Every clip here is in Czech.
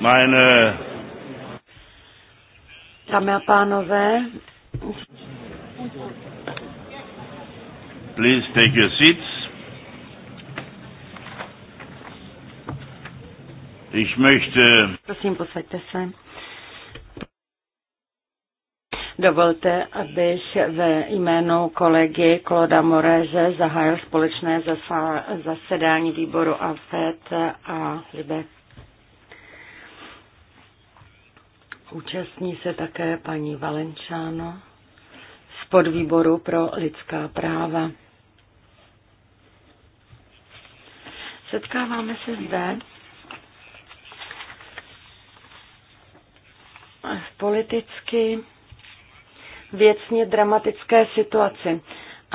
Meine Dámy a pánové, please take your seats. Ich möchte Prosím, posaďte se. Dovolte, abych ve jménu kolegy Kloda Moreže zahájil společné zasedání výboru AFET a e Libek. Účastní se také paní Valenčáno z podvýboru pro lidská práva. Setkáváme se zde v politicky věcně dramatické situaci.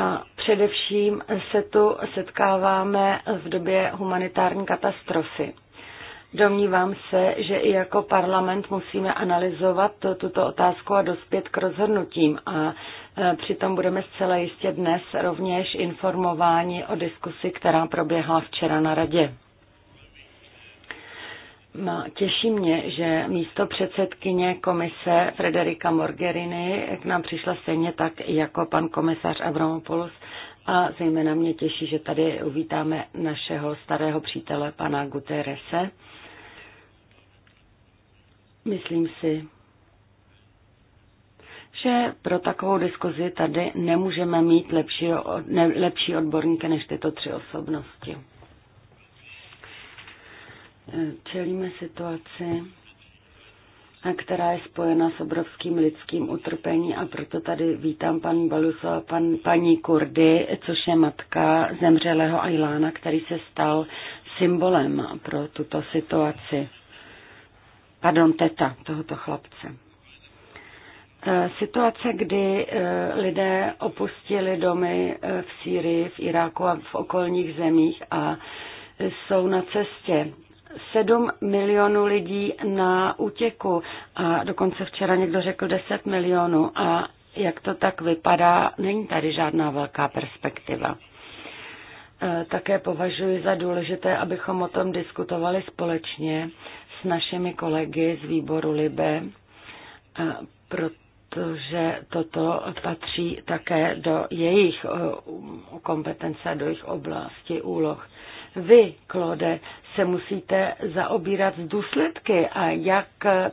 A především se tu setkáváme v době humanitární katastrofy. Domnívám se, že i jako parlament musíme analyzovat tuto otázku a dospět k rozhodnutím. A e, přitom budeme zcela jistě dnes rovněž informováni o diskusi, která proběhla včera na radě. No, těší mě, že místo předsedkyně komise Frederika Morgerini k nám přišla stejně tak jako pan komisař Avramopoulos a zejména mě těší, že tady uvítáme našeho starého přítele pana Guterese Myslím si, že pro takovou diskuzi tady nemůžeme mít lepší, ne, lepší odborníky než tyto tři osobnosti. Čelíme situaci, která je spojena s obrovským lidským utrpením a proto tady vítám paní Baluso a pan, paní Kurdy, což je matka zemřelého Ailána, který se stal symbolem pro tuto situaci pardon, teta tohoto chlapce. Eh, situace, kdy eh, lidé opustili domy eh, v Sýrii, v Iráku a v okolních zemích a jsou na cestě. 7 milionů lidí na útěku a dokonce včera někdo řekl 10 milionů a jak to tak vypadá, není tady žádná velká perspektiva. Také považuji za důležité, abychom o tom diskutovali společně s našimi kolegy z výboru Libe, protože toto patří také do jejich e, kompetence, do jejich oblasti úloh. Vy, Klode, se musíte zaobírat z důsledky a jak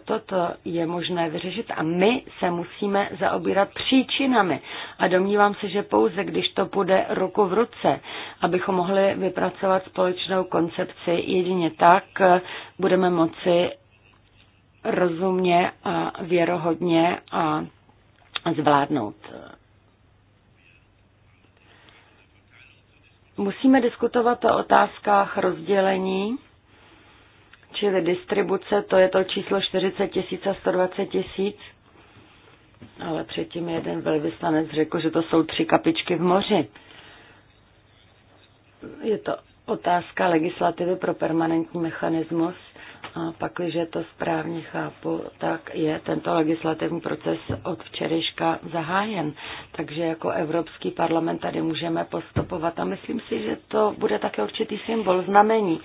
toto je možné vyřešit a my se musíme zaobírat příčinami. A domnívám se, že pouze když to půjde ruku v ruce, abychom mohli vypracovat společnou koncepci, jedině tak budeme moci rozumně a věrohodně a zvládnout Musíme diskutovat o otázkách rozdělení, čili distribuce, to je to číslo 40 tisíc a 120 tisíc. Ale předtím jeden velvyslanec řekl, že to jsou tři kapičky v moři. Je to otázka legislativy pro permanentní mechanismus a pak, když to správně chápu, tak je tento legislativní proces od včerejška zahájen. Takže jako Evropský parlament tady můžeme postupovat a myslím si, že to bude také určitý symbol, znamení,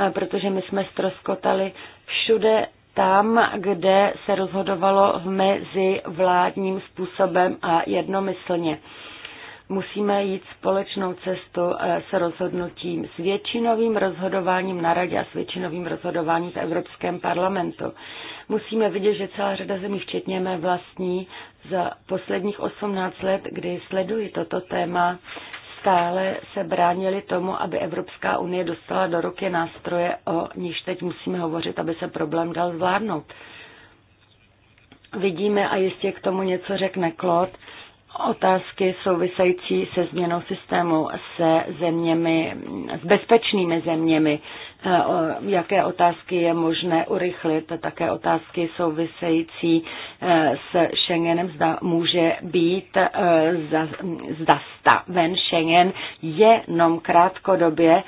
e, protože my jsme stroskotali všude tam, kde se rozhodovalo mezi vládním způsobem a jednomyslně musíme jít společnou cestu eh, s rozhodnutím, s většinovým rozhodováním na radě a s většinovým rozhodováním v Evropském parlamentu. Musíme vidět, že celá řada zemí, včetně mé vlastní, za posledních 18 let, kdy sleduji toto téma, stále se bránili tomu, aby Evropská unie dostala do ruky nástroje, o níž teď musíme hovořit, aby se problém dal zvládnout. Vidíme, a jistě k tomu něco řekne Claude, otázky související se změnou systému, se zeměmi, s bezpečnými zeměmi, eh, jaké otázky je možné urychlit, také otázky související eh, s Schengenem, zda může být eh, zastaven Schengen jenom krátkodobě,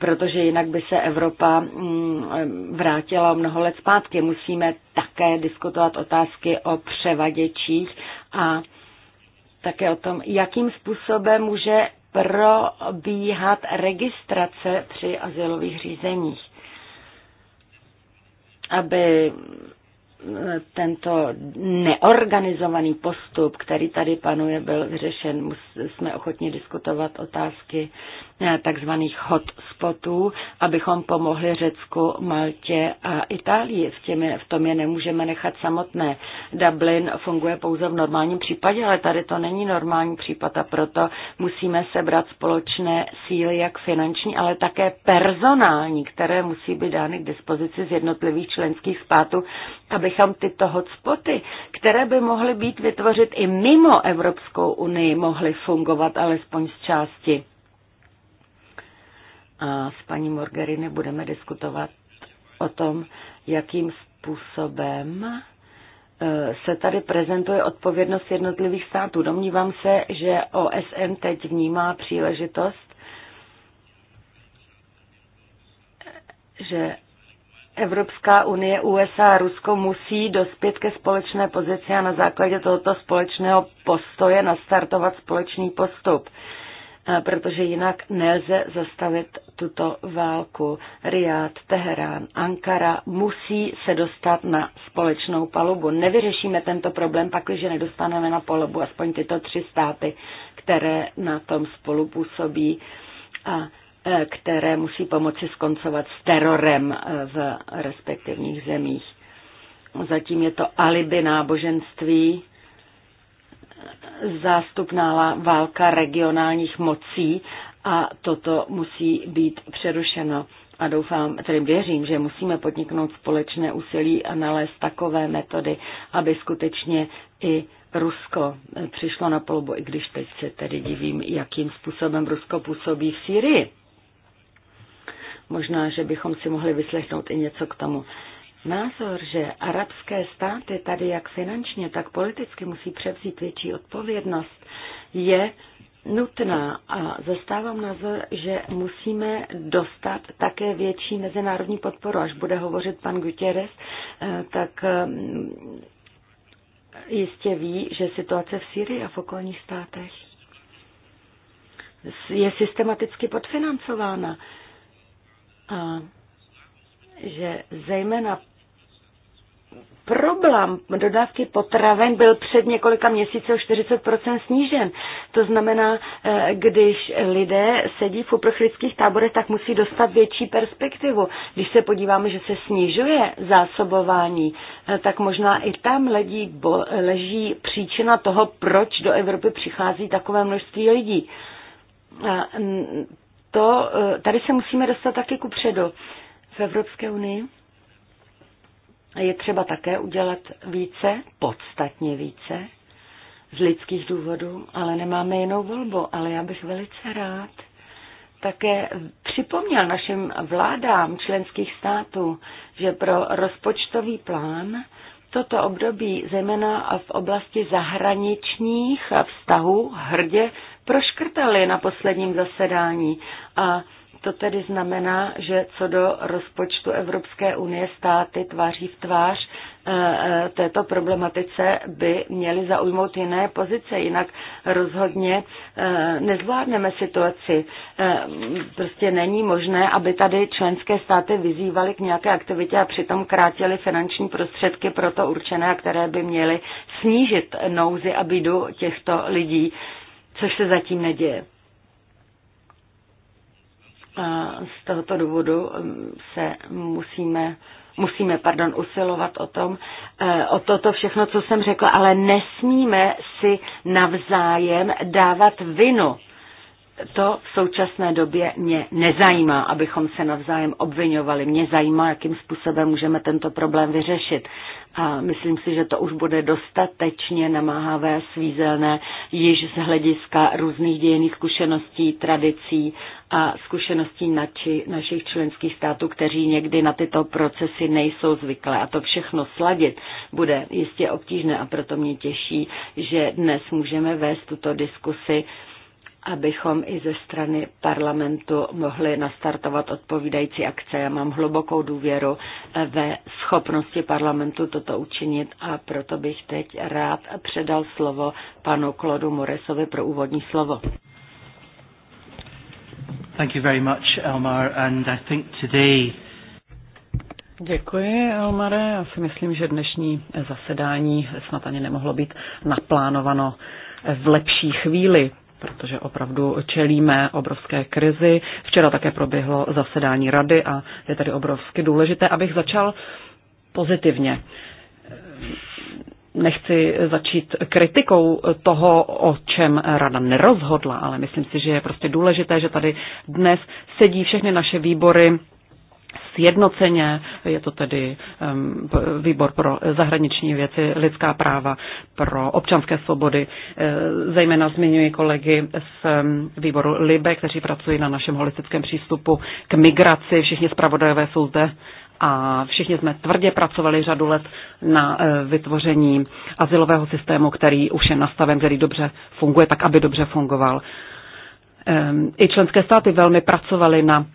protože jinak by se Evropa mm, vrátila o mnoho let zpátky. Musíme také diskutovat otázky o převaděčích a také o tom, jakým způsobem může probíhat registrace při azylových řízeních, aby tento neorganizovaný postup, který tady panuje, byl vyřešen. Jsme ochotni diskutovat otázky eh, takzvaných hotspotů, abychom pomohli Řecku, Maltě a Itálii. V, těmi, v tom je nemůžeme nechat samotné. Dublin funguje pouze v normálním případě, ale tady to není normální případ a proto musíme sebrat společné síly, jak finanční, ale také personální, které musí být dány k dispozici z jednotlivých členských států, aby abychom tyto hotspoty, které by mohly být vytvořit i mimo Evropskou unii, mohly fungovat alespoň z části. A s paní Morgeriny budeme diskutovat o tom, jakým způsobem eh, se tady prezentuje odpovědnost jednotlivých států. Domnívám se, že OSN teď vnímá příležitost, že Evropská unie, USA a Rusko musí dospět ke společné pozici a na základě tohoto společného postoje nastartovat společný postup, eh, protože jinak nelze zastavit tuto válku. Riad, Teherán, Ankara musí se dostat na společnou palubu. Nevyřešíme tento problém, pakliže nedostaneme na palubu aspoň tyto tři státy, které na tom spolu působí. A Eh, které musí pomoci skoncovat s terorem eh, v respektivních zemích. Zatím je to alibi náboženství, zástupná válka regionálních mocí a toto musí být přerušeno. A doufám, tedy věřím, že musíme podniknout společné úsilí a nalézt takové metody, aby skutečně i Rusko eh, přišlo na polubu, i když teď se tedy divím, jakým způsobem Rusko působí v Sýrii. Možná, že bychom si mohli vyslechnout i něco k tomu. Názor, že arabské státy tady jak finančně, tak politicky musí převzít větší odpovědnost, je nutná a zastávám názor, že musíme dostat také větší mezinárodní podporu. Až bude hovořit pan Gutierrez, eh, tak eh, jistě ví, že situace v Syrii a v okolních státech je systematicky podfinancována. A že zejména problém dodávky potraven byl před několika měsíci o 40% snížen. To znamená, eh, když lidé sedí v uprchlických táborech, tak musí dostat větší perspektivu. Když se podíváme, že se snižuje zásobování, eh, tak možná i tam leží, bo, leží příčina toho, proč do Evropy přichází takové množství lidí to, eh, tady se musíme dostat taky ku předu v Evropské unii. Je třeba také udělat více, podstatně více, z lidských důvodů, ale nemáme jinou volbu. Ale já bych velice rád také připomněl našim vládám členských států, že pro rozpočtový plán toto období, zejména v oblasti zahraničních vztahů, hrdě proškrtali na posledním zasedání. A to tedy znamená, že co do rozpočtu Evropské unie státy tváří v tvář eh, eh, této problematice by měly zaujmout jiné pozice, jinak rozhodně eh, nezvládneme situaci. Prostě není možné, aby tady členské státy vyzývaly k nějaké aktivitě a přitom krátily finanční prostředky pro to určené, které by měly snížit nouzy a bídu těchto lidí což se zatím neděje. A z tohoto důvodu um, se musíme musíme pardon, usilovat o, tom, eh, o toto všechno, co jsem řekla, ale nesmíme si navzájem dávat vinu to v současné době mě nezajímá, abychom se navzájem obvinovali. Mě zajímá, jakým způsobem můžeme tento problém vyřešit. A myslím si, že to už bude dostatečně namáhavé, svízelné, již z hlediska různých dějiných zkušeností, tradicí a zkušeností nači, našich členských států, kteří někdy na tyto procesy nejsou zvyklé. A to všechno sladit bude jistě obtížné a proto mě těší, že dnes můžeme vést tuto diskusi abychom i ze strany parlamentu mohli nastartovat odpovídající akce. Já mám hlubokou důvěru eh, ve schopnosti parlamentu toto učinit a proto bych teď rád předal slovo panu Klodu Moresovi pro úvodní slovo. Thank you very much, Elmar, and I think today Děkuji, Elmare. Já si myslím, že dnešní zasedání snad ani nemohlo být naplánováno v lepší chvíli protože opravdu čelíme obrovské krizi. Včera také proběhlo zasedání rady a je tady obrovsky důležité, abych začal pozitivně. Nechci začít kritikou toho, o čem rada nerozhodla, ale myslím si, že je prostě důležité, že tady dnes sedí všechny naše výbory sjednoceně. Je to tedy výbor pro zahraniční věci, lidská práva, pro občanské svobody. E, zejména zmiňuji kolegy z výboru LIBE, kteří pracují na našem holistickém přístupu k migraci. Všichni zpravodajové jsou zde a všichni jsme tvrdě pracovali řadu let na e, vytvoření asilového systému, který už je nastaven, který dobře funguje, tak aby dobře fungoval. I členské státy velmi pracovaly na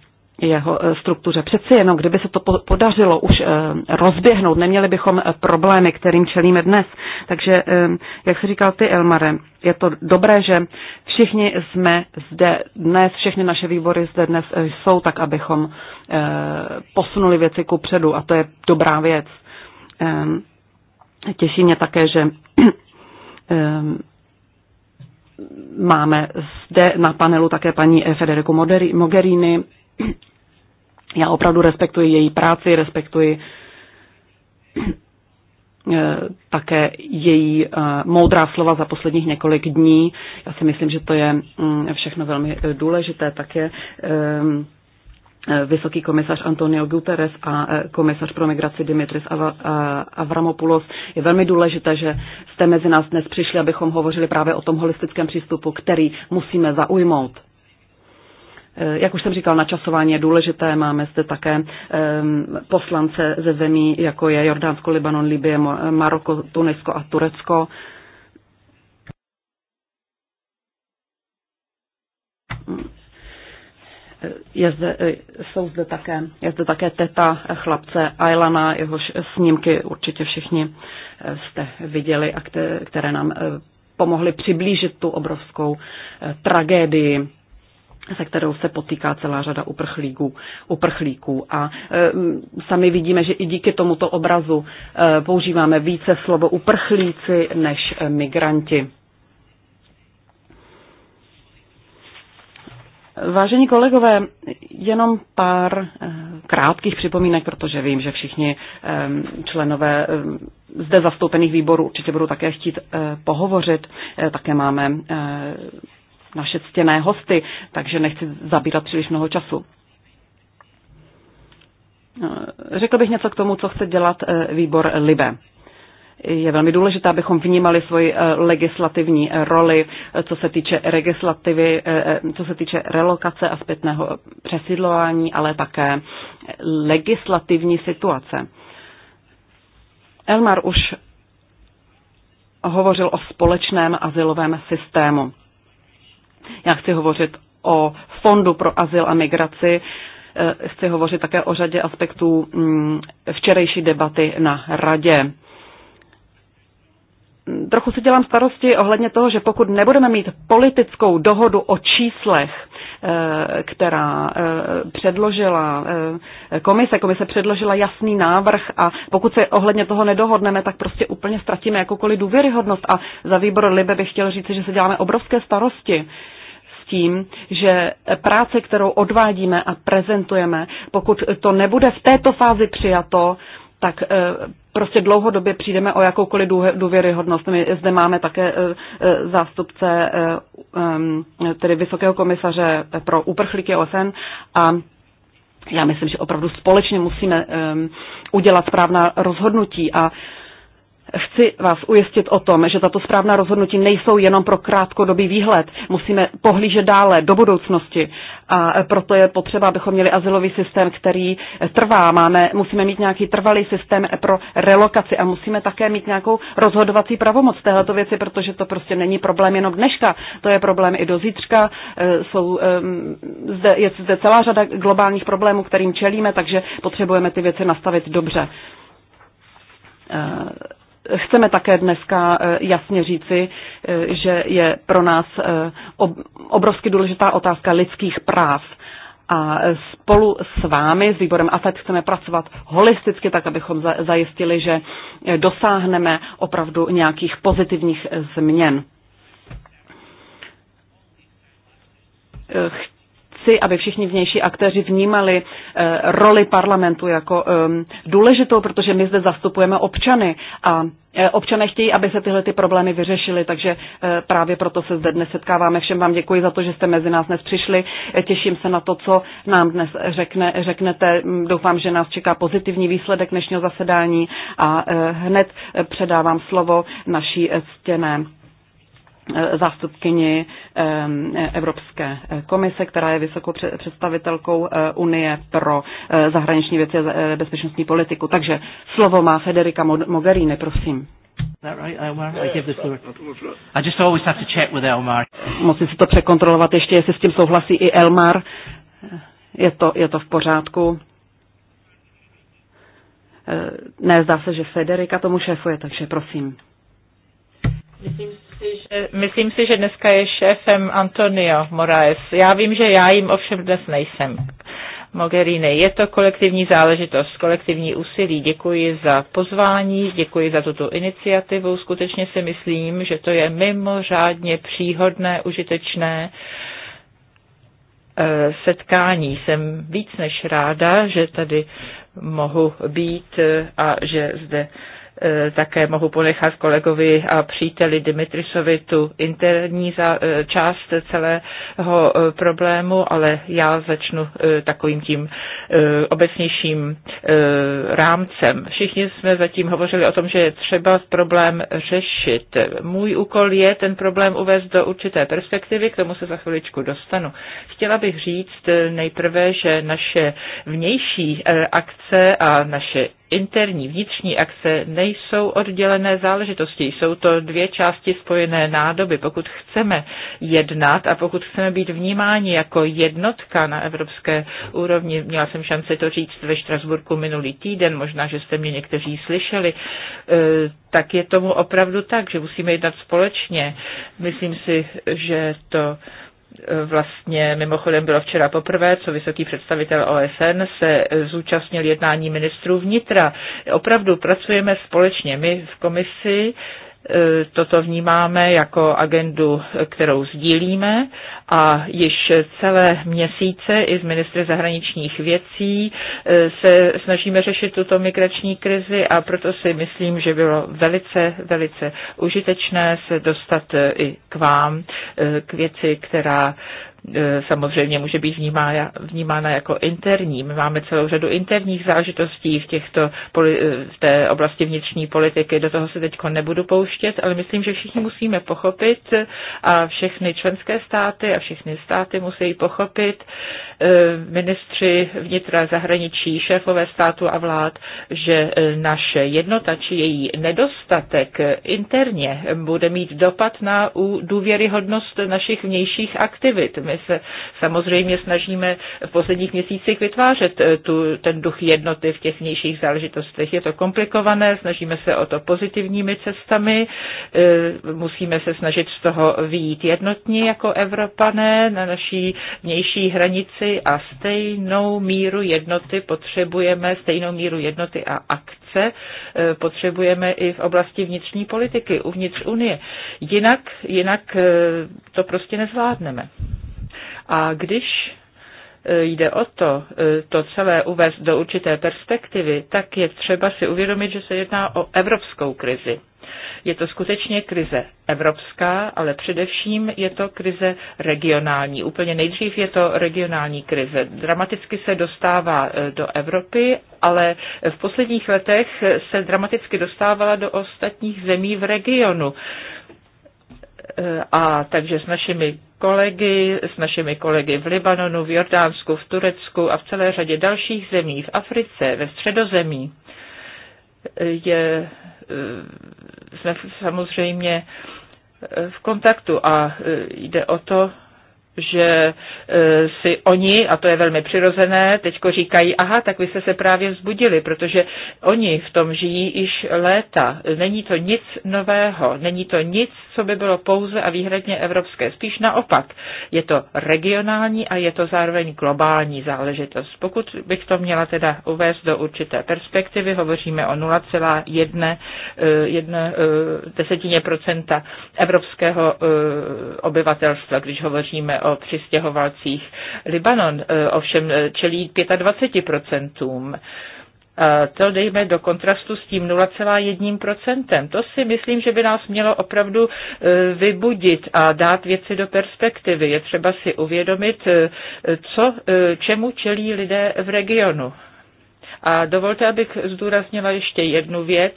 jeho eh, struktuře. Přeci jenom, kdyby se to podařilo už eh, rozběhnout, neměli bychom eh, problémy, kterým čelíme dnes. Takže, jak se říkal ty, Elmare, je to dobré, že všichni jsme zde dnes, všechny naše výbory zde dnes jsou, tak abychom posunuli věci ku předu a to je dobrá věc. Těší mě také, že máme zde na panelu také paní Federiku Mogherini, já opravdu respektuji její práci, respektuji eh, také její eh, moudrá slova za posledních několik dní. Já si myslím, že to je mm, všechno velmi důležité. Také eh, vysoký komisař Antonio Guterres a komisař pro migraci Dimitris Avramopoulos. Je velmi důležité, že jste mezi nás dnes přišli, abychom hovořili právě o tom holistickém přístupu, který musíme zaujmout. Eh, jak už jsem říkal, načasování je důležité. Máme zde také poslance ze zemí, jako je Jordánsko, Libanon, Libie, Maroko, Tunisko a Turecko. Je zde, eh, jsou zde také, je zde také teta chlapce Ailana, jehož snímky určitě všichni eh, jste viděli a které nám pomohly přiblížit tu obrovskou tragédii se kterou se potýká celá řada uprchlíků. uprchlíků. A e, sami vidíme, že i díky tomuto obrazu e, používáme více slovo uprchlíci než migranti. Vážení kolegové, jenom pár e, krátkých připomínek, protože vím, že všichni e, členové e, zde zastoupených výborů určitě budou také chtít pohovořit. Také máme naše ctěné hosty, takže nechci zabírat příliš mnoho času. Eh, řekl bych něco k tomu, co chce dělat eh, výbor LIBE. Je velmi důležité, abychom vnímali svoji eh, legislativní roli, co se týče legislativy, co se týče relokace a zpětného přesídlování, ale také legislativní situace. Elmar už hovořil o společném asilovém systému. Já chci hovořit o Fondu pro azyl a migraci, eh, chci hovořit také o řadě aspektů mm, včerejší debaty na radě. Trochu si dělám starosti ohledně toho, že pokud nebudeme mít politickou dohodu o číslech, eh, která eh, předložila komise, komise předložila jasný návrh a pokud se ohledně toho nedohodneme, tak prostě úplně ztratíme jakoukoliv důvěryhodnost a za výbor Libe bych chtěl říct, že se děláme obrovské starosti tím, že práce, kterou odvádíme a prezentujeme, pokud to nebude v této fázi přijato, tak eh, prostě dlouhodobě přijdeme o jakoukoliv důvěryhodnost. My zde máme také eh, eh, zástupce tedy Vysokého komisaře pro uprchlíky OSN a já myslím, že opravdu společně musíme udělat správná rozhodnutí a Chci vás ujistit o tom, že tato správná rozhodnutí nejsou jenom pro krátkodobý výhled. Musíme pohlížet dále do budoucnosti a proto je potřeba, abychom měli asilový systém, který trvá. Máme, musíme mít nějaký trvalý systém pro relokaci a musíme také mít nějakou rozhodovací pravomoc této věci, protože to prostě není problém jenom dneška, to je problém i do zítřka. E, jsou, zde, je zde celá řada globálních problémů, kterým čelíme, takže potřebujeme ty věci nastavit dobře e, chceme také dneska e, jasně říci, e, že je pro nás e, obrovsky důležitá otázka lidských práv. A spolu s vámi, s výborem AFED, chceme pracovat holisticky, tak abychom zajistili, že dosáhneme opravdu nějakých pozitivních změn chci, aby všichni vnější aktéři vnímali eh, roli parlamentu jako ehm, důležitou, protože my zde zastupujeme občany a eh, občané chtějí, aby se tyhle ty problémy vyřešily, takže eh, právě proto se zde dnes setkáváme. Všem vám děkuji za to, že jste mezi nás dnes přišli. Těším se na to, co nám dnes řekne, řeknete. Mm, doufám, že nás čeká pozitivní výsledek dnešního zasedání a hned předávám slovo naší ctěné zástupkyni Evropské komise, která je vysokou představitelkou eh, Unie pro eh, zahraniční věci a eh, bezpečnostní politiku. Takže slovo má Federica Mogherini, prosím. Musím si to překontrolovat ještě, jestli s tím souhlasí i Elmar. Je to, je to v pořádku. Ne, zdá se, že Federika tomu šéfuje, takže prosím. Myslím, si, že, myslím si, že dneska je šéfem Antonio Moraes. Já vím, že já jim ovšem dnes nejsem. Mogherini. Je to kolektivní záležitost, kolektivní úsilí. Děkuji za pozvání, děkuji za tuto iniciativu. Skutečně si myslím, že to je mimořádně příhodné, užitečné eh, setkání. Jsem víc než ráda, že tady mohu být eh, a že zde Eh, také mohu ponechat kolegovi a příteli Dimitrisovi tu interní eh, část celého eh, problému, ale já začnu takovým tím obecnějším rámcem. Všichni jsme zatím hovořili o tom, že je třeba problém řešit. Můj úkol je ten problém uvést do určité perspektivy, k tomu se za chviličku dostanu. Chtěla bych říct nejprve, že naše vnější akce a naše interní vnitřní akce nejsou oddělené záležitosti. Jsou to dvě části spojené nádoby. Pokud chceme jednat a pokud chceme být vnímáni jako jednotka na evropské úrovni, měla jsem šance to říct ve Štrasburku minulý týden, možná, že jste mě někteří slyšeli, eh, tak je tomu opravdu tak, že musíme jednat společně. Myslím si, že to vlastně mimochodem bylo včera poprvé, co vysoký představitel OSN se zúčastnil jednání ministrů vnitra. Opravdu pracujeme společně my v komisi, E, toto vnímáme jako agendu, kterou sdílíme a již celé měsíce i z ministry zahraničních věcí e, se snažíme řešit tuto migrační krizi a proto si myslím, že bylo velice, velice užitečné se dostat e, i k vám, k věci, která E, samozřejmě může být vnímána, vnímána jako interní. My máme celou řadu interních zážitostí v, těchto, e, v té oblasti vnitřní politiky, do toho se teď nebudu pouštět, ale myslím, že všichni musíme pochopit a všechny členské státy a všechny státy musí pochopit, e, ministři vnitra zahraničí, šéfové státu a vlád, že naše jednota či její nedostatek interně bude mít dopad na důvěryhodnost našich vnějších aktivit. My my se samozřejmě snažíme v posledních měsících vytvářet eh, tu, ten duch jednoty v těch vnějších záležitostech. Je to komplikované, snažíme se o to pozitivními cestami, eh, musíme se snažit z toho výjít jednotně jako Evropané na naší vnější hranici a stejnou míru jednoty potřebujeme, stejnou míru jednoty a akce eh, potřebujeme i v oblasti vnitřní politiky, uvnitř Unie. Jinak, jinak to prostě nezvládneme. A když e, jde o to, e, to celé uvést do určité perspektivy, tak je třeba si uvědomit, že se jedná o evropskou krizi. Je to skutečně krize evropská, ale především je to krize regionální. Úplně nejdřív je to regionální krize. Dramaticky se dostává e, do Evropy, ale v posledních letech se dramaticky dostávala do ostatních zemí v regionu. E, a takže s našimi kolegy, s našimi kolegy v Libanonu, v Jordánsku, v Turecku a v celé řadě dalších zemí, v Africe, ve středozemí, e, je, e, jsme samozřejmě v kontaktu a jde o to, že e, si oni, a to je velmi přirozené, teďko říkají, aha, tak vy jste se právě vzbudili, protože oni v tom žijí již léta. Není to nic nového, není to nic, co by bylo pouze a výhradně evropské. Spíš naopak, je to regionální a je to zároveň globální záležitost. Pokud bych to měla teda uvést do určité perspektivy, hovoříme o 0,1 e, e, desetině procenta evropského obyvatelstva, když hovoříme o přistěhovalcích. Libanon e, ovšem e, čelí 25%. A e, to dejme do kontrastu s tím 0,1%. To si myslím, že by nás mělo opravdu vybudit a dát věci do perspektivy. Je třeba si uvědomit, co, čemu čelí lidé v regionu. A dovolte, abych zdůraznila ještě jednu věc.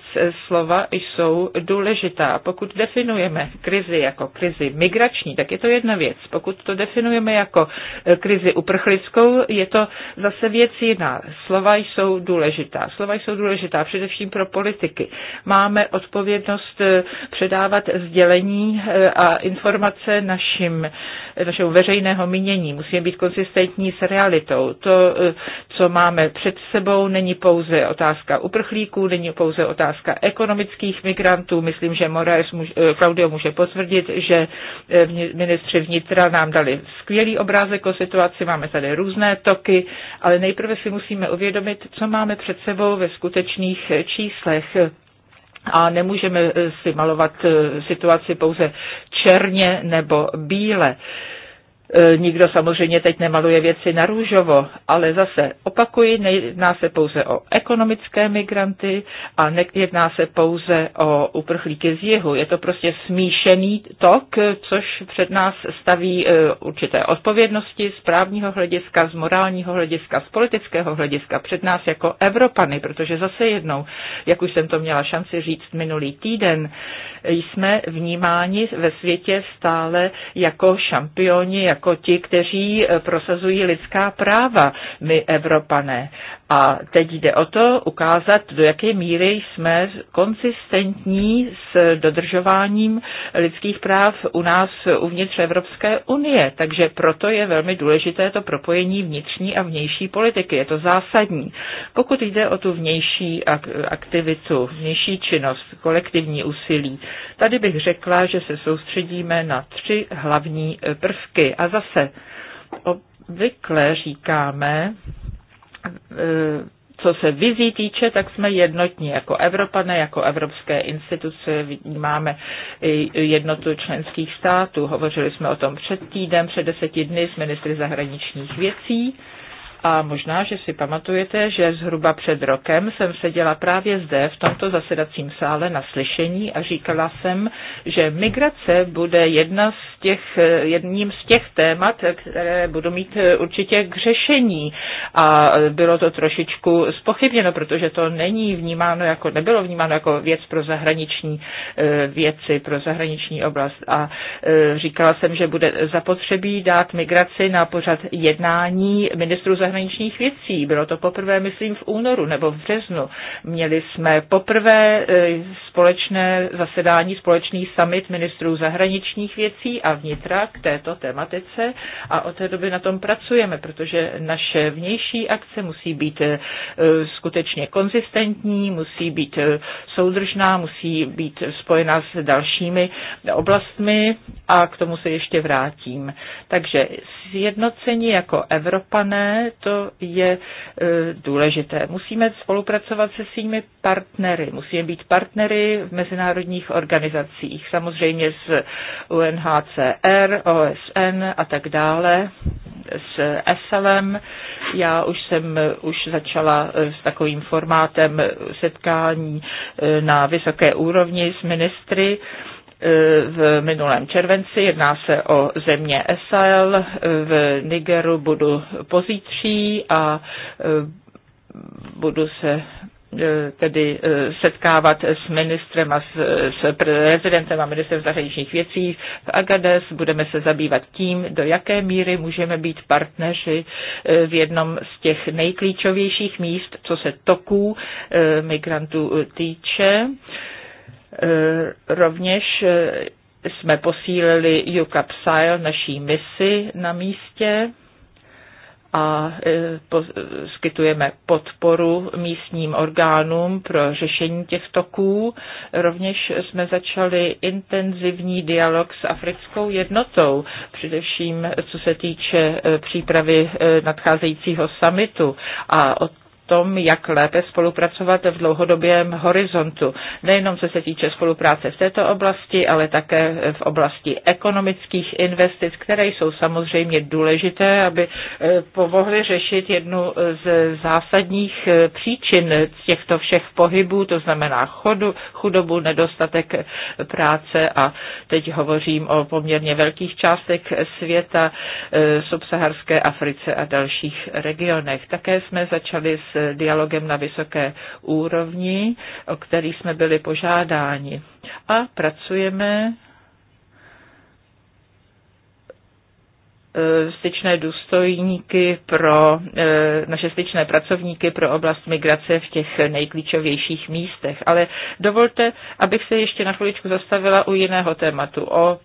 Slova jsou důležitá. Pokud definujeme krizi jako krizi migrační, tak je to jedna věc. Pokud to definujeme jako eh, krizi uprchlickou, je to zase věc jiná. Slova jsou důležitá. Slova jsou důležitá především pro politiky. Máme odpovědnost eh, předávat sdělení eh, a informace našim, našemu veřejného mínění. Musíme být konsistentní s realitou. To, co máme před sebou, není pouze otázka uprchlíků, není pouze otázka ekonomických migrantů. Myslím, že Moraes, eh, Claudio může potvrdit, že eh, ministři vnitra nám dali skvělý obrázek o situaci, máme tady různé toky, ale nejprve si musíme uvědomit, co máme před sebou ve skutečných eh, číslech a nemůžeme si malovat situaci pouze černě nebo bíle. E, nikdo samozřejmě teď nemaluje věci na růžovo, ale zase opakuji, nejedná se pouze o ekonomické migranty a nejedná se pouze o uprchlíky z jihu. Je to prostě smíšený tok, což před nás staví e, určité odpovědnosti z právního hlediska, z morálního hlediska, z politického hlediska před nás jako Evropany, protože zase jednou, jak už jsem to měla šanci říct minulý týden, jsme vnímáni ve světě stále jako šampioni, jako jako ti, kteří eh, prosazují lidská práva, my Evropané. A teď jde o to ukázat, do jaké míry jsme konsistentní s dodržováním lidských práv u nás uvnitř Evropské unie. Takže proto je velmi důležité to propojení vnitřní a vnější politiky. Je to zásadní. Pokud jde o tu vnější aktivitu, vnější činnost, kolektivní úsilí, tady bych řekla, že se soustředíme na tři hlavní prvky. A zase obvykle říkáme, co se vizí týče, tak jsme jednotní jako Evropané, jako evropské instituce, máme jednotu členských států. Hovořili jsme o tom před týdnem, před deseti dny s ministry zahraničních věcí a možná, že si pamatujete, že zhruba před rokem jsem seděla právě zde v tomto zasedacím sále na slyšení a říkala jsem, že migrace bude jedna z těch, jedním z těch témat, které budu mít určitě k řešení. A bylo to trošičku spochybněno, protože to není vnímáno jako, nebylo vnímáno jako věc pro zahraniční eh, věci, pro zahraniční oblast. A eh, říkala jsem, že bude zapotřebí dát migraci na pořad jednání ministrů zahraničí zahraničních věcí. Bylo to poprvé, myslím, v únoru nebo v březnu. Měli jsme poprvé e, společné zasedání, společný summit ministrů zahraničních věcí a vnitra k této tematice a od té doby na tom pracujeme, protože naše vnější akce musí být e, skutečně konzistentní, musí být e, soudržná, musí být spojená s dalšími oblastmi a k tomu se ještě vrátím. Takže sjednocení jako Evropané, to je e, důležité. Musíme spolupracovat se svými partnery. Musíme být partnery v mezinárodních organizacích, samozřejmě s UNHCR, OSN a tak dále s SLM. Já už jsem e, už začala e, s takovým formátem setkání na vysoké úrovni s ministry Eh, v minulém červenci. Jedná se o země Esail. V Nigeru budu pozítří a eh, budu se eh, tedy setkávat s ministrem a s, s prezidentem a ministrem zahraničních věcí v Agades. Budeme se zabývat tím, do jaké míry můžeme být partneři v jednom z těch nejklíčovějších míst, co se toků migrantů týče. Eh, rovněž eh, jsme posílili UCAP SIL, naší misi na místě a eh, poskytujeme podporu místním orgánům pro řešení těch toků. Rovněž jsme začali intenzivní dialog s africkou jednotou, především co se týče přípravy nadcházejícího samitu a od tom, jak lépe spolupracovat v dlouhodobém horizontu. Nejenom co se týče spolupráce v této oblasti, ale také v oblasti ekonomických investic, které jsou samozřejmě důležité, aby eh, pomohly řešit jednu z zásadních eh, příčin těchto všech pohybů, to znamená chodu, chudobu, nedostatek práce a teď hovořím o poměrně velkých částech světa, eh, subsaharské Africe a dalších regionech. Také jsme začali s s dialogem na vysoké úrovni, o který jsme byli požádáni. A pracujeme e, styčné důstojníky pro, e, naše styčné pracovníky pro oblast migrace v těch nejklíčovějších místech. Ale dovolte, abych se ještě na chviličku zastavila u jiného tématu, o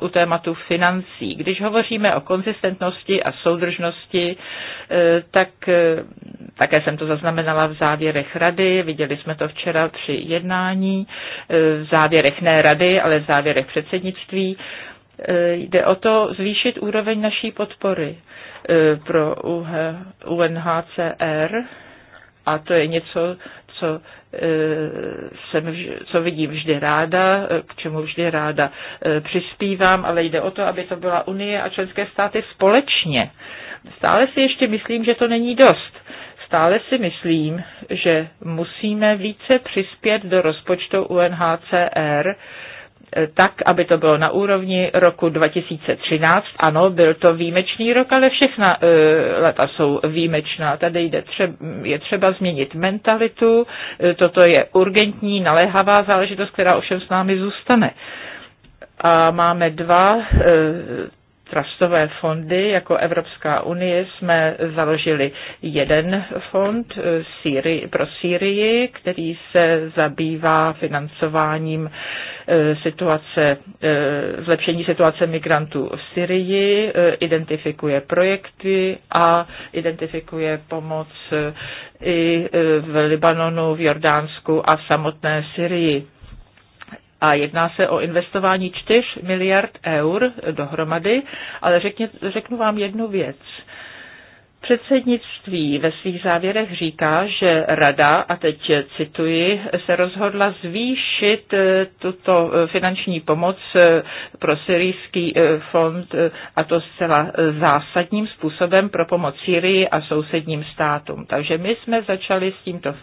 u tématu financí. Když hovoříme o konzistentnosti a soudržnosti, eh, tak eh, také jsem to zaznamenala v závěrech rady, viděli jsme to včera při jednání, eh, v závěrech ne rady, ale v závěrech předsednictví. Jde o to zvýšit úroveň naší podpory pro UNHCR a to je něco, co, eh, jsem, co vidím vždy ráda, eh, k čemu vždy ráda eh, přispívám, ale jde o to, aby to byla Unie a členské státy společně. Stále si ještě myslím, že to není dost stále si myslím, že musíme více přispět do rozpočtu UNHCR Eh, tak, aby to bylo na úrovni roku 2013. Ano, byl to výjimečný rok, ale všechna eh, leta jsou výjimečná. Tady jde třeba, je třeba změnit mentalitu. Eh, toto je urgentní, naléhavá záležitost, která ovšem s námi zůstane. A máme dva trustové fondy. Jako Evropská unie jsme založili jeden fond eh, pro Sýrii, který se zabývá financováním eh, situace, eh, zlepšení situace migrantů v Syrii, identifikuje projekty a identifikuje pomoc i v Libanonu, v Jordánsku a v samotné Syrii a jedná se o investování 4 miliard eur dohromady, ale řekně, řeknu vám jednu věc. Předsednictví ve svých závěrech říká, že rada, a teď cituji, se rozhodla zvýšit eh, tuto eh, finanční pomoc eh, pro syrijský fond a to zcela zásadním způsobem pro pomoc Syrii a sousedním státům. Takže my jsme začali s tímto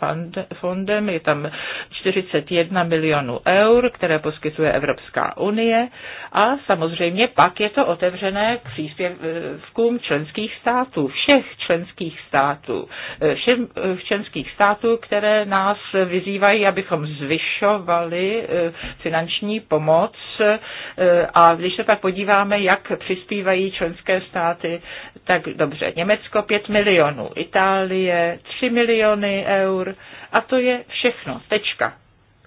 fondem, je tam 41 milionů eur, které poskytuje Evropská unie a samozřejmě pak je to otevřené příspěvkům členských států všech všech členských států. Eh, všem eh, členských států, které nás vyzývají, abychom zvyšovali eh, finanční pomoc a když se tak podíváme, jak přispívají členské státy, tak dobře, Německo 5 milionů, Itálie 3 miliony eur a to je všechno, tečka,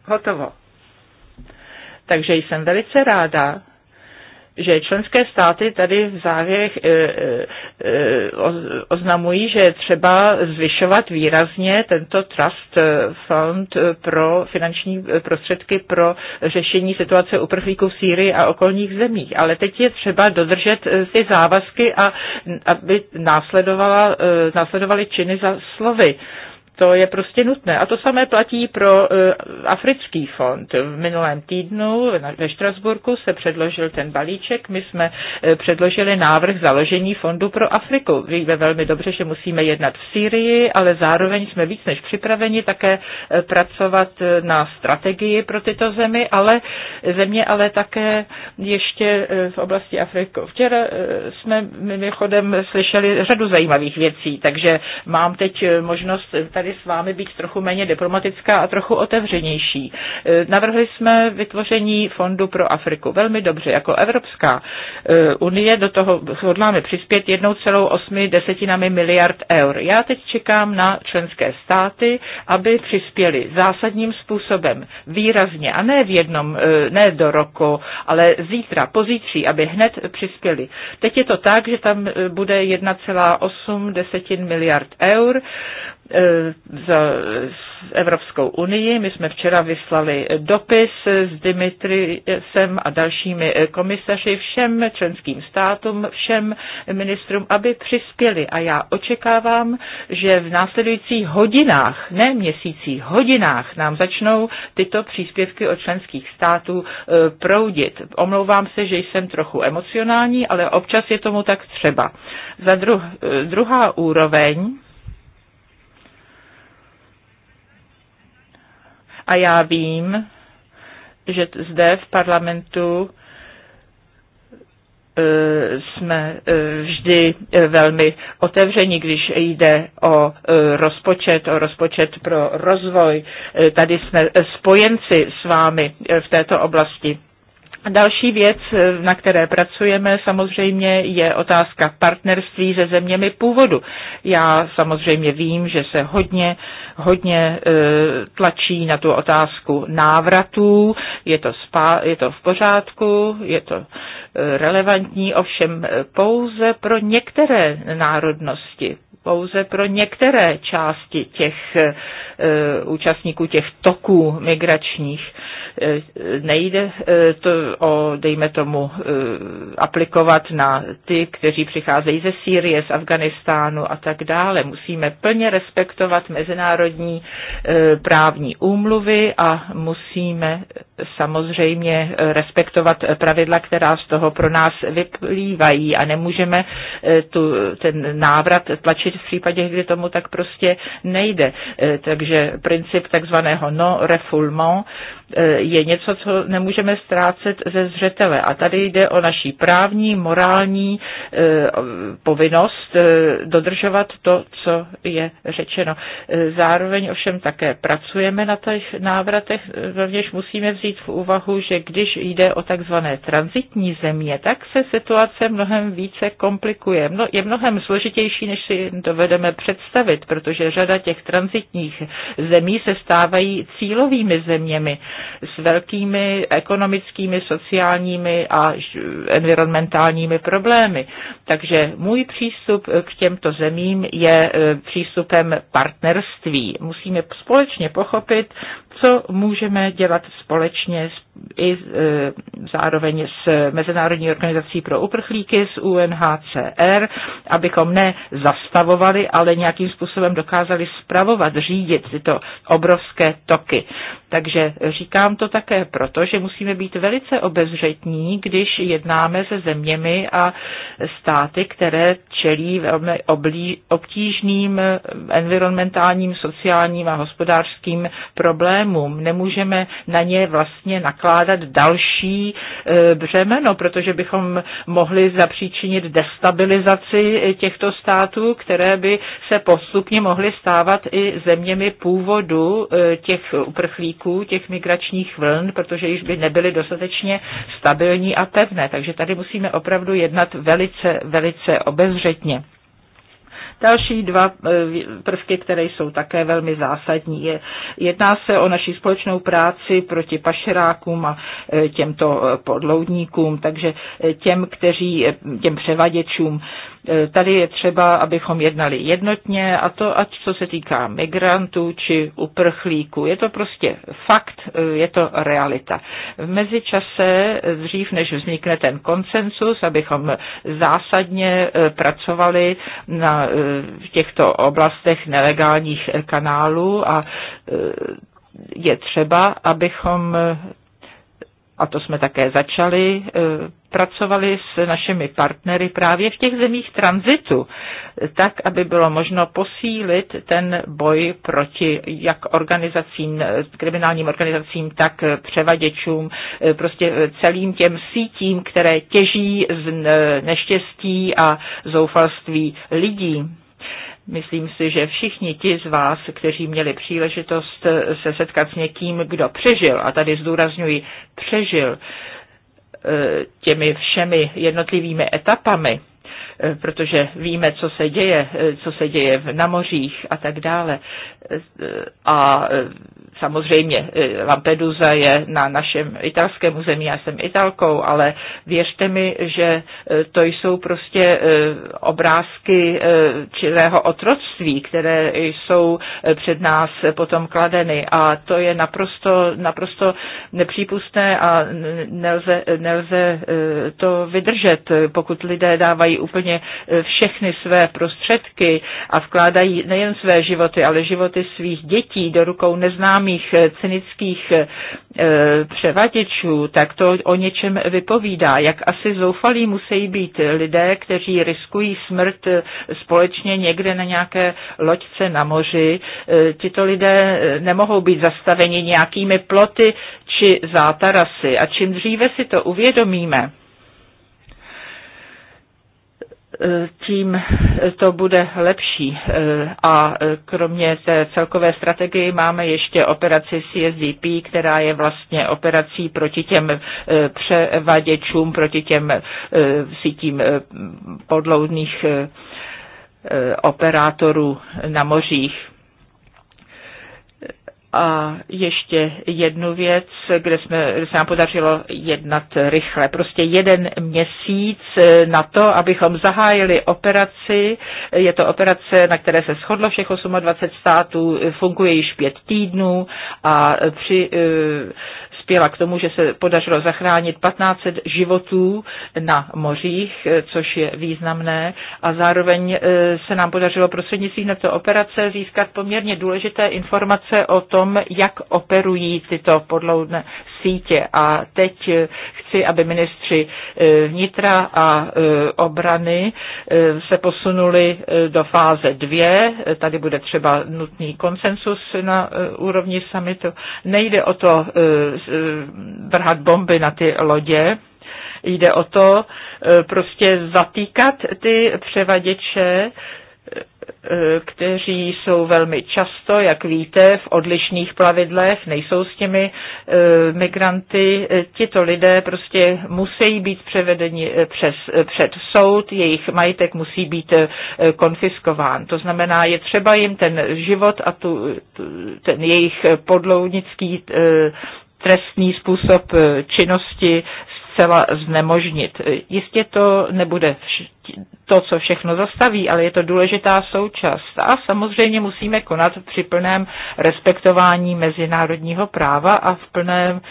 hotovo. Takže jsem velice ráda, že členské státy tady v závěrech eh, eh, eh, oznamují, že je třeba zvyšovat výrazně tento Trust Fund pro finanční prostředky pro řešení situace uprchlíků v Sýrii a okolních zemích. Ale teď je třeba dodržet ty závazky a aby následovala, následovaly činy za slovy. To je prostě nutné. A to samé platí pro e, Africký fond. V minulém týdnu ve Štrasburku se předložil ten balíček. My jsme e, předložili návrh založení fondu pro Afriku. Víme velmi dobře, že musíme jednat v Sýrii, ale zároveň jsme víc než připraveni také e, pracovat na strategii pro tyto zemi, ale země, ale také ještě v oblasti Afriky. Včera jsme mimochodem slyšeli řadu zajímavých věcí, takže mám teď možnost tady tady s vámi být trochu méně diplomatická a trochu otevřenější. E, navrhli jsme vytvoření Fondu pro Afriku. Velmi dobře, jako Evropská e, unie do toho hodláme přispět jednou celou osmi desetinami miliard eur. Já teď čekám na členské státy, aby přispěli zásadním způsobem, výrazně a ne v jednom, e, ne do roku, ale zítra, pozítří, aby hned přispěli. Teď je to tak, že tam bude 1,8 desetin miliard eur za Evropskou unii. My jsme včera vyslali dopis s Dimitrisem a dalšími komisaři všem členským státům, všem ministrům, aby přispěli. A já očekávám, že v následujících hodinách, ne měsících, hodinách nám začnou tyto příspěvky od členských států eh, proudit. Omlouvám se, že jsem trochu emocionální, ale občas je tomu tak třeba. Za druh, druhá úroveň, A já vím, že zde v parlamentu e, jsme e, vždy e, velmi otevřeni, když jde o rozpočet, o rozpočet pro rozvoj. Tady jsme spojenci s vámi v této oblasti. Další věc, eh, na které pracujeme samozřejmě, je otázka partnerství se zeměmi původu. Já samozřejmě vím, že se hodně, hodně eh, tlačí na tu otázku návratů. Je to, spa, je to v pořádku, je to eh, relevantní, ovšem pouze pro některé národnosti pouze pro některé části těch e, účastníků těch toků migračních. E, nejde e, to o, dejme tomu, aplikovat na ty, kteří přicházejí ze Sýrie, z Afganistánu a tak dále. Musíme plně respektovat mezinárodní právní úmluvy a musíme samozřejmě respektovat pravidla, která z toho pro nás vyplývají a nemůžeme tu, ten návrat tlačit řešit v případě, kdy tomu tak prostě nejde. E, takže princip takzvaného no refoulement E, je něco, co nemůžeme ztrácet ze zřetele. A tady jde o naší právní, morální e, povinnost e, dodržovat to, co je řečeno. Zároveň ovšem také pracujeme na těch návratech, rovněž musíme vzít v úvahu, že když jde o takzvané transitní země, tak se situace mnohem více komplikuje. Je mnohem složitější, než si dovedeme představit, protože řada těch transitních zemí se stávají cílovými zeměmi s velkými ekonomickými, sociálními a environmentálními problémy. Takže můj přístup k těmto zemím je e, přístupem partnerství. Musíme společně pochopit, co můžeme dělat společně i e, zároveň s Mezinárodní organizací pro uprchlíky, s UNHCR, abychom ne zastavovali, ale nějakým způsobem dokázali spravovat, řídit tyto obrovské toky. Takže říkám to také proto, že musíme být velice obezřetní, když jednáme se zeměmi a státy, které čelí velmi obtížným environmentálním, sociálním a hospodářským problémům minimum. Nemůžeme na ně vlastně nakládat další e, břemeno, protože bychom mohli zapříčinit destabilizaci těchto států, které by se postupně mohly stávat i zeměmi původu e, těch uprchlíků, těch migračních vln, protože již by nebyly dostatečně stabilní a pevné. Takže tady musíme opravdu jednat velice, velice obezřetně. Další dva eh, prvky, které jsou také velmi zásadní. Je, jedná se o naší společnou práci proti pašerákům a eh, těmto eh, podloudníkům, takže těm, kteří, těm převaděčům, Tady je třeba, abychom jednali jednotně a to ať co se týká migrantů či uprchlíků. Je to prostě fakt, je to realita. V mezičase, dřív než vznikne ten konsensus, abychom zásadně e, pracovali na e, těchto oblastech nelegálních kanálů a e, je třeba, abychom a to jsme také začali, e, pracovali s našimi partnery právě v těch zemích tranzitu, tak, aby bylo možno posílit ten boj proti jak organizacím, e, kriminálním organizacím, tak převaděčům, e, prostě celým těm sítím, které těží z neštěstí a zoufalství lidí. Myslím si, že všichni ti z vás, kteří měli příležitost se setkat s někým, kdo přežil, a tady zdůrazňuji přežil eh, těmi všemi jednotlivými etapami, eh, protože víme, co se děje, eh, co se děje na mořích a tak dále. A Samozřejmě eh, Lampedusa je na našem italském území, já jsem italkou, ale věřte mi, že eh, to jsou prostě eh, obrázky čilého otroctví, které jsou před nás potom kladeny a to je naprosto, naprosto nepřípustné a nelze, nelze to vydržet, pokud lidé dávají úplně všechny své prostředky a vkládají nejen své životy, ale životy svých dětí do rukou neznámých známých eh, cynických eh, převaděčů, tak to o něčem vypovídá. Jak asi zoufalí musí být lidé, kteří riskují smrt eh, společně někde na nějaké loďce na moři. Tito lidé nemohou být zastaveni nějakými ploty či zátarasy. A čím dříve si to uvědomíme, tím to bude lepší. A kromě té celkové strategie máme ještě operaci CSDP, která je vlastně operací proti těm eh, převaděčům, proti těm eh, sítím eh, podloudných operátorů na mořích. A ještě jednu věc, kde, jsme, kde se nám podařilo jednat rychle. Prostě jeden měsíc eh, na to, abychom zahájili operaci. Je to operace, na které se shodlo všech 28 států, eh, funguje již pět týdnů a při, eh, přispěla k tomu, že se podařilo zachránit 1500 životů na mořích, eh, což je významné a zároveň eh, se nám podařilo prostřednictvím této operace získat poměrně důležité informace o tom, jak operují tyto podloudné sítě. A teď eh, chci, aby ministři eh, vnitra a eh, obrany se posunuli do fáze dvě. Tady bude třeba nutný konsensus na úrovni summitu. Nejde o to vrhat bomby na ty lodě, Jde o to prostě zatýkat ty převaděče, Eh, kteří jsou velmi často, jak víte, v odlišných plavidlech, nejsou s těmi eh, migranty. Eh, tito lidé prostě musí být převedeni přes, před soud, jejich majetek musí být konfiskován. To znamená, je třeba jim ten život a tu, ten jejich podlounický trestný způsob činnosti zcela znemožnit. Jistě to nebude to, co všechno zastaví, ale je to důležitá součást. A samozřejmě musíme konat při plném respektování mezinárodního práva a v plném e,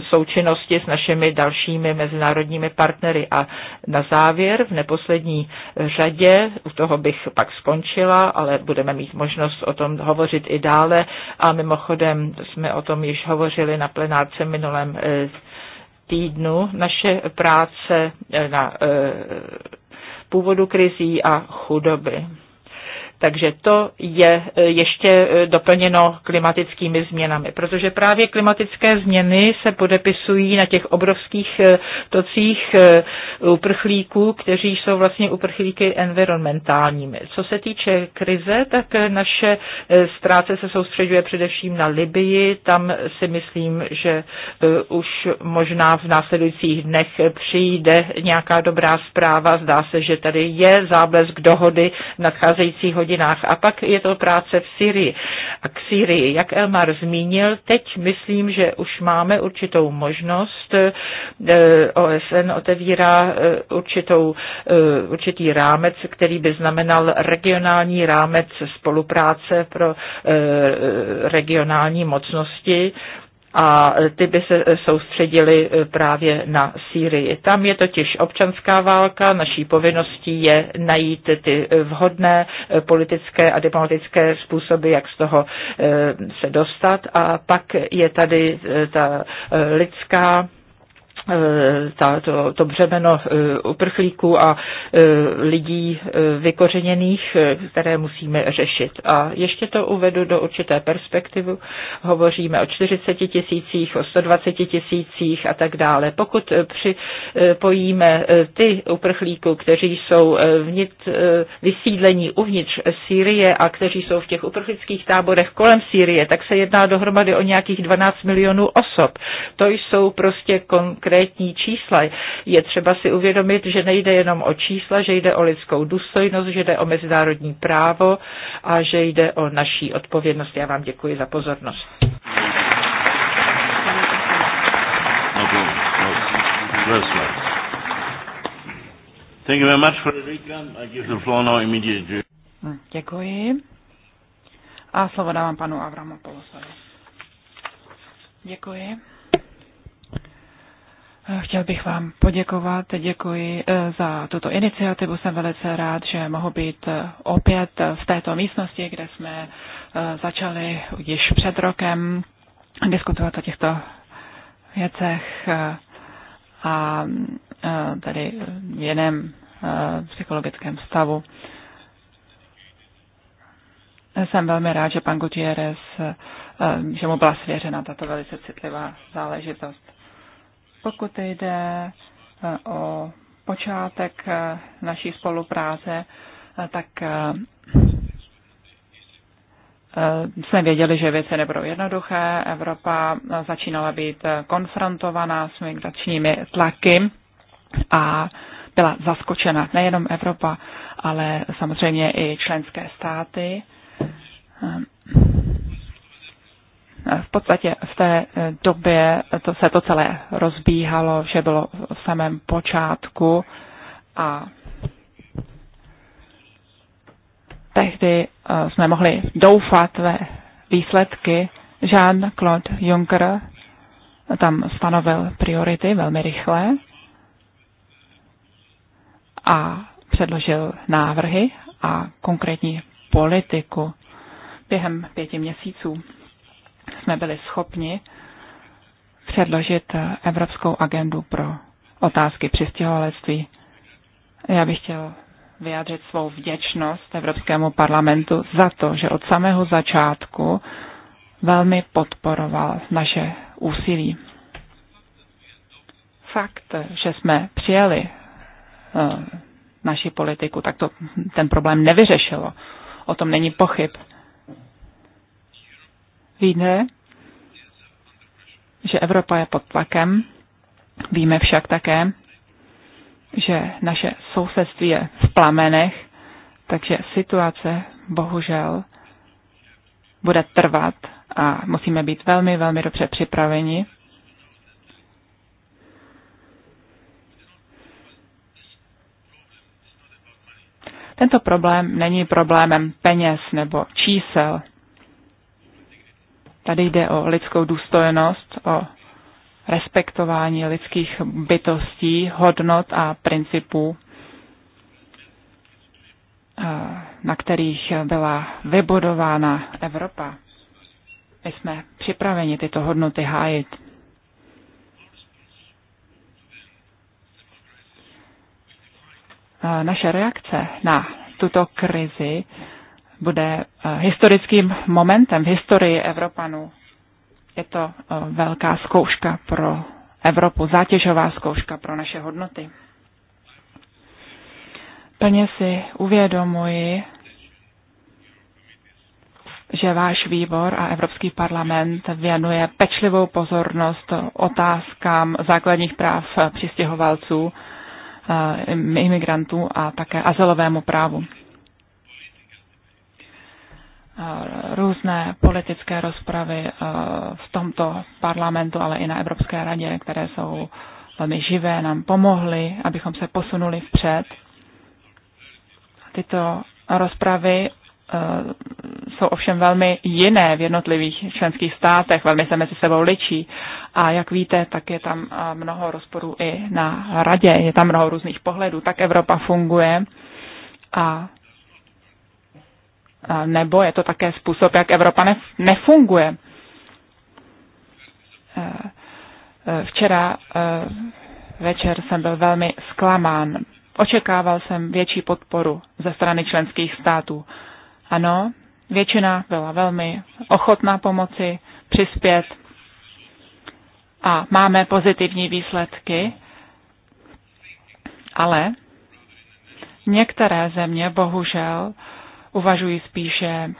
součinnosti s našimi dalšími mezinárodními partnery. A na závěr, v neposlední řadě, u toho bych pak skončila, ale budeme mít možnost o tom hovořit i dále. A mimochodem jsme o tom již hovořili na plenárce minulém e, týdnu naše práce na eh, původu krizí a chudoby. Takže to je e, ještě e, doplněno klimatickými změnami, protože právě klimatické změny se podepisují na těch obrovských e, tocích uprchlíků, kteří jsou vlastně uprchlíky environmentálními. Co se týče krize, tak naše ztráce se soustředuje především na Libii. Tam si myslím, že už možná v následujících dnech přijde nějaká dobrá zpráva. Zdá se, že tady je záblesk dohody nadcházejícího rodinách. A pak je to práce v Syrii. A k Syrii, jak Elmar zmínil, teď myslím, že už máme určitou možnost. Eh, OSN otevírá eh, určitou, eh, určitý rámec, který by znamenal regionální rámec spolupráce pro regionální mocnosti a e, ty by se e, soustředily e, právě na Sýrii. Tam je totiž občanská válka, naší povinností je najít ty vhodné politické a diplomatické způsoby, jak z toho se dostat a pak je tady ta lidská Eh, ta, to, to břemeno eh, uprchlíků a eh, lidí vykořeněných, které musíme řešit. A ještě to uvedu do určité perspektivy. Hovoříme o 40 tisících, o 120 tisících a tak dále. Pokud připojíme ty uprchlíků, kteří jsou vnitř, vysídlení uvnitř Sýrie a kteří jsou v těch uprchlických táborech kolem Sýrie, tak se jedná dohromady o nějakých 12 milionů osob. To jsou prostě konkrétní konkrétní čísla. Je třeba si uvědomit, že nejde jenom o čísla, že jde o lidskou důstojnost, že jde o mezinárodní právo a že jde o naší odpovědnost. Já vám děkuji za pozornost. No no. Hm, děkuji. A slovo dávám panu Avramopoulosovi. Děkuji. Chtěl bych vám poděkovat, děkuji eh, za tuto iniciativu. Jsem velice rád, že mohu být eh, opět eh, v této místnosti, kde jsme začali již před rokem diskutovat o těchto věcech a tady v jiném psychologickém stavu. Jsem velmi rád, že pan Gutierrez, že mu byla svěřena tato velice citlivá záležitost. Pokud jde eh, o počátek eh, naší spolupráce, eh, tak jsme věděli, že věci nebudou jednoduché. Evropa začínala být konfrontovaná s migračními tlaky a byla zaskočena nejenom Evropa, ale samozřejmě i členské státy v podstatě v té eh, době to se to celé rozbíhalo, že bylo v samém počátku a tehdy eh, jsme mohli doufat ve výsledky. Jean-Claude Juncker tam stanovil priority velmi rychle a předložil návrhy a konkrétní politiku během pěti měsíců jsme byli schopni předložit eh, Evropskou agendu pro otázky přistěhovalectví. Já bych chtěl vyjádřit svou vděčnost Evropskému parlamentu za to, že od samého začátku velmi podporoval naše úsilí. Fakt, že jsme přijeli eh, naši politiku, tak to ten problém nevyřešilo. O tom není pochyb. Víme, že Evropa je pod tlakem. Víme však také, že naše sousedství je v plamenech, takže situace bohužel bude trvat a musíme být velmi, velmi dobře připraveni. Tento problém není problémem peněz nebo čísel. Tady jde o lidskou důstojnost, o respektování lidských bytostí, hodnot a principů, eh, na kterých byla vybudována Evropa. My jsme připraveni tyto hodnoty hájit. Eh, naše reakce na tuto krizi bude eh, historickým momentem v historii Evropanů. Je to eh, velká zkouška pro Evropu, zátěžová zkouška pro naše hodnoty. Plně si uvědomuji, že váš výbor a Evropský parlament věnuje pečlivou pozornost otázkám základních práv přistěhovalců, eh, imigrantů a také azylovému právu. Eh, různé politické rozpravy eh, v tomto parlamentu, ale i na Evropské radě, které jsou velmi živé, nám pomohly, abychom se posunuli vpřed. Tyto rozpravy eh, jsou ovšem velmi jiné v jednotlivých členských státech, velmi se mezi sebou ličí. A jak víte, tak je tam mnoho rozporů i na radě, je tam mnoho různých pohledů, tak Evropa funguje. A nebo je to také způsob, jak Evropa nefunguje. E, e, včera e, večer jsem byl velmi zklamán. Očekával jsem větší podporu ze strany členských států. Ano, většina byla velmi ochotná pomoci, přispět a máme pozitivní výsledky, ale některé země bohužel uvažují spíše eh,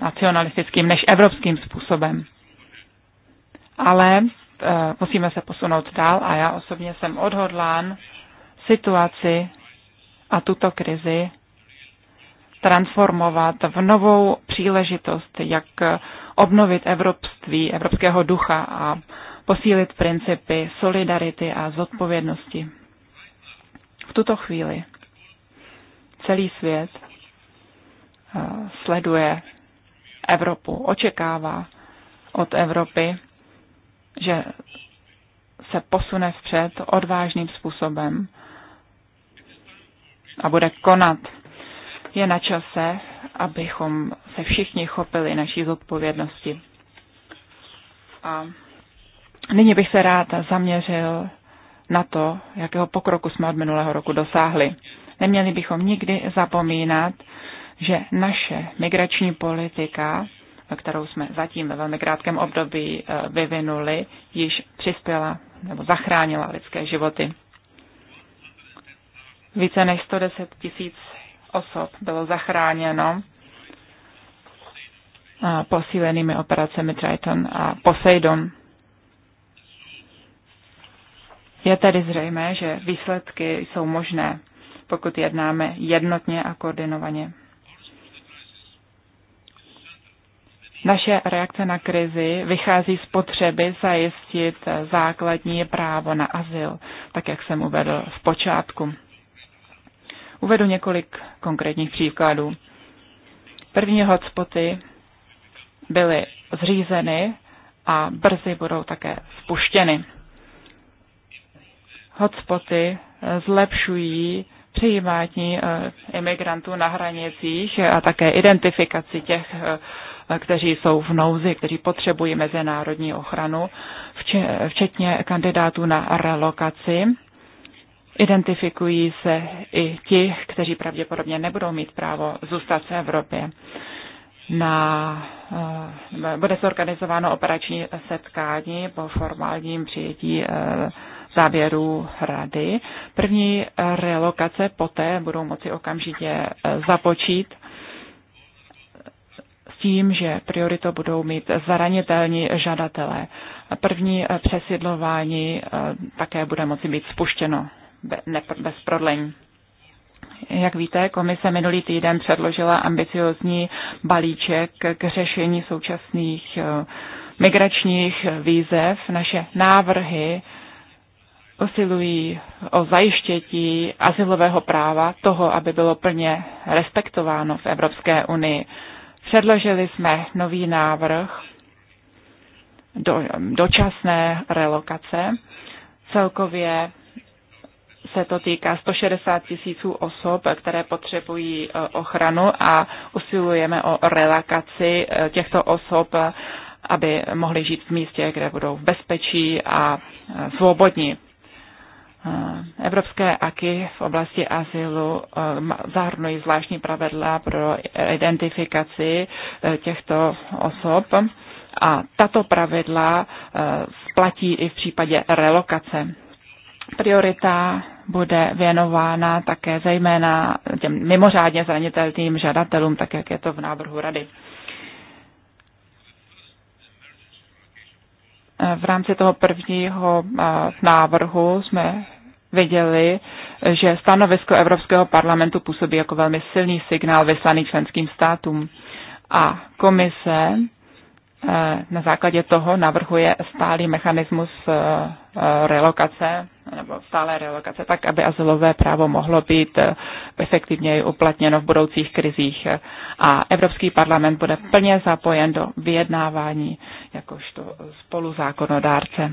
nacionalistickým než evropským způsobem. Ale eh, musíme se posunout dál a já osobně jsem odhodlán situaci a tuto krizi transformovat v novou příležitost, jak obnovit evropství, evropského ducha a posílit principy solidarity a zodpovědnosti. V tuto chvíli celý svět Eh, sleduje Evropu, očekává od Evropy, že se posune vpřed odvážným způsobem a bude konat. Je na čase, abychom se všichni chopili naší zodpovědnosti. A nyní bych se rád zaměřil na to, jakého pokroku jsme od minulého roku dosáhli. Neměli bychom nikdy zapomínat, že naše migrační politika, kterou jsme zatím ve velmi krátkém období eh, vyvinuli, již přispěla nebo zachránila lidské životy. Více než 110 tisíc osob bylo zachráněno eh, posílenými operacemi Triton a Poseidon. Je tedy zřejmé, že výsledky jsou možné, pokud jednáme jednotně a koordinovaně. Naše reakce na krizi vychází z potřeby zajistit základní právo na azyl, tak jak jsem uvedl v počátku. Uvedu několik konkrétních příkladů. První hotspoty byly zřízeny a brzy budou také spuštěny. Hotspoty zlepšují přijímání eh, imigrantů na hranicích a také identifikaci těch eh, kteří jsou v nouzi, kteří potřebují mezinárodní ochranu, včetně kandidátů na relokaci. Identifikují se i ti, kteří pravděpodobně nebudou mít právo zůstat v Evropě. Na, eh, bude zorganizováno operační setkání po formálním přijetí eh, závěrů rady. První relokace poté budou moci okamžitě eh, započít tím, že prioritu budou mít zranitelní žadatelé. První přesídlování eh, také bude moci být spuštěno bez prodlení. Jak víte, komise minulý týden předložila ambiciozní balíček k řešení současných eh, migračních výzev. Naše návrhy usilují o zajištětí asilového práva toho, aby bylo plně respektováno v Evropské unii. Předložili jsme nový návrh do, dočasné relokace. Celkově se to týká 160 tisíců osob, které potřebují e, ochranu a usilujeme o relokaci e, těchto osob, aby mohli žít v místě, kde budou v bezpečí a e, svobodní. Eh, Evropské aky v oblasti azylu eh, zahrnují zvláštní pravidla pro identifikaci eh, těchto osob a tato pravidla platí i v případě relokace. Priorita bude věnována také zejména těm mimořádně zranitelným žadatelům, tak jak je to v návrhu Rady. V rámci toho prvního návrhu jsme viděli, že stanovisko Evropského parlamentu působí jako velmi silný signál vyslaný členským státům. A komise eh, na základě toho navrhuje stálý mechanismus eh, eh, relokace nebo stále relokace, tak aby azylové právo mohlo být efektivněji uplatněno v budoucích krizích. A Evropský parlament bude plně zapojen do vyjednávání jakožto spoluzákonodárce.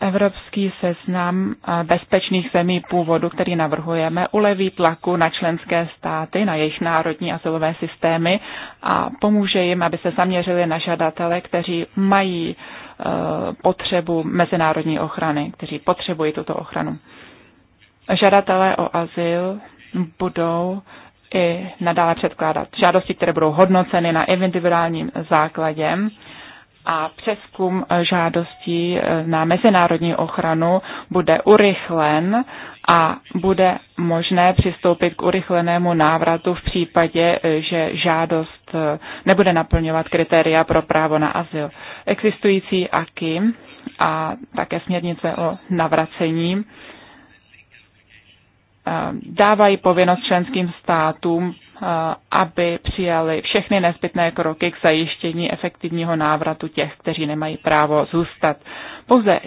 Evropský seznam eh, bezpečných zemí původu, který navrhujeme, uleví tlaku na členské státy, na jejich národní asilové systémy a pomůže jim, aby se zaměřili na žadatele, kteří mají eh, potřebu mezinárodní ochrany, kteří potřebují tuto ochranu. Žadatelé o azyl budou i nadále předkládat žádosti, které budou hodnoceny na individuálním základě a přeskum žádostí eh, na mezinárodní ochranu bude urychlen a bude možné přistoupit k urychlenému návratu v případě, eh, že žádost eh, nebude naplňovat kritéria pro právo na azyl. Existující AKY a také směrnice o navracení Eh, dávají povinnost členským státům, eh, aby přijali všechny nezbytné kroky k zajištění efektivního návratu těch, kteří nemají právo zůstat. Pouze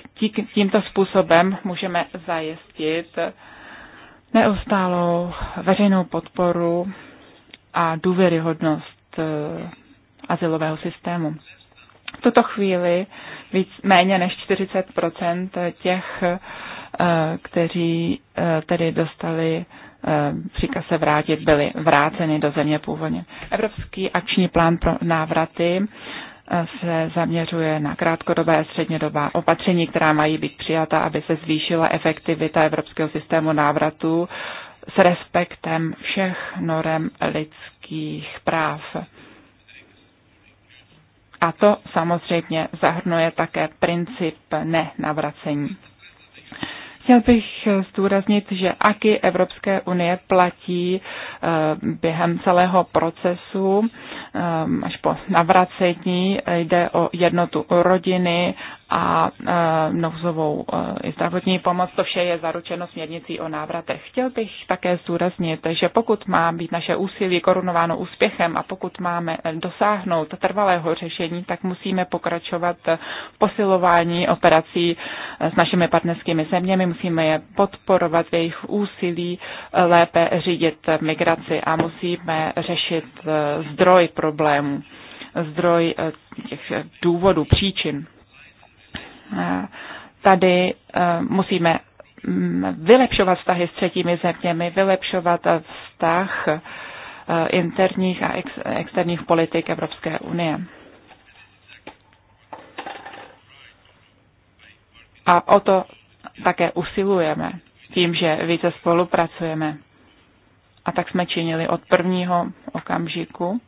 tímto způsobem můžeme zajistit neustálou veřejnou podporu a důvěryhodnost eh, asilového systému. V tuto chvíli víc, méně než 40 těch Eh, kteří eh, tedy dostali eh, příkaz se vrátit, byli vráceni do země původně. Evropský akční plán pro návraty se zaměřuje na krátkodobé a střednědobá opatření, která mají být přijata, aby se zvýšila efektivita evropského systému návratu s respektem všech norem lidských práv. A to samozřejmě zahrnuje také princip nenavracení. Chtěl bych zdůraznit, že aky Evropské unie platí eh, během celého procesu eh, až po navracení. Jde o jednotu rodiny a e, nouzovou e, i zdravotní pomoc. To vše je zaručeno směrnicí o návratech. Chtěl bych také zdůraznit, že pokud má být naše úsilí korunováno úspěchem a pokud máme dosáhnout trvalého řešení, tak musíme pokračovat v posilování operací e, s našimi partnerskými zeměmi, musíme je podporovat v jejich úsilí lépe řídit migraci a musíme řešit zdroj problémů zdroj těch důvodů, příčin tady eh, musíme mm, vylepšovat vztahy s třetími zeměmi, vylepšovat vztah eh, interních a ex, externích politik Evropské unie. A o to také usilujeme tím, že více spolupracujeme. A tak jsme činili od prvního okamžiku,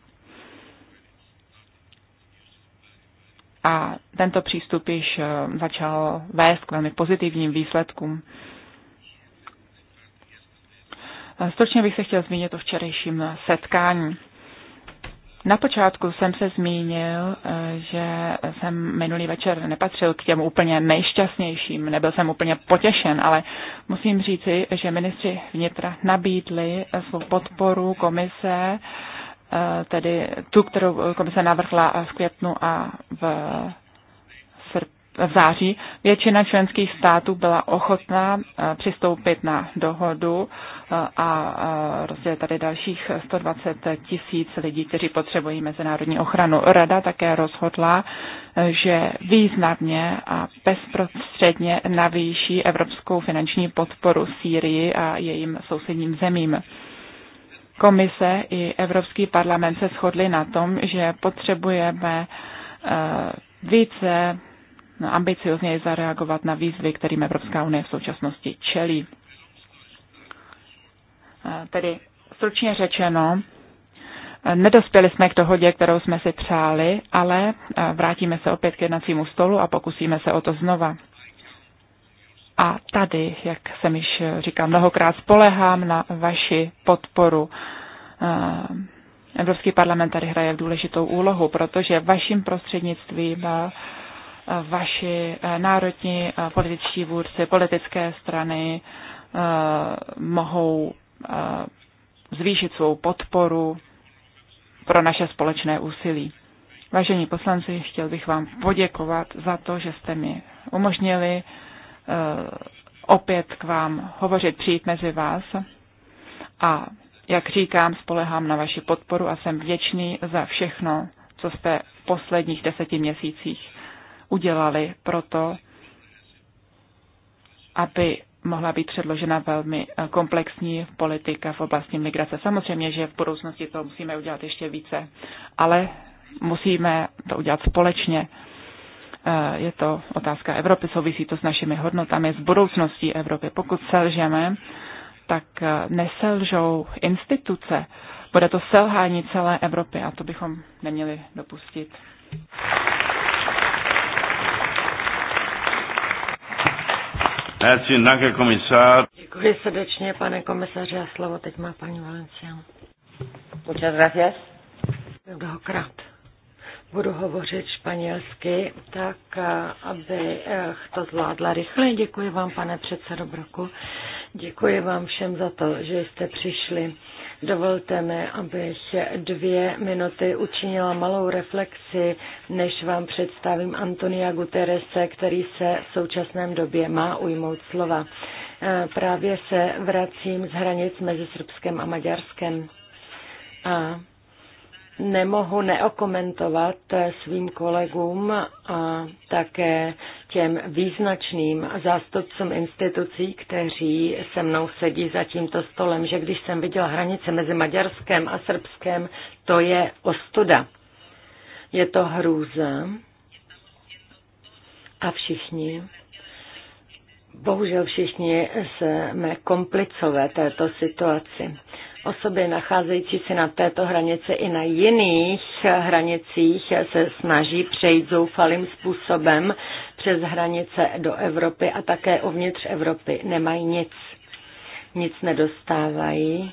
a tento přístup již eh, začal vést k velmi pozitivním výsledkům. Eh, Stručně bych se chtěl zmínit o včerejším setkání. Na počátku jsem se zmínil, eh, že jsem minulý večer nepatřil k těm úplně nejšťastnějším, nebyl jsem úplně potěšen, ale musím říci, že ministři vnitra nabídli svou podporu komise Eh, tedy tu, kterou komise navrhla v květnu a v, srp, v září, většina členských států byla ochotná eh, přistoupit na dohodu eh, a rozdělit prostě tady dalších 120 tisíc lidí, kteří potřebují mezinárodní ochranu. Rada také rozhodla, že významně a bezprostředně navýší evropskou finanční podporu Sýrii a jejím sousedním zemím. Komise i Evropský parlament se shodli na tom, že potřebujeme eh, více no, ambiciozněji zareagovat na výzvy, kterým Evropská unie v současnosti čelí. Eh, tedy stručně řečeno, eh, Nedospěli jsme k dohodě, kterou jsme si přáli, ale vrátíme se opět k jednacímu stolu a pokusíme se o to znova. A tady, jak jsem již eh, říkal mnohokrát, spolehám na vaši podporu. Eh, Evropský parlament tady hraje důležitou úlohu, protože vaším prostřednictvím eh, vaši národní političtí vůdci, politické strany mohou zvýšit svou podporu pro naše společné úsilí. Vážení poslanci, chtěl bych vám poděkovat za to, že jste mi umožnili uh, Eh, opět k vám hovořit, přijít mezi vás. A jak říkám, spolehám na vaši podporu a jsem vděčný za všechno, co jste v posledních deseti měsících udělali pro to, aby mohla být předložena velmi eh, komplexní politika v oblasti migrace. Samozřejmě, že v budoucnosti to musíme udělat ještě více, ale musíme to udělat společně. Eh, je to otázka Evropy, souvisí to s našimi hodnotami, s budoucností Evropy. Pokud selžeme, tak eh, neselžou instituce. Bude to selhání celé Evropy a to bychom neměli dopustit. Děkuji srdečně, pane komisaře a slovo teď má paní Valencián. Muchas gracias. Mnohokrát budu hovořit španělsky, tak eh, aby eh, to zvládla rychle. Děkuji vám, pane předsedo Broku. Děkuji vám všem za to, že jste přišli. Dovolte mi, abych dvě minuty učinila malou reflexi, než vám představím Antonia Guterese, který se v současném době má ujmout slova. Eh, právě se vracím z hranic mezi Srbskem a Maďarskem. A nemohu neokomentovat svým kolegům a také těm význačným zástupcům institucí, kteří se mnou sedí za tímto stolem, že když jsem viděl hranice mezi Maďarskem a Srbskem, to je ostuda. Je to hrůza. A všichni, bohužel všichni jsme komplicové této situaci. Osoby nacházející se na této hranici i na jiných hranicích se snaží přejít zoufalým způsobem přes hranice do Evropy a také uvnitř Evropy. Nemají nic. Nic nedostávají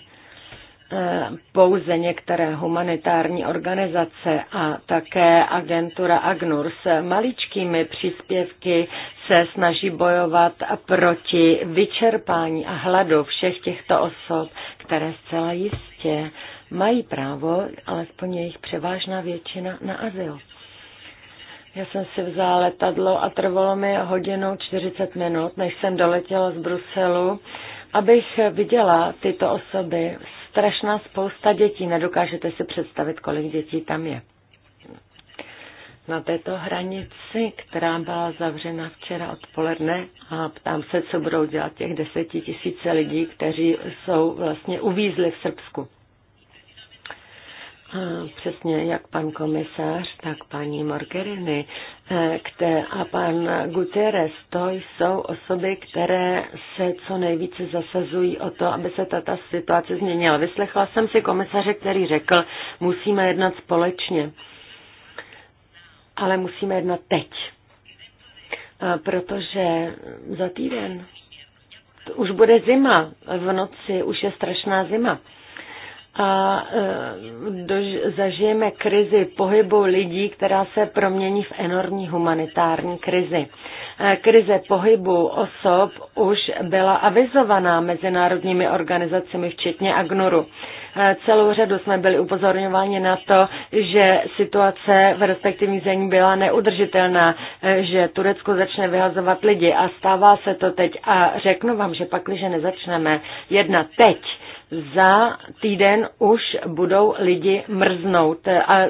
Eh, pouze některé humanitární organizace a také agentura Agnur s maličkými příspěvky se snaží bojovat proti vyčerpání a hladu všech těchto osob, které zcela jistě mají právo, alespoň jejich převážná většina, na azyl. Já jsem si vzala letadlo a trvalo mi hodinu 40 minut, než jsem doletěla z Bruselu, abych viděla tyto osoby strašná spousta dětí. Nedokážete si představit, kolik dětí tam je. Na této hranici, která byla zavřena včera odpoledne, a ptám se, co budou dělat těch desetitisíce lidí, kteří jsou vlastně uvízli v Srbsku. Přesně jak pan komisář, tak paní Morgerini eh, a pan Guterres, to jsou osoby, které se co nejvíce zasazují o to, aby se tato situace změnila. Vyslechla jsem si komisaře, který řekl, musíme jednat společně, ale musíme jednat teď, protože za týden už bude zima v noci, už je strašná zima a e, dož, zažijeme krizi pohybu lidí, která se promění v enormní humanitární krizi. E, krize pohybu osob už byla avizovaná mezinárodními organizacemi, včetně Agnoru. E, celou řadu jsme byli upozorňováni na to, že situace v respektivní zemí byla neudržitelná, že Turecko začne vyhazovat lidi a stává se to teď. A řeknu vám, že pak, když nezačneme jednat teď, za týden už budou lidi mrznout a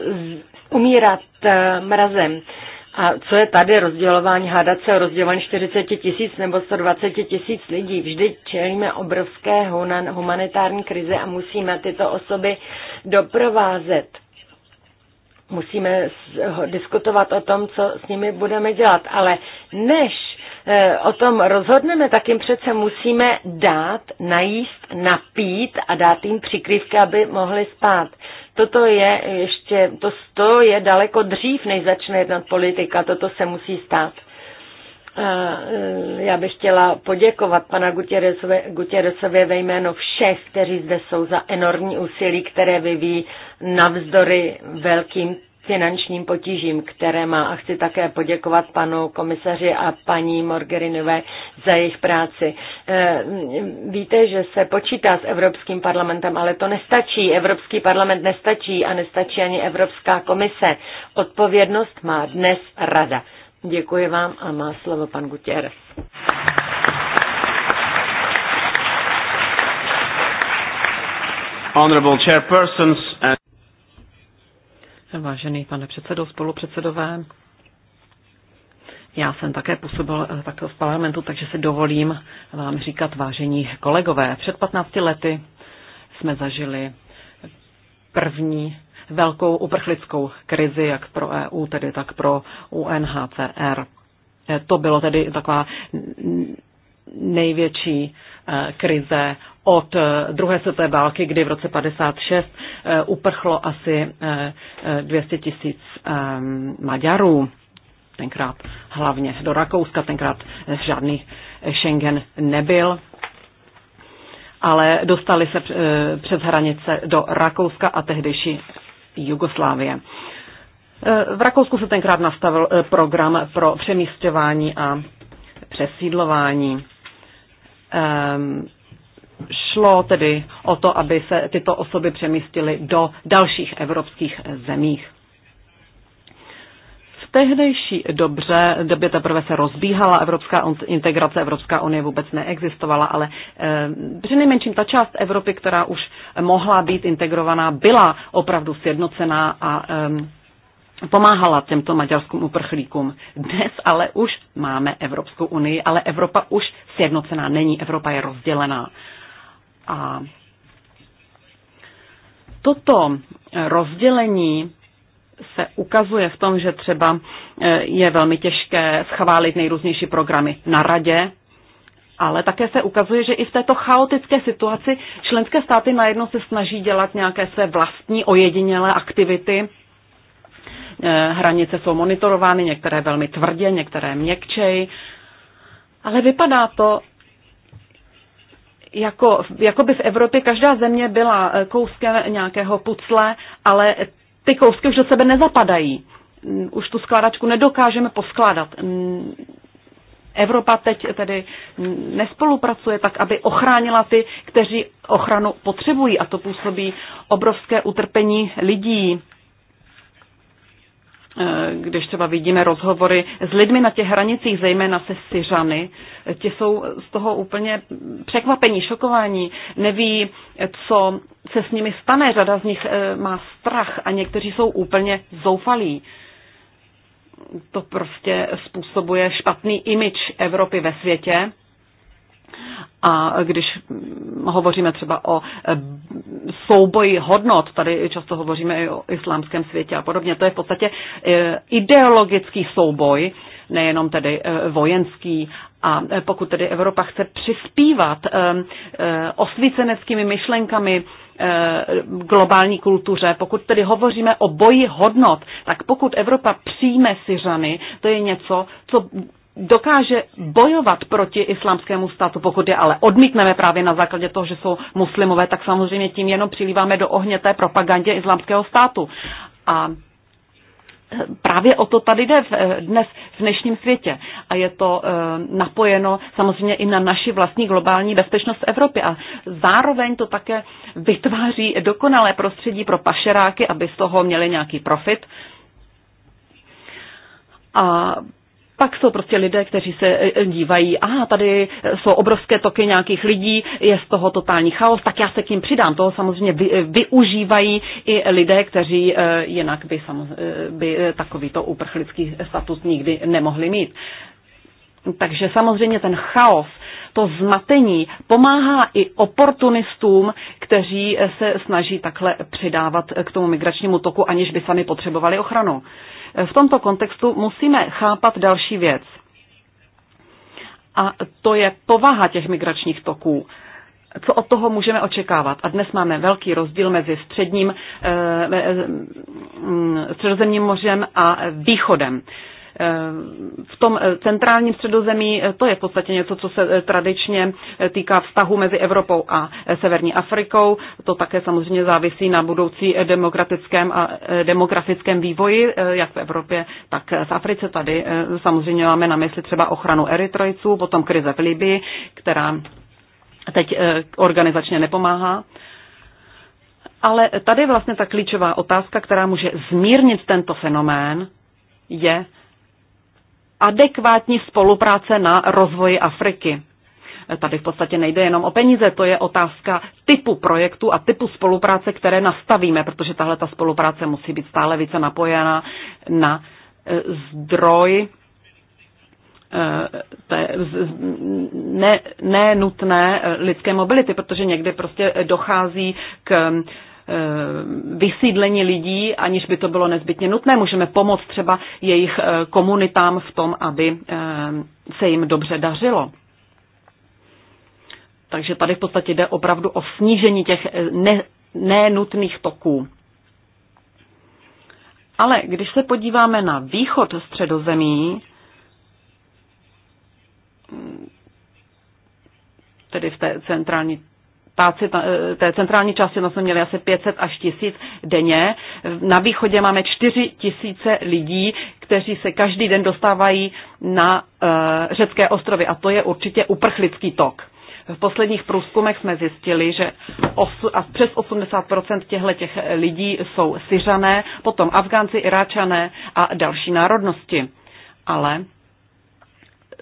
umírat eh, mrazem. A co je tady rozdělování, hádat se o rozdělování 40 tisíc nebo 120 tisíc lidí? Vždy čelíme obrovské humanitární krize a musíme tyto osoby doprovázet. Musíme diskutovat o tom, co s nimi budeme dělat. Ale než E, o tom rozhodneme, tak jim přece musíme dát, najíst, napít a dát jim přikrývky, aby mohli spát. Toto je ještě, to, to je daleko dřív, než začne jednat politika, toto se musí stát. E, e, já bych chtěla poděkovat pana Gutěresově, Gutierrezově ve jménu všech, kteří zde jsou za enormní úsilí, které vyvíjí navzdory velkým finančním potížím, které má. A chci také poděkovat panu komisaři a paní Morgerinové za jejich práci. Eh, víte, že se počítá s Evropským parlamentem, ale to nestačí. Evropský parlament nestačí a nestačí ani Evropská komise. Odpovědnost má dnes rada. Děkuji vám a má slovo pan Gutierrez. Honorable chairpersons and Vážený pane předsedo, spolupředsedové, já jsem také působil eh, takto v parlamentu, takže si dovolím vám říkat, vážení kolegové, před 15 lety jsme zažili první velkou uprchlickou krizi, jak pro EU, tedy tak pro UNHCR. Eh, to bylo tedy taková největší Eh, krize od eh, druhé světové války, kdy v roce 56 eh, uprchlo asi 200 tisíc Maďarů, tenkrát hlavně do Rakouska, tenkrát žádný Schengen nebyl, ale dostali se přes hranice do Rakouska a tehdejší Jugoslávie. V Rakousku se tenkrát nastavil program pro přemístěvání a přesídlování. Ehm, šlo tedy o to, aby se tyto osoby přemístily do dalších evropských zemích. V tehdejší dobře, době teprve se rozbíhala evropská integrace, Evropská unie vůbec neexistovala, ale ehm, při nejmenším ta část Evropy, která už mohla být integrovaná, byla opravdu sjednocená a ehm, pomáhala těmto maďarským uprchlíkům. Dnes ale už máme Evropskou unii, ale Evropa už sjednocená není, Evropa je rozdělená. A toto rozdělení se ukazuje v tom, že třeba e, je velmi těžké schválit nejrůznější programy na radě, ale také se ukazuje, že i v této chaotické situaci členské státy najednou se snaží dělat nějaké své vlastní ojedinělé aktivity, Eh, hranice jsou monitorovány, některé velmi tvrdě, některé měkčej. Ale vypadá to, jako, jako by v Evropě každá země byla eh, kouskem nějakého pucle, ale ty kousky už do sebe nezapadají. Mm, už tu skládačku nedokážeme poskládat. Mm, Evropa teď tedy nespolupracuje tak, aby ochránila ty, kteří ochranu potřebují a to působí obrovské utrpení lidí, Eh, když třeba vidíme rozhovory s lidmi na těch hranicích, zejména se Syřany, ti jsou z toho úplně překvapení, šokování, neví, co se s nimi stane, řada z nich eh, má strach a někteří jsou úplně zoufalí. To prostě způsobuje špatný imič Evropy ve světě a když hovoříme třeba o eh, souboji hodnot, tady často hovoříme i o islámském světě a podobně, to je v podstatě eh, ideologický souboj, nejenom tedy eh, vojenský. A pokud tedy Evropa chce přispívat osvíceneckými myšlenkami globální kultuře, pokud tedy hovoříme o boji hodnot, tak pokud Evropa přijme Syřany, to je něco, co dokáže bojovat proti islámskému státu, pokud je ale odmítneme právě na základě toho, že jsou muslimové, tak samozřejmě tím jenom přilíváme do ohně té propagandě islámského státu. A eh, právě o to tady jde v, eh, dnes v dnešním světě. A je to e, napojeno samozřejmě i na naši vlastní globální bezpečnost v Evropě. A zároveň to také vytváří dokonalé prostředí pro pašeráky, aby z toho měli nějaký profit. A pak jsou prostě lidé, kteří se eh, eh, dívají, a tady eh, jsou obrovské toky nějakých lidí, je z toho totální chaos, tak já se k ním přidám. Toho samozřejmě vy, využívají i lidé, kteří jinak by, by takovýto uprchlický status nikdy nemohli mít. Takže samozřejmě ten chaos, to zmatení pomáhá i oportunistům, kteří se snaží takhle přidávat k tomu migračnímu toku, aniž by sami potřebovali ochranu. V tomto kontextu musíme chápat další věc. A to je povaha těch migračních toků. Co od toho můžeme očekávat? A dnes máme velký rozdíl mezi středním, eh, eh, mm, středozemním mořem a východem v tom eh, centrálním středozemí eh, to je v podstatě něco, co se eh, tradičně týká vztahu mezi Evropou a Severní Afrikou. To také samozřejmě závisí na budoucí demokratickém a demografickém vývoji, jak v Evropě, tak v Africe. Tady samozřejmě máme na mysli třeba ochranu Eritrojců, potom krize v Libii, která teď organizačně nepomáhá. Ale tady vlastně ta klíčová otázka, která může zmírnit tento fenomén, je adekvátní spolupráce na rozvoji Afriky. Tady v podstatě nejde jenom o peníze, to je otázka typu projektu a typu spolupráce, které nastavíme, protože tahle ta spolupráce musí být stále více napojena na e, zdroj e, to ne, nenutné lidské mobility, protože někdy prostě dochází k Eh, vysídlení lidí, aniž by to bylo nezbytně nutné. Můžeme pomoct třeba jejich eh, komunitám v tom, aby eh, se jim dobře dařilo. Takže tady v podstatě jde opravdu o snížení těch ne, nenutných toků. Ale když se podíváme na východ středozemí, tedy v té centrální ptáci eh, té centrální části no, jsme měli asi 500 až 1000 denně. Na východě máme 4 tisíce lidí, kteří se každý den dostávají na eh, řecké ostrovy a to je určitě uprchlický tok. V posledních průzkumech jsme zjistili, že osu, a přes 80% těchto těch lidí jsou Syřané, potom Afgánci, Iráčané a další národnosti. Ale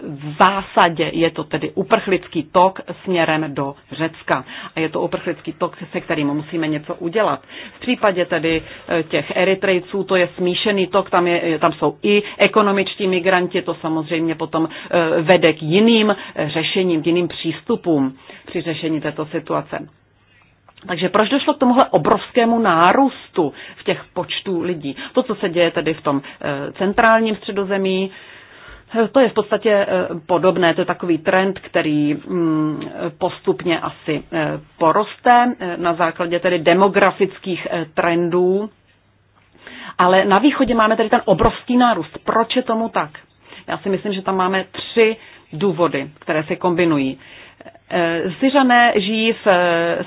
v zásadě je to tedy uprchlický tok směrem do Řecka. A je to uprchlický tok, se kterým musíme něco udělat. V případě tedy e, těch Eritrejců to je smíšený tok, tam, je, e, tam jsou i ekonomičtí migranti, to samozřejmě potom e, vede k jiným řešením, k jiným přístupům při řešení této situace. Takže proč došlo k tomuhle obrovskému nárůstu v těch počtů lidí? To, co se děje tedy v tom centrálním středozemí, to je v podstatě eh, podobné, to je takový trend, který mm, postupně asi eh, poroste eh, na základě tedy demografických trendů. Ale na východě máme tedy ten obrovský nárůst. Proč je tomu tak? Já si myslím, že tam máme tři důvody, které se kombinují. Syřané žijí v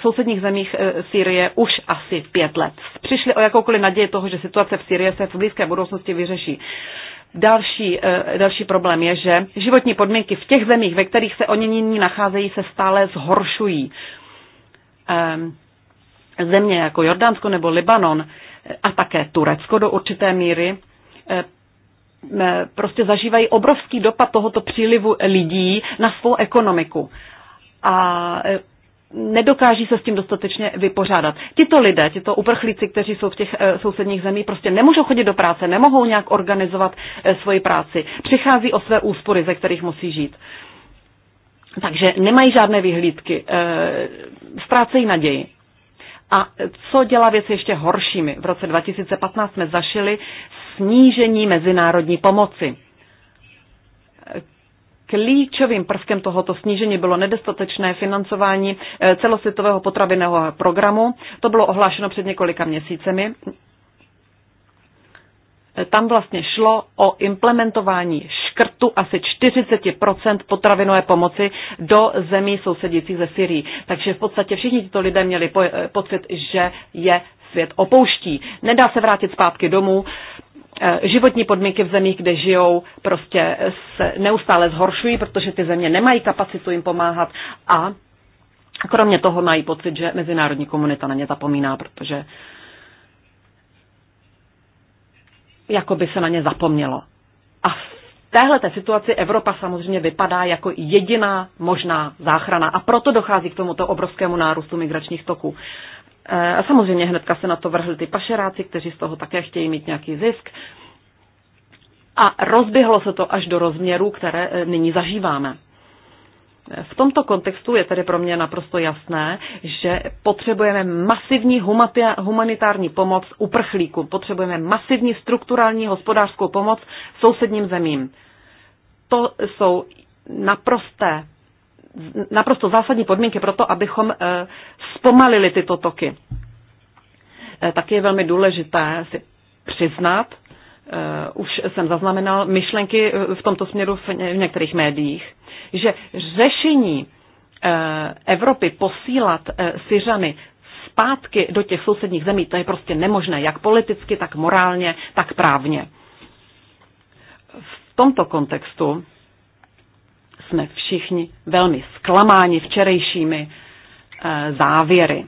sousedních zemích Sýrie už asi pět let. Přišli o jakoukoliv naději toho, že situace v Sýrii se v blízké budoucnosti vyřeší. Další, eh, další problém je, že životní podmínky v těch zemích, ve kterých se nyní nacházejí, se stále zhoršují. Ehm, země jako Jordánsko nebo Libanon eh, a také Turecko do určité míry eh, prostě zažívají obrovský dopad tohoto přílivu lidí na svou ekonomiku. A nedokáží se s tím dostatečně vypořádat. Tito lidé, tito uprchlíci, kteří jsou v těch e, sousedních zemích, prostě nemůžou chodit do práce, nemohou nějak organizovat e, svoji práci. Přichází o své úspory, ze kterých musí žít. Takže nemají žádné vyhlídky, e, ztrácejí naději. A co dělá věci ještě horšími? V roce 2015 jsme zašili snížení mezinárodní pomoci Klíčovým prvkem tohoto snížení bylo nedostatečné financování eh, celosvětového potravinného programu. To bylo ohlášeno před několika měsícemi. Eh, tam vlastně šlo o implementování škrtu asi 40 potravinové pomoci do zemí sousedících ze Syrii. Takže v podstatě všichni tyto lidé měli eh, pocit, že je svět opouští. Nedá se vrátit zpátky domů, Eh, životní podmínky v zemích, kde žijou, prostě se neustále zhoršují, protože ty země nemají kapacitu jim pomáhat a kromě toho mají pocit, že mezinárodní komunita na ně zapomíná, protože jako by se na ně zapomnělo. A v téhle té situaci Evropa samozřejmě vypadá jako jediná možná záchrana a proto dochází k tomuto obrovskému nárůstu migračních toků. Uh, E, a samozřejmě hnedka se na to vrhli ty pašeráci, kteří z toho také chtějí mít nějaký zisk. A rozběhlo se to až do rozměrů, které e, nyní zažíváme. V tomto kontextu je tedy pro mě naprosto jasné, že potřebujeme masivní humanitární pomoc uprchlíků. potřebujeme masivní strukturální hospodářskou pomoc sousedním zemím. To jsou naprosté naprosto zásadní podmínky pro to, abychom eh, zpomalili tyto toky. Eh, taky je velmi důležité si přiznat, eh, už jsem zaznamenal myšlenky v tomto směru v některých médiích, že řešení Evropy posílat Syřany zpátky do těch sousedních zemí, to je prostě nemožné, jak politicky, tak morálně, tak právně. V tomto kontextu jsme všichni velmi zklamáni včerejšími eh, závěry.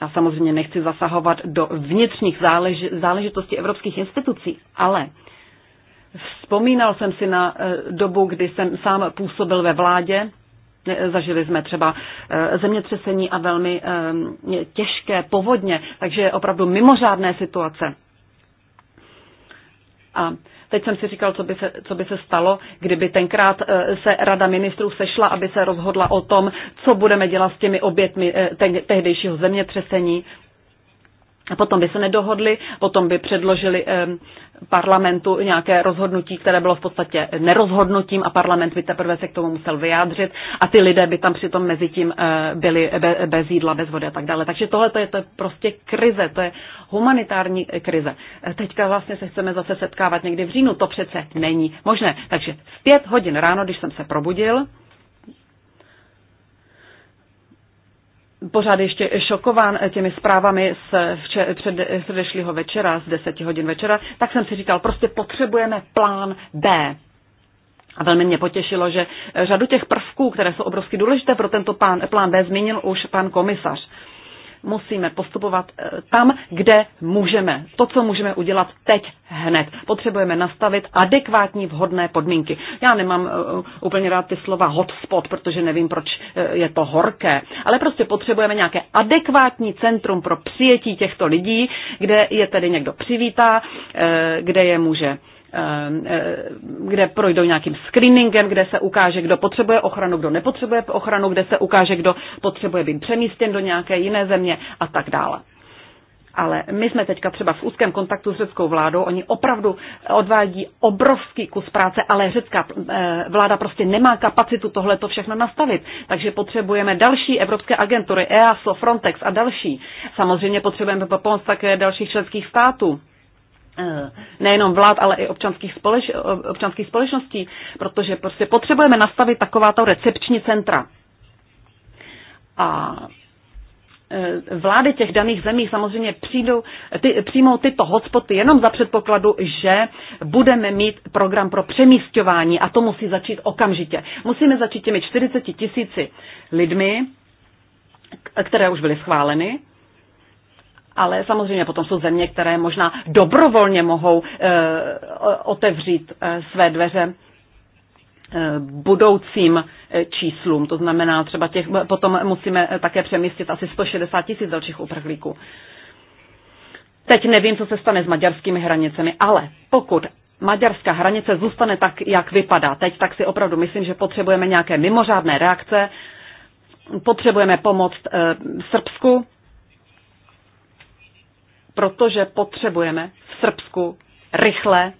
Já samozřejmě nechci zasahovat do vnitřních zálež, záležitostí evropských institucí, ale vzpomínal jsem si na eh, dobu, kdy jsem sám působil ve vládě. Eh, zažili jsme třeba zemětřesení a velmi těžké povodně, takže opravdu mimořádné situace. A Teď jsem si říkal, co by se, co by se stalo, kdyby tenkrát eh, se Rada ministrů sešla, aby se rozhodla o tom, co budeme dělat s těmi obětmi eh, tehdejšího zemětřesení. a Potom by se nedohodli, potom by předložili eh, parlamentu nějaké rozhodnutí, které bylo v podstatě nerozhodnutím a parlament by teprve se k tomu musel vyjádřit a ty lidé by tam přitom mezi tím eh, byli bez jídla, bez vody a tak dále. Takže tohle to je, to je prostě krize, to je humanitární krize. Eh, teďka vlastně se chceme zase setkávat někdy v říjnu, to přece není možné. Takže v pět hodin ráno, když jsem se probudil, pořád ještě šokován těmi zprávami z předešlého večera, z 10 hodin večera, tak jsem si říkal, prostě potřebujeme plán B. A velmi mě potěšilo, že řadu těch prvků, které jsou obrovsky důležité pro tento plán, plán B, zmínil už pan komisař musíme postupovat eh, tam, kde můžeme. To, co můžeme udělat teď hned. Potřebujeme nastavit adekvátní vhodné podmínky. Já nemám eh, úplně rád ty slova hotspot, protože nevím, proč eh, je to horké, ale prostě potřebujeme nějaké adekvátní centrum pro přijetí těchto lidí, kde je tedy někdo přivítá, kde je může Eh, kde projdou nějakým screeningem, kde se ukáže, kdo potřebuje ochranu, kdo nepotřebuje ochranu, kde se ukáže, kdo potřebuje být přemístěn do nějaké jiné země a tak dále. Ale my jsme teďka třeba v úzkém kontaktu s řeckou vládou, oni opravdu odvádí obrovský kus práce, ale řecká eh, vláda prostě nemá kapacitu tohle to všechno nastavit. Takže potřebujeme další evropské agentury, EASO, Frontex a další. Samozřejmě potřebujeme pomoc také dalších členských států Eh, nejenom vlád, ale i občanských, společ, občanských společností, protože prostě potřebujeme nastavit takováto recepční centra. A eh, vlády těch daných zemí samozřejmě přijdou, ty, přijmou tyto hotspoty jenom za předpokladu, že budeme mít program pro přemístování a to musí začít okamžitě. Musíme začít těmi 40 tisíci lidmi, které už byly schváleny, ale samozřejmě potom jsou země, které možná dobrovolně mohou eh, otevřít eh, své dveře eh, budoucím číslům. To znamená, třeba těch, potom musíme také přemístit asi 160 tisíc dalších uprchlíků. Teď nevím, co se stane s maďarskými hranicemi, ale pokud maďarská hranice zůstane tak, jak vypadá teď, tak si opravdu myslím, že potřebujeme nějaké mimořádné reakce, potřebujeme pomoc e, Srbsku, protože potřebujeme v Srbsku rychle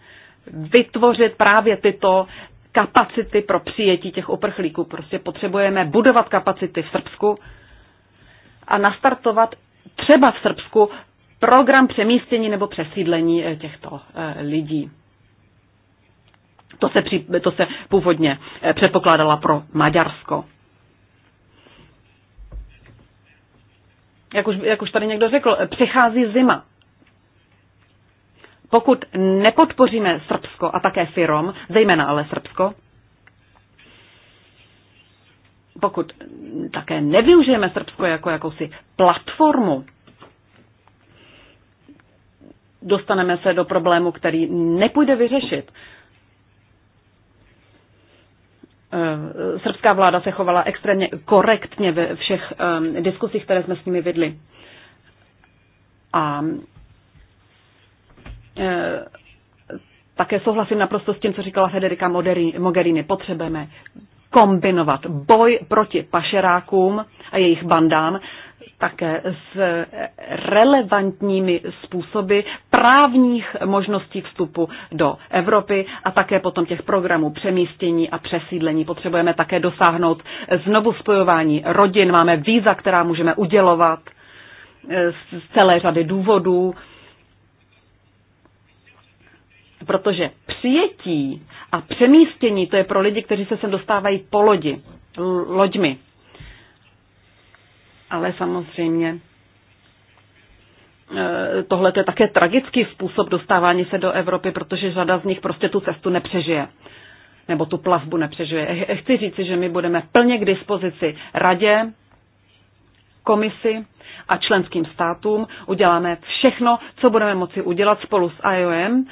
vytvořit právě tyto kapacity pro přijetí těch uprchlíků. Prostě potřebujeme budovat kapacity v Srbsku a nastartovat třeba v Srbsku program přemístění nebo přesídlení eh, těchto eh, lidí. To se, při, to se původně eh, předpokládala pro Maďarsko. Jak už, jak už tady někdo řekl, přichází zima. Pokud nepodpoříme Srbsko a také Firom, zejména ale Srbsko, pokud také nevyužijeme Srbsko jako jakousi platformu, dostaneme se do problému, který nepůjde vyřešit. Eh, srbská vláda se chovala extrémně korektně ve všech eh, diskusích, které jsme s nimi vedli. A Eh, také souhlasím naprosto s tím, co říkala Federika Mogherini. Potřebujeme kombinovat boj proti pašerákům a jejich bandám také s relevantními způsoby právních možností vstupu do Evropy a také potom těch programů přemístění a přesídlení. Potřebujeme také dosáhnout znovu spojování rodin, máme víza, která můžeme udělovat eh, z celé řady důvodů protože přijetí a přemístění to je pro lidi, kteří se sem dostávají po lodi, loďmi. Ale samozřejmě e, tohle je také tragický způsob dostávání se do Evropy, protože řada z nich prostě tu cestu nepřežije nebo tu plavbu nepřežije. E, e, chci říci, že my budeme plně k dispozici radě, komisi a členským státům. Uděláme všechno, co budeme moci udělat spolu s IOM,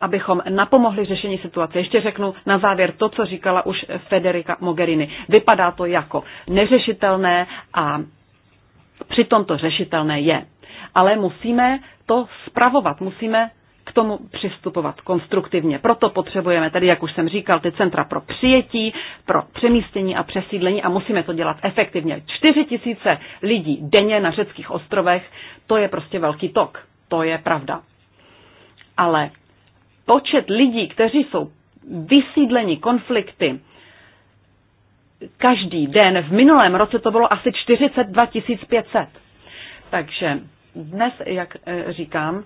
abychom napomohli řešení situace. Ještě řeknu na závěr to, co říkala už Federica Mogherini. Vypadá to jako neřešitelné a přitom to řešitelné je. Ale musíme to spravovat, musíme k tomu přistupovat konstruktivně. Proto potřebujeme tedy, jak už jsem říkal, ty centra pro přijetí, pro přemístění a přesídlení a musíme to dělat efektivně. 4 tisíce lidí denně na řeckých ostrovech, to je prostě velký tok. To je pravda. Ale počet lidí, kteří jsou vysídleni konflikty každý den, v minulém roce to bylo asi 42 500. Takže dnes, jak eh, říkám,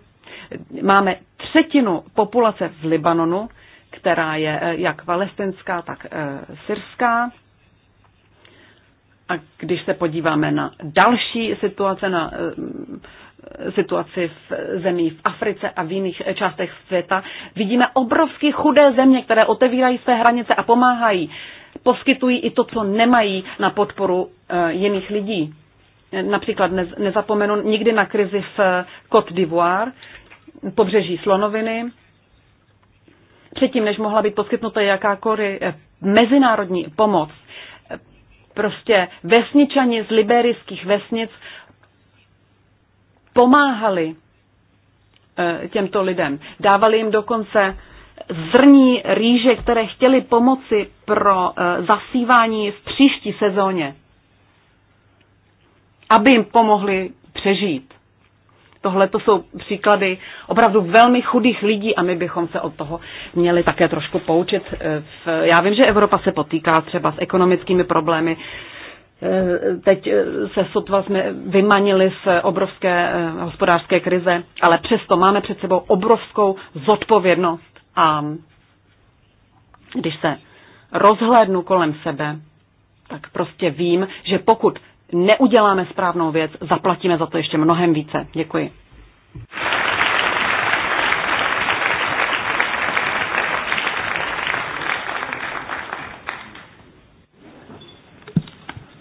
máme třetinu populace v Libanonu, která je eh, jak palestinská, tak eh, syrská. A když se podíváme na další situace, na situaci v zemí v Africe a v jiných částech světa. Vidíme obrovsky chudé země, které otevírají své hranice a pomáhají. Poskytují i to, co nemají na podporu eh, jiných lidí. Například nezapomenu nikdy na krizi v Côte d'Ivoire, pobřeží Slonoviny. Předtím, než mohla být poskytnuta jakákoliv eh, mezinárodní pomoc, eh, prostě vesničani z liberijských vesnic pomáhali eh, těmto lidem. Dávali jim dokonce zrní rýže, které chtěli pomoci pro eh, zasívání v příští sezóně, aby jim pomohli přežít. Tohle to jsou příklady opravdu velmi chudých lidí a my bychom se od toho měli také trošku poučit. Eh, já vím, že Evropa se potýká třeba s ekonomickými problémy, Teď se sotva jsme vymanili z obrovské eh, hospodářské krize, ale přesto máme před sebou obrovskou zodpovědnost. A když se rozhlédnu kolem sebe, tak prostě vím, že pokud neuděláme správnou věc, zaplatíme za to ještě mnohem více. Děkuji.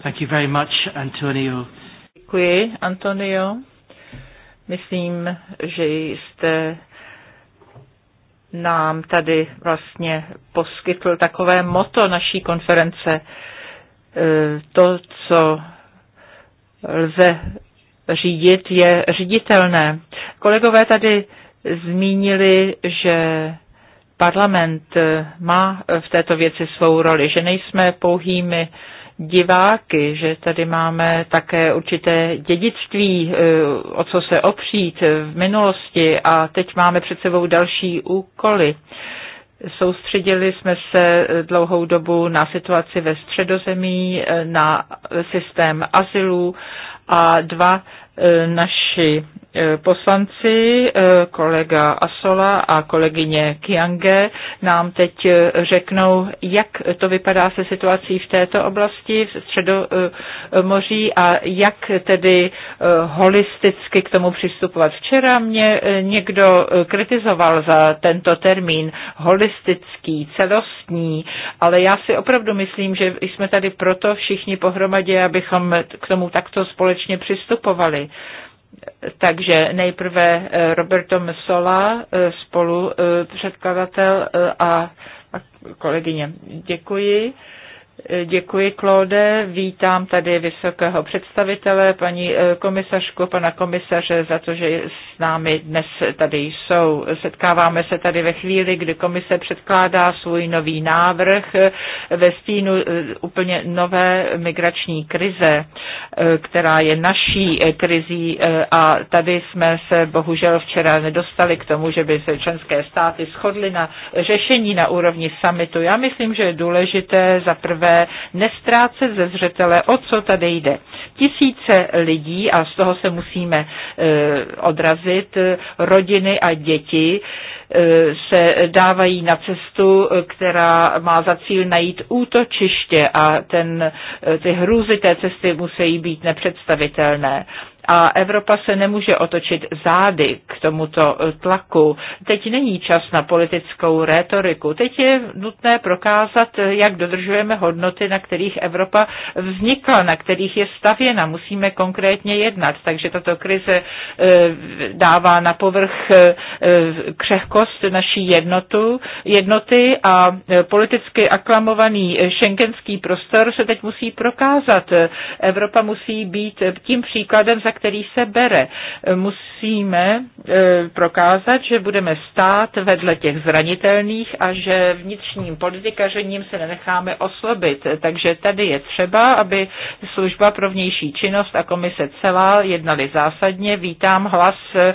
Thank you very much, Antonio. Děkuji, Antonio. Myslím, že jste nám tady vlastně poskytl takové moto naší konference. E, to, co lze řídit, je říditelné. Kolegové tady zmínili, že parlament má v této věci svou roli, že nejsme pouhými diváky, že tady máme také určité dědictví, eh, o co se opřít eh, v minulosti a teď máme před sebou další úkoly. Soustředili jsme se eh, dlouhou dobu na situaci ve středozemí, na systém azylů a dva naši Eh, poslanci, eh, kolega Asola a kolegyně Kiange nám teď eh, řeknou, jak to vypadá se situací v této oblasti, v Středomoří a jak tedy holisticky k tomu přistupovat. Včera mě někdo kritizoval za tento termín holistický, celostní, ale já si opravdu myslím, že jsme tady proto všichni pohromadě, abychom k tomu takto společně přistupovali. Takže nejprve eh, Roberto Mesola, eh, spolu eh, předkladatel a kolegyně. Děkuji. Děkuji, Claude. Vítám tady vysokého představitele, paní eh, komisařku, pana komisaře za to, že s námi dnes tady jsou. Setkáváme se tady ve chvíli, kdy komise předkládá svůj nový návrh eh, ve stínu eh, úplně nové migrační krize, která je naší krizí a tady jsme se bohužel včera nedostali k tomu, že by se členské státy shodly na řešení na úrovni summitu. Já myslím, že je důležité za prvé prvé nestrácet ze zřetele, o co tady jde. Tisíce lidí, a z toho se musíme e, odrazit, e, rodiny a děti, e, se dávají na cestu, která má za cíl najít útočiště a ten, ty hrůzy té cesty musí být nepředstavitelné a Evropa se nemůže otočit zády k tomuto tlaku. Teď není čas na politickou rétoriku. Teď je nutné prokázat, jak dodržujeme hodnoty, na kterých Evropa vznikla, na kterých je stavěna. Musíme konkrétně jednat. Takže tato krize eh, dává na povrch eh, křehkost naší jednotu, jednoty a politicky aklamovaný šengenský prostor se teď musí prokázat. Evropa musí být tím příkladem, za který se bere. Mus, musíme e, prokázat, že budeme stát vedle těch zranitelných a že vnitřním politikařením se nenecháme oslobit. Takže tady je třeba, aby služba pro vnější činnost a komise celá jednali zásadně. Vítám hlas e,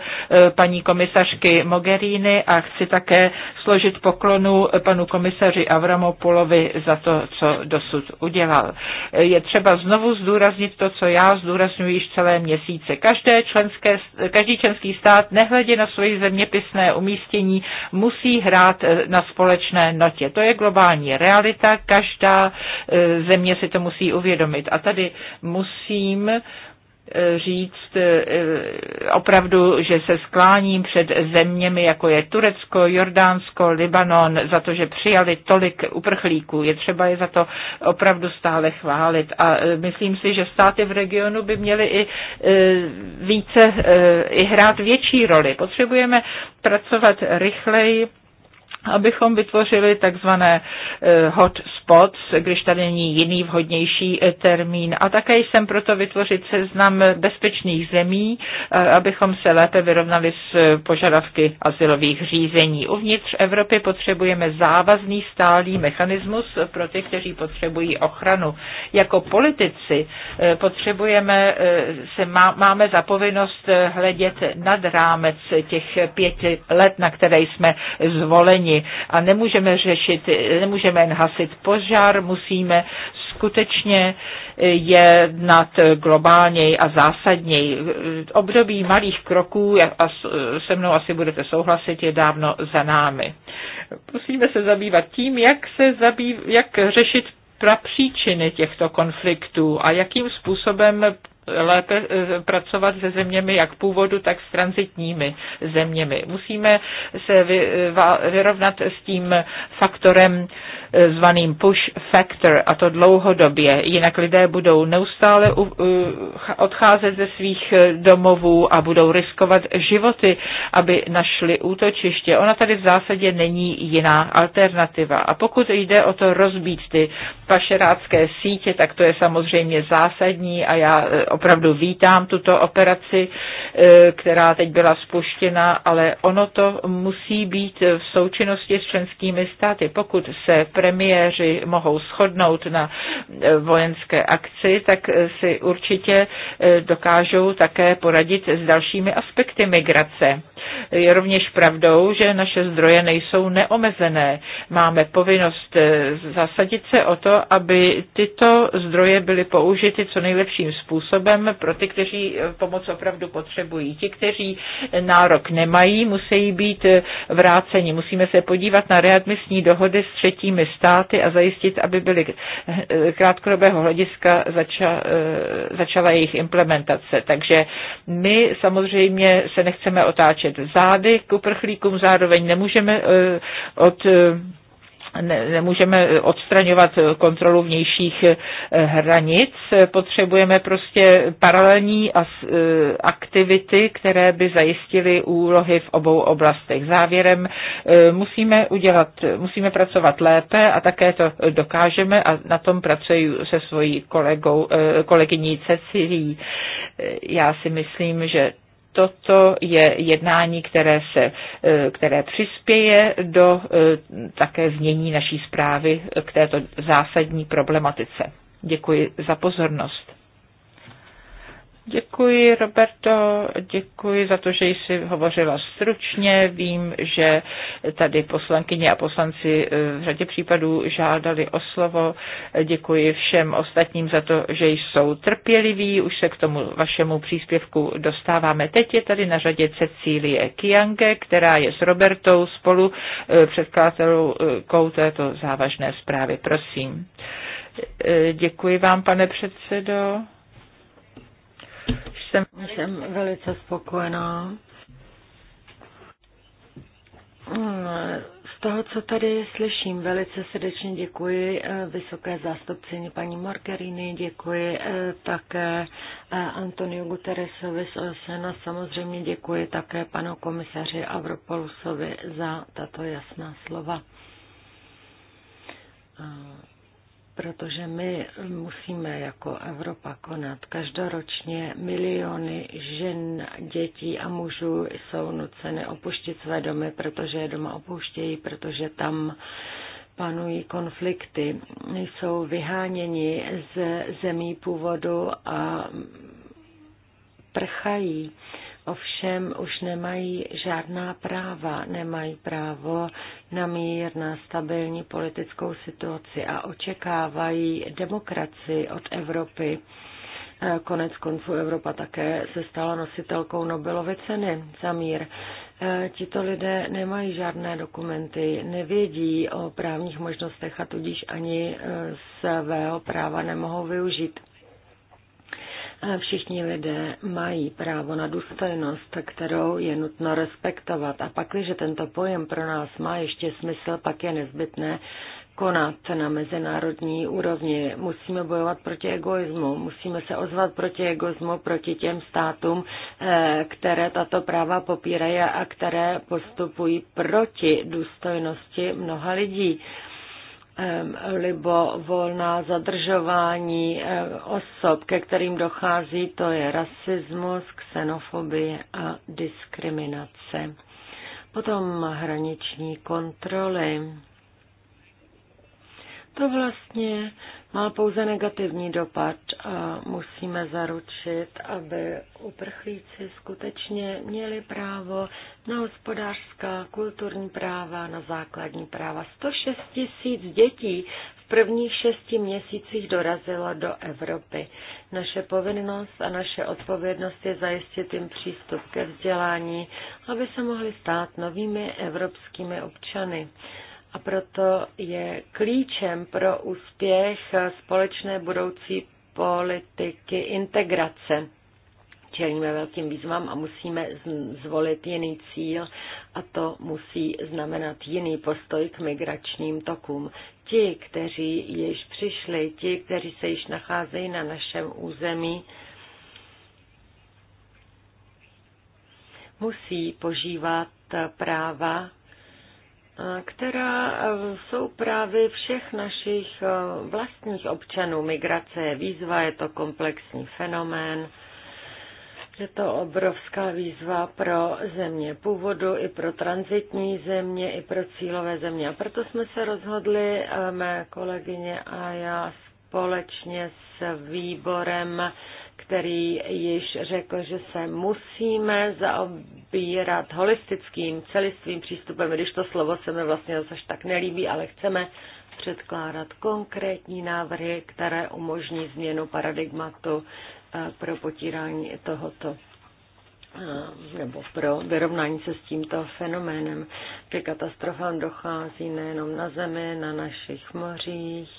paní komisařky Mogherini a chci také složit poklonu panu komisaři Avramopulovi za to, co dosud udělal. E, je třeba znovu zdůraznit to, co já zdůraznuju již celé měsíce. Každé členské, každý členský stát, nehledě na svoji zeměpisné umístění, musí hrát eh, na společné notě. To je globální realita, každá eh, země si to musí uvědomit. A tady musím Eh, říct eh, opravdu, že se skláním před zeměmi, jako je Turecko, Jordánsko, Libanon, za to, že přijali tolik uprchlíků. Je třeba je za to opravdu stále chválit. A eh, myslím si, že státy v regionu by měly i více, i hrát větší roli. Potřebujeme pracovat rychleji, abychom vytvořili takzvané eh, hot spots, když tady není jiný vhodnější eh, termín. A také jsem proto vytvořit seznam bezpečných zemí, eh, abychom se lépe vyrovnali s požadavky asilových řízení. Uvnitř Evropy potřebujeme závazný stálý mechanismus pro ty, kteří potřebují ochranu. Jako politici potřebujeme, se má, máme zapovinnost hledět nad rámec těch pěti let, na které jsme zvoleni a nemůžeme řešit, nemůžeme jen hasit požár, musíme skutečně jednat globálněji a zásadněji. Období malých kroků, a se mnou asi budete souhlasit, je dávno za námi. Musíme se zabývat tím, jak, se zabýv, jak řešit příčiny těchto konfliktů a jakým způsobem lépe eh, pracovat se zeměmi jak původu, tak s transitními zeměmi. Musíme se vyrovnat s tím faktorem eh, zvaným push factor a to dlouhodobě, jinak lidé budou neustále odcházet ze svých eh, domovů a budou riskovat životy, aby našli útočiště. Ona tady v zásadě není jiná alternativa. A pokud jde o to rozbít ty pašerácké sítě, tak to je samozřejmě zásadní a já opravdu vítám tuto operaci, e, která teď byla spuštěna, ale ono to musí být v součinnosti s členskými státy. Pokud se premiéři mohou shodnout na e, vojenské akci, tak si určitě e, dokážou také poradit s dalšími aspekty migrace. Je rovněž pravdou, že naše zdroje nejsou neomezené. Máme povinnost zasadit se o to, aby tyto zdroje byly použity co nejlepším způsobem, způsobem pro ty, kteří eh, pomoc opravdu potřebují. Ti, kteří nárok nemají, musí být eh, vráceni. Musíme se podívat na readmisní dohody s třetími státy a zajistit, aby byly eh, krátkodobého hlediska zača, začala jejich implementace. Takže my samozřejmě se nechceme otáčet zády k uprchlíkům, zároveň nemůžeme od ne nemůžeme eh, odstraňovat eh, kontrolu vnějších eh, hranic. Potřebujeme prostě paralelní aktivity, které by zajistily úlohy v obou oblastech. Závěrem musíme udělat, musíme pracovat lépe a také to dokážeme a na tom pracuji se svojí kolegou, kolegyní Cecilí. Já si myslím, že toto je jednání, které, se, eh, které přispěje do eh, také změní naší zprávy k této zásadní problematice. Děkuji za pozornost. Děkuji, Roberto, děkuji za to, že jsi hovořila stručně. Vím, že tady poslankyně a poslanci eh, v řadě případů žádali o slovo. Děkuji všem ostatním za to, že jsou trpěliví. Už se k tomu vašemu příspěvku dostáváme. Teď je tady na řadě Cecílie Kiange, která je s Robertou spolu eh, předkladatelkou této závažné zprávy. Prosím. Eh, děkuji vám, pane předsedo. Jsem, jsem velice spokojená. Z toho, co tady slyším, velice srdečně děkuji eh, vysoké zástupcení paní Margarini, děkuji eh, také eh, Antonio Guterresovi z OSN a samozřejmě děkuji také panu komisaři Avropolusovi za tato jasná slova protože my musíme jako Evropa konat. Každoročně miliony žen, dětí a mužů jsou nuceny opuštit své domy, protože je doma opouštějí, protože tam panují konflikty, jsou vyháněni ze zemí původu a prchají ovšem už nemají žádná práva. Nemají právo na mír, na stabilní politickou situaci a očekávají demokracii od Evropy. Eh, konec konců Evropa také se stala nositelkou Nobelovy ceny za mír. Eh, tito lidé nemají žádné dokumenty, nevědí o právních možnostech a tudíž ani eh, svého práva nemohou využít. Všichni lidé mají právo na důstojnost, kterou je nutno respektovat. A pak, když tento pojem pro nás má ještě smysl, pak je nezbytné konat na mezinárodní úrovni. Musíme bojovat proti egoismu, musíme se ozvat proti egoismu, proti těm státům, eh, které tato práva popírají a které postupují proti důstojnosti mnoha lidí libo volná zadržování osob, ke kterým dochází, to je rasismus, xenofobie a diskriminace. Potom hraniční kontroly. To vlastně má pouze negativní dopad a musíme zaručit, aby uprchlíci skutečně měli právo na hospodářská, kulturní práva, na základní práva. 106 tisíc dětí v prvních šesti měsících dorazilo do Evropy. Naše povinnost a naše odpovědnost je zajistit jim přístup ke vzdělání, aby se mohli stát novými evropskými občany. A proto je klíčem pro úspěch společné budoucí politiky integrace. Čelíme velkým výzvám a musíme zvolit jiný cíl a to musí znamenat jiný postoj k migračním tokům. Ti, kteří již přišli, ti, kteří se již nacházejí na našem území, musí požívat práva která jsou právě všech našich vlastních občanů. Migrace je výzva, je to komplexní fenomén, je to obrovská výzva pro země původu, i pro transitní země, i pro cílové země. A proto jsme se rozhodli, mé kolegyně a já, společně s výborem který již řekl, že se musíme zaobírat holistickým, celistvým přístupem, když to slovo se mi vlastně zase tak nelíbí, ale chceme předkládat konkrétní návrhy, které umožní změnu paradigmatu eh, pro potírání tohoto eh, nebo pro vyrovnání se s tímto fenoménem. Ke katastrofám dochází nejenom na zemi, na našich mořích,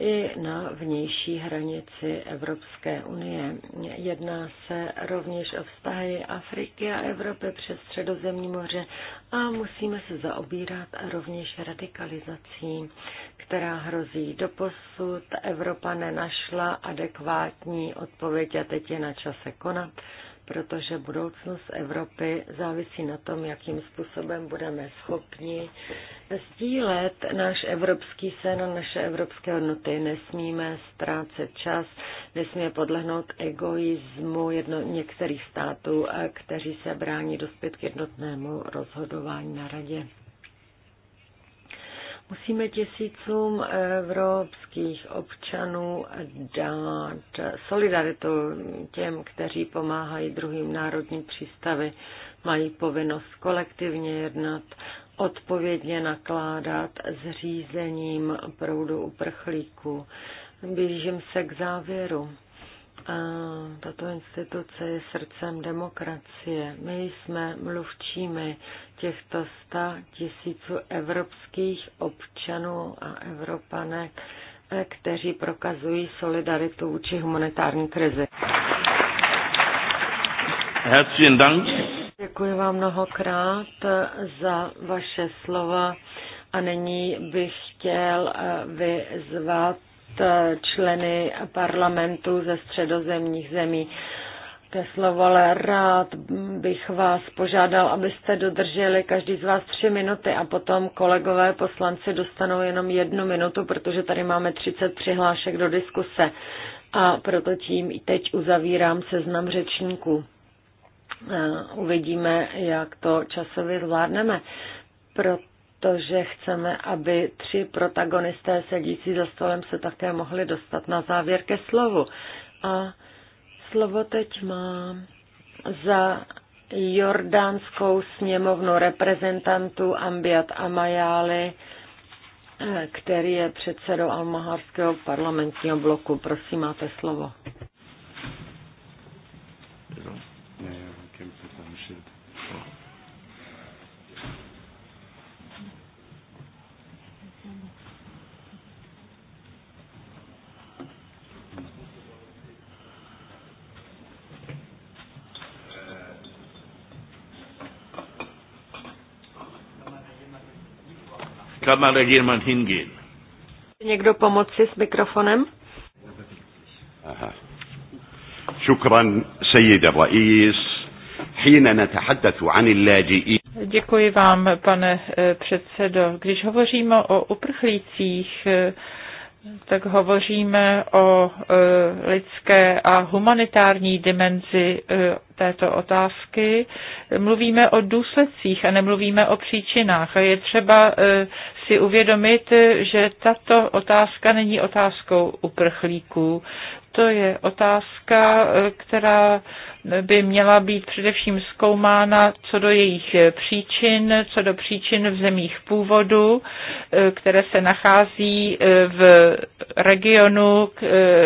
i na vnější hranici Evropské unie. Jedná se rovněž o vztahy Afriky a Evropy přes Středozemní moře a musíme se zaobírat rovněž radikalizací, která hrozí. Doposud Evropa nenašla adekvátní odpověď a teď je na čase konat protože budoucnost Evropy závisí na tom, jakým způsobem budeme schopni sdílet náš evropský sen a naše evropské hodnoty. Nesmíme ztrácet čas, nesmíme podlehnout egoismu jedno, některých států, kteří se brání dospět k jednotnému rozhodování na radě. Musíme tisícům evropských občanů dát solidaritu těm, kteří pomáhají druhým národní přístavy. Mají povinnost kolektivně jednat, odpovědně nakládat s řízením proudu uprchlíků. Blížím se k závěru tato instituce je srdcem demokracie. My jsme mluvčími těchto sta tisíců evropských občanů a evropanek, eh, kteří prokazují solidaritu vůči humanitární krizi. Herzlichen Dank. Děkuji vám mnohokrát eh, za vaše slova a nyní bych chtěl eh, vyzvat členy parlamentu ze středozemních zemí. Ke slovo, ale rád bych vás požádal, abyste dodrželi každý z vás tři minuty a potom kolegové poslanci dostanou jenom jednu minutu, protože tady máme 30 přihlášek do diskuse a proto tím i teď uzavírám seznam řečníků. Eh, uvidíme, jak to časově zvládneme. Proto to, že chceme, aby tři protagonisté sedící za stolem se také mohli dostat na závěr ke slovu. A slovo teď mám za jordánskou sněmovnu reprezentantů Ambiat Amajali, eh, který je předsedou Almaharského parlamentního bloku. Prosím, máte slovo. kann mal da jemand hingehen? Někdo pomoci s mikrofonem? Aha. شكرا سيد الرئيس حين نتحدث عن اللاجئين Děkuji vám, pane eh, předsedo. Když hovoříme o uprchlících, eh, tak hovoříme o eh, lidské a humanitární dimenzi této otázky. Mluvíme o důsledcích a nemluvíme o příčinách. A je třeba e, si uvědomit, že tato otázka není otázkou uprchlíků. To je otázka, e, která by měla být především zkoumána co do jejich příčin, co do příčin v zemích původu, e, které se nachází v regionu,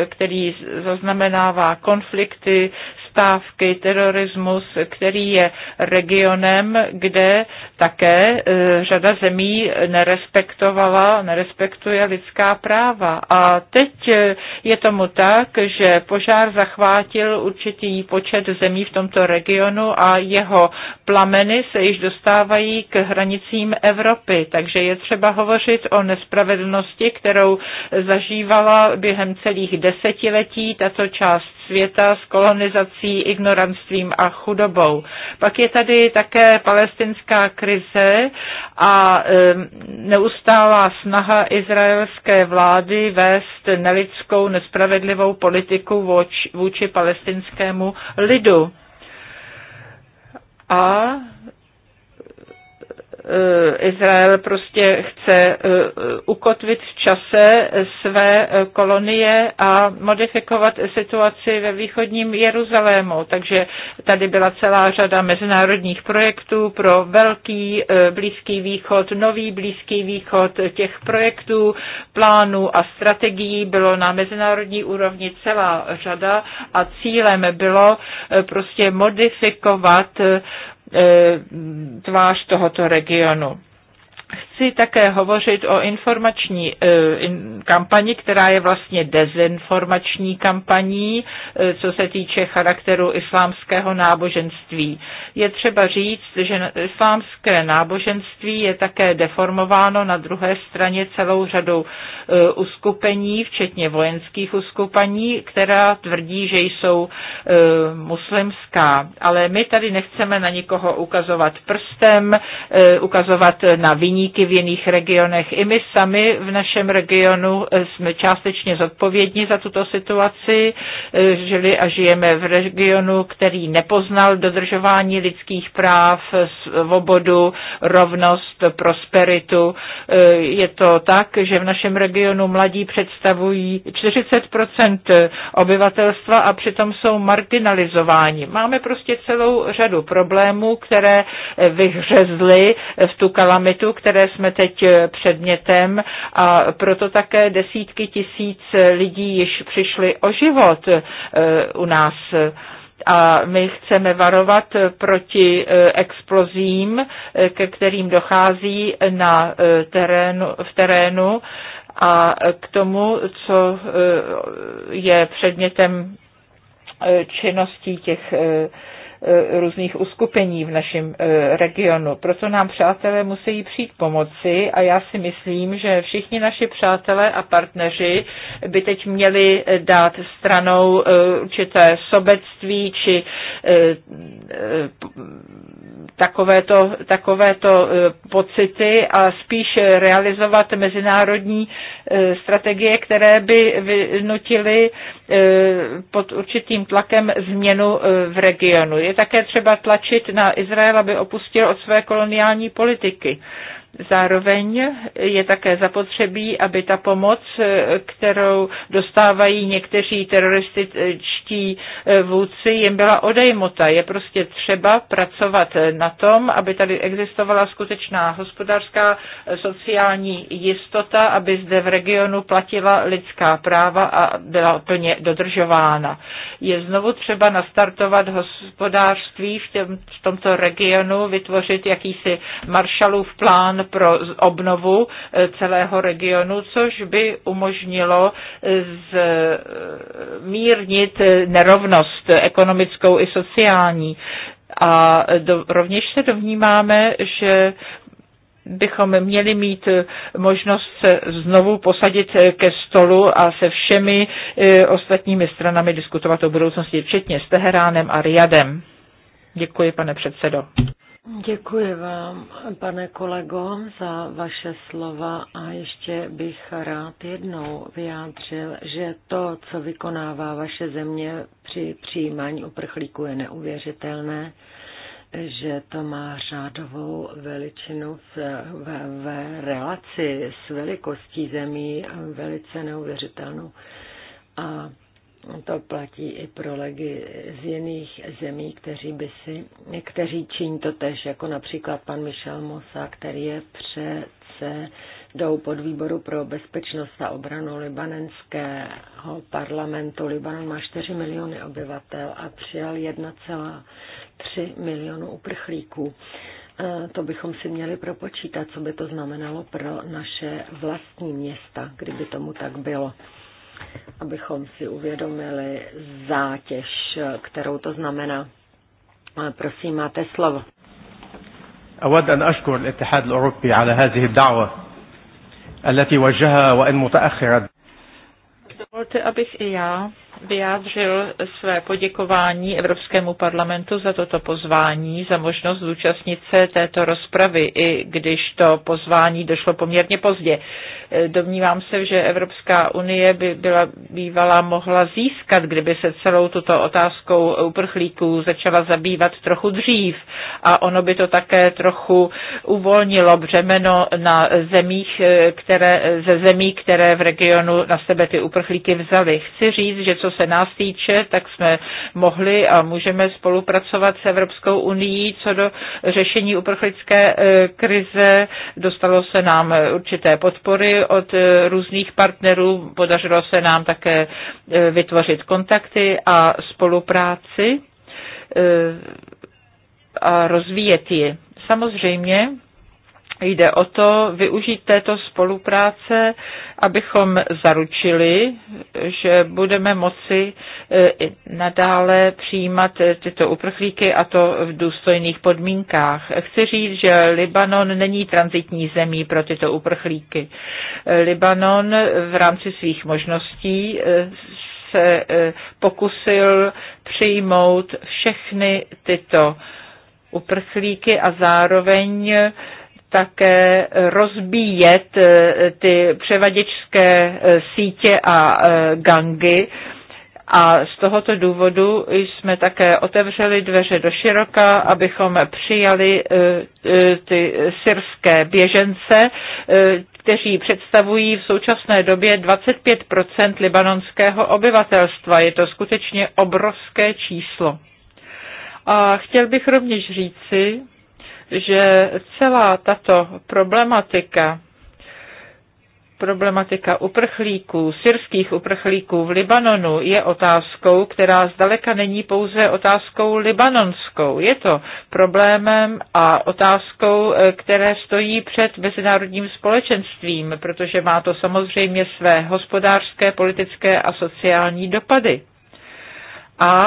který zaznamenává konflikty, poptávky, terorismus, který je regionem, kde také e, řada zemí nerespektovala, nerespektuje lidská práva. A teď e, je tomu tak, že požár zachvátil určitý počet zemí v tomto regionu a jeho plameny se již dostávají k hranicím Evropy. Takže je třeba hovořit o nespravedlnosti, kterou zažívala během celých desetiletí tato část světa s kolonizací, ignoranstvím a chudobou. Pak je tady také palestinská krize a neustálá snaha izraelské vlády vést nelidskou, nespravedlivou politiku vůči palestinskému lidu. A Eh, Izrael prostě chce eh, ukotvit v čase své kolonie a modifikovat situaci ve východním Jeruzalému. Takže tady byla celá řada mezinárodních projektů pro velký eh, Blízký východ, nový Blízký východ. Těch projektů, plánů a strategií bylo na mezinárodní úrovni celá řada a cílem bylo prostě modifikovat E, tvář tohoto regionu chci také hovořit o informační e, kampani, která je vlastně dezinformační kampaní, e, co se týče charakteru islámského náboženství. Je třeba říct, že islámské náboženství je také deformováno na druhé straně celou řadou e, uskupení, včetně vojenských uskupení, která tvrdí, že jsou muslimská. Ale my tady nechceme na nikoho ukazovat prstem, ukazovat na vyníky i v jiných regionech. I my sami v našem regionu eh, jsme částečně zodpovědní za tuto situaci, eh, žili a žijeme v regionu, který nepoznal dodržování lidských práv, svobodu, rovnost, prosperitu. Eh, je to tak, že v našem regionu mladí představují 40 obyvatelstva a přitom jsou marginalizováni. Máme prostě celou řadu problémů, které vyhřezly v tu kalamitu, které jsme teď eh, předmětem a proto také desítky tisíc lidí již přišli o život eh, u nás a my chceme varovat proti eh, explozím, ke kterým dochází na terénu, v terénu a k tomu, co je předmětem činností těch Eh, různých uskupení v našem eh, regionu. Proto nám přátelé musí přijít pomoci a já si myslím, že všichni naši přátelé a partneři by teď měli eh, dát stranou určité sobectví či takovéto, takovéto e, pocity a spíš realizovat mezinárodní e, strategie, které by vynutily e, pod určitým tlakem změnu v regionu. Je také třeba tlačit na Izrael, aby opustil od své koloniální politiky. Zároveň je také zapotřebí, aby ta pomoc, kterou dostávají někteří terorističtí vůdci, jim byla odejmuta. Je prostě třeba pracovat na tom, aby tady existovala skutečná hospodářská sociální jistota, aby zde v regionu platila lidská práva a byla plně dodržována. Je znovu třeba nastartovat hospodářství v, těm, v tomto regionu, vytvořit jakýsi maršalův plán pro obnovu eh, celého regionu, což by umožnilo eh, zmírnit eh, nerovnost ekonomickou i sociální. A do, rovněž se dovnímáme, že bychom měli mít možnost se znovu posadit ke stolu a se všemi ostatními stranami diskutovat o budoucnosti, včetně s Teheránem a Riadem. Děkuji, pane předsedo. Děkuji vám, pane kolego, za vaše slova a ještě bych rád jednou vyjádřil, že to, co vykonává vaše země při přijímání uprchlíků, je neuvěřitelné, že to má řádovou veličinu v, v, v relaci s velikostí zemí velice neuvěřitelnou. A to platí i pro legy z jiných zemí, kteří by si, kteří činí to tež, jako například pan Michel Mosa, který je předsedou podvýboru pro bezpečnost a obranu libanenského parlamentu. Libanon má 4 miliony obyvatel a přijal 1,3 milionu uprchlíků. E, to bychom si měli propočítat, co by to znamenalo pro naše vlastní města, kdyby tomu tak bylo abychom si uvědomili zátěž, kterou to znamená. Prosím, máte slovo. أود أن أشكر الاتحاد الأوروبي على هذه الدعوة التي وجهها وإن متأخرا. Dovolte, abych i já vyjádřil své poděkování Evropskému parlamentu za toto pozvání, za možnost zúčastnit se této rozpravy, i když to pozvání došlo poměrně pozdě. Domnívám se, že Evropská unie by byla bývala mohla získat, kdyby se celou tuto otázkou uprchlíků začala zabývat trochu dřív a ono by to také trochu uvolnilo břemeno na zemích, eh, které, ze zemí, které v regionu na sebe ty uprchlíky vzali. Chci říct, že co se nás týče, tak jsme mohli a můžeme spolupracovat s Evropskou unii co do řešení uprchlické e, krize. Dostalo se nám určité podpory od e, různých partnerů, podařilo se nám také e, vytvořit kontakty a spolupráci a rozvíjet ji. Samozřejmě Jde o to využít této spolupráce, abychom zaručili, že budeme moci e, nadále přijímat tyto uprchlíky a to v důstojných podmínkách. Chci říct, že Libanon není transitní zemí pro tyto uprchlíky. E, Libanon v rámci svých možností e, se pokusil přijmout všechny tyto uprchlíky a zároveň také rozbíjet eh, ty převaděčské eh, sítě a eh, gangy. A z tohoto důvodu jsme také otevřeli dveře do široka, abychom přijali ty syrské běžence, kteří představují v současné době 25 libanonského obyvatelstva. Je to skutečně obrovské číslo. A chtěl bych rovněž říci, že celá tato problematika problematika uprchlíků, syrských uprchlíků v Libanonu je otázkou, která zdaleka není pouze otázkou libanonskou. Je to problémem a otázkou, eh, které stojí před mezinárodním společenstvím, protože má to samozřejmě své hospodářské, politické a sociální dopady. A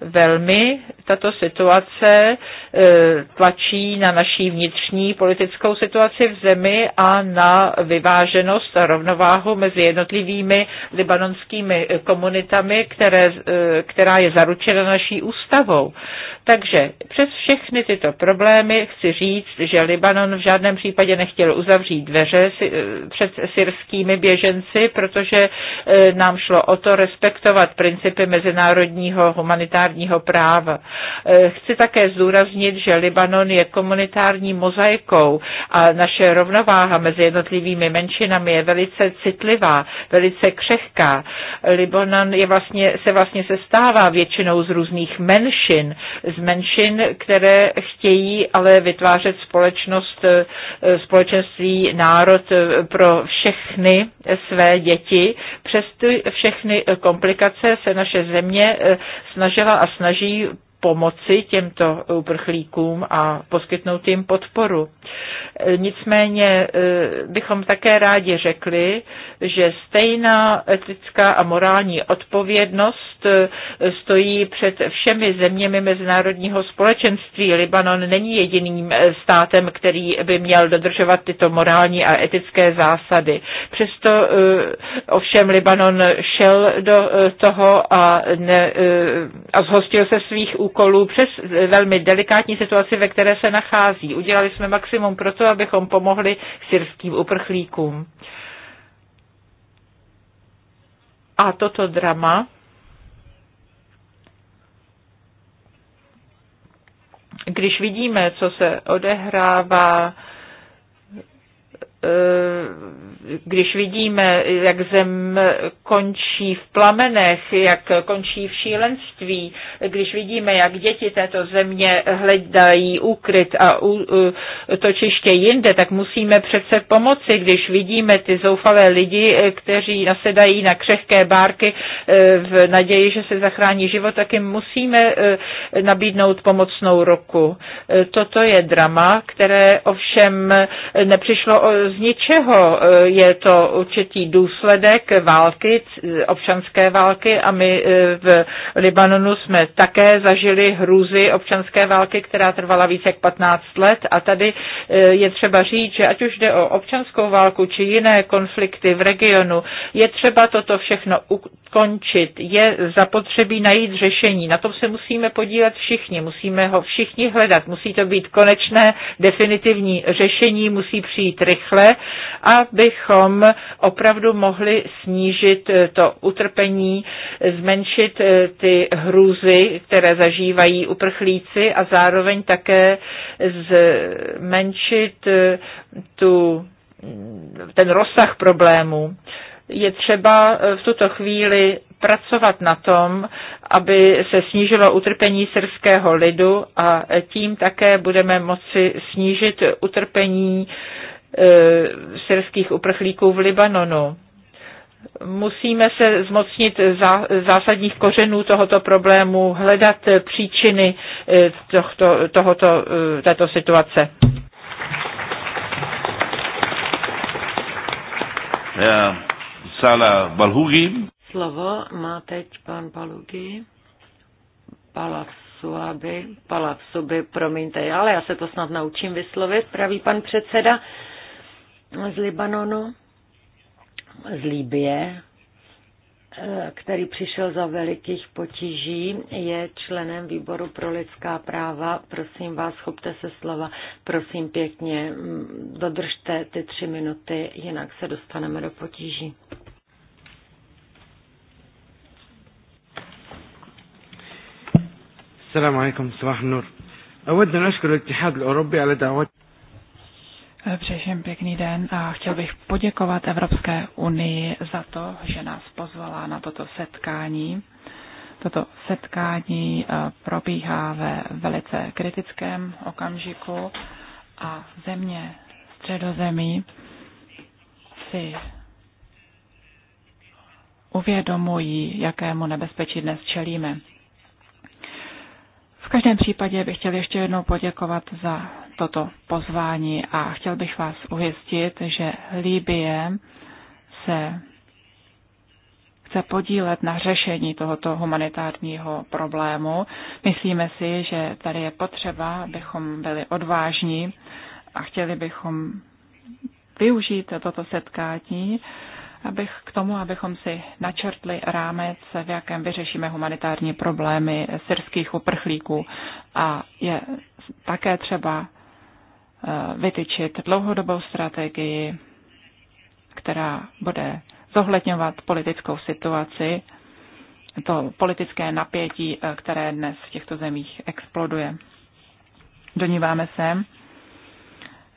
velmi tato situace e, tlačí na naší vnitřní politickou situaci v zemi a na vyváženost a rovnováhu mezi jednotlivými libanonskými komunitami, které, e, která je zaručena naší ústavou. Takže přes všechny tyto problémy chci říct, že Libanon v žádném případě nechtěl uzavřít dveře e, před syrskými běženci, protože nám šlo o to respektovat principy mezinárodního humanitárního komunitárního práva. Eh, chci také zdůraznit, že Libanon je komunitární mozaikou a naše rovnováha mezi jednotlivými menšinami je velice citlivá, velice křehká. Libanon je vlastně, se vlastně se stává většinou z různých menšin, z menšin, které chtějí ale vytvářet společnost, eh, společenství národ eh, pro všechny své děti. Přes ty všechny komplikace se naše země snažila a snaží pomoci těmto uprchlíkům a poskytnout jim podporu. Nicméně e, bychom také rádi řekli, že stejná etická a morální odpovědnost e, stojí před všemi zeměmi mezinárodního společenství. Libanon není jediným e, státem, který by měl dodržovat tyto morální a etické zásady. Přesto ovšem Libanon šel do toho a, ne, a zhostil se svých úkolů úkolů přes velmi delikátní situaci, ve které se nachází. Udělali jsme maximum pro to, abychom pomohli syrským uprchlíkům. A toto drama když vidíme, co se odehrává Eh, když vidíme, jak zem končí v plamenech, jak končí v šílenství, když vidíme, jak děti této země hledají úkryt a točiště jinde, tak musíme přece pomoci, když vidíme ty zoufalé lidi, eh, kteří nasedají na křehké bárky eh, v naději, že se zachrání život, tak jim musíme nabídnout pomocnou roku. Toto je drama, které ovšem nepřišlo z ničeho. E, je to určitý důsledek války, občanské války a my e, v Libanonu jsme také zažili hrůzy občanské války, která trvala více jak 15 let a tady e, je třeba říct, že ať už jde o občanskou válku či jiné konflikty v regionu, je třeba toto všechno ukončit. Je zapotřebí najít řešení. Na tom se musíme podílet všichni, musíme ho všichni hledat. Musí to být konečné definitivní řešení, musí přijít rychle rychle, abychom opravdu mohli snížit to utrpení, zmenšit eh, ty hrůzy, které zažívají uprchlíci a zároveň také zmenšit eh, tu, ten rozsah problémů. Je třeba eh, v tuto chvíli pracovat na tom, aby se snížilo utrpení srbského lidu a tím také budeme moci snížit utrpení Eh, syrských uprchlíků v Libanonu musíme se zmocnit zásadních kořenů tohoto problému, hledat příčiny eh, tohoto, tohoto, eh, této situace. Sala Balhugi. Slovo má teď pan Balugi. Palavsuaby, Palavsuby, promiňte, ale já se to snad naučím vyslovit, praví pan předseda. Uh, z Libanonu, z Líbie, eh, který přišel za velikých potíží, je členem výboru pro lidská práva. Prosím vás, chopte se slova, prosím pěkně, mm, dodržte ty tři minuty, jinak se dostaneme do potíží. السلام عليكم صباح النور أود أن أشكر الاتحاد الأوروبي على دعوته Přeším pěkný den a chtěl bych poděkovat Evropské unii za to, že nás pozvala na toto setkání. Toto setkání eh, probíhá ve velice kritickém okamžiku a země středozemí si uvědomují, jakému nebezpečí dnes čelíme. V každém případě bych chtěl ještě jednou poděkovat za toto pozvání a chtěl bych vás ujistit, že Líbie se chce podílet na řešení tohoto humanitárního problému. Myslíme si, že tady je potřeba, abychom byli odvážní a chtěli bychom využít toto setkání abych, k tomu, abychom si načrtli rámec, v jakém vyřešíme humanitární problémy syrských uprchlíků. A je také třeba Eh, vytyčit dlouhodobou strategii, která bude zohledňovat politickou situaci, to politické napětí, eh, které dnes v těchto zemích exploduje. Doníváme se,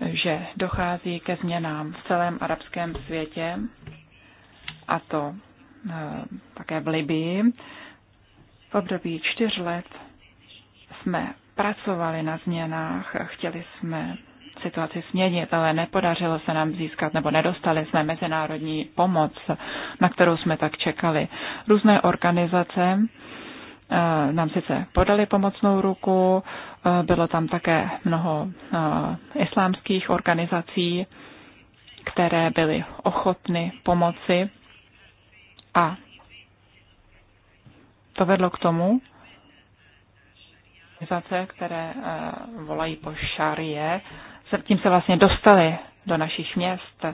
že dochází ke změnám v celém arabském světě, a to eh, také v Libii. V období čtyř let jsme pracovali na změnách, chtěli jsme situaci změnit, ale nepodařilo se nám získat nebo nedostali jsme mezinárodní pomoc, na kterou jsme tak čekali. Různé organizace eh, nám sice podali pomocnou ruku, eh, bylo tam také mnoho eh, islámských organizací, které byly ochotny pomoci a to vedlo k tomu, organizace, které volají po šarie, tím se vlastně dostali do našich měst.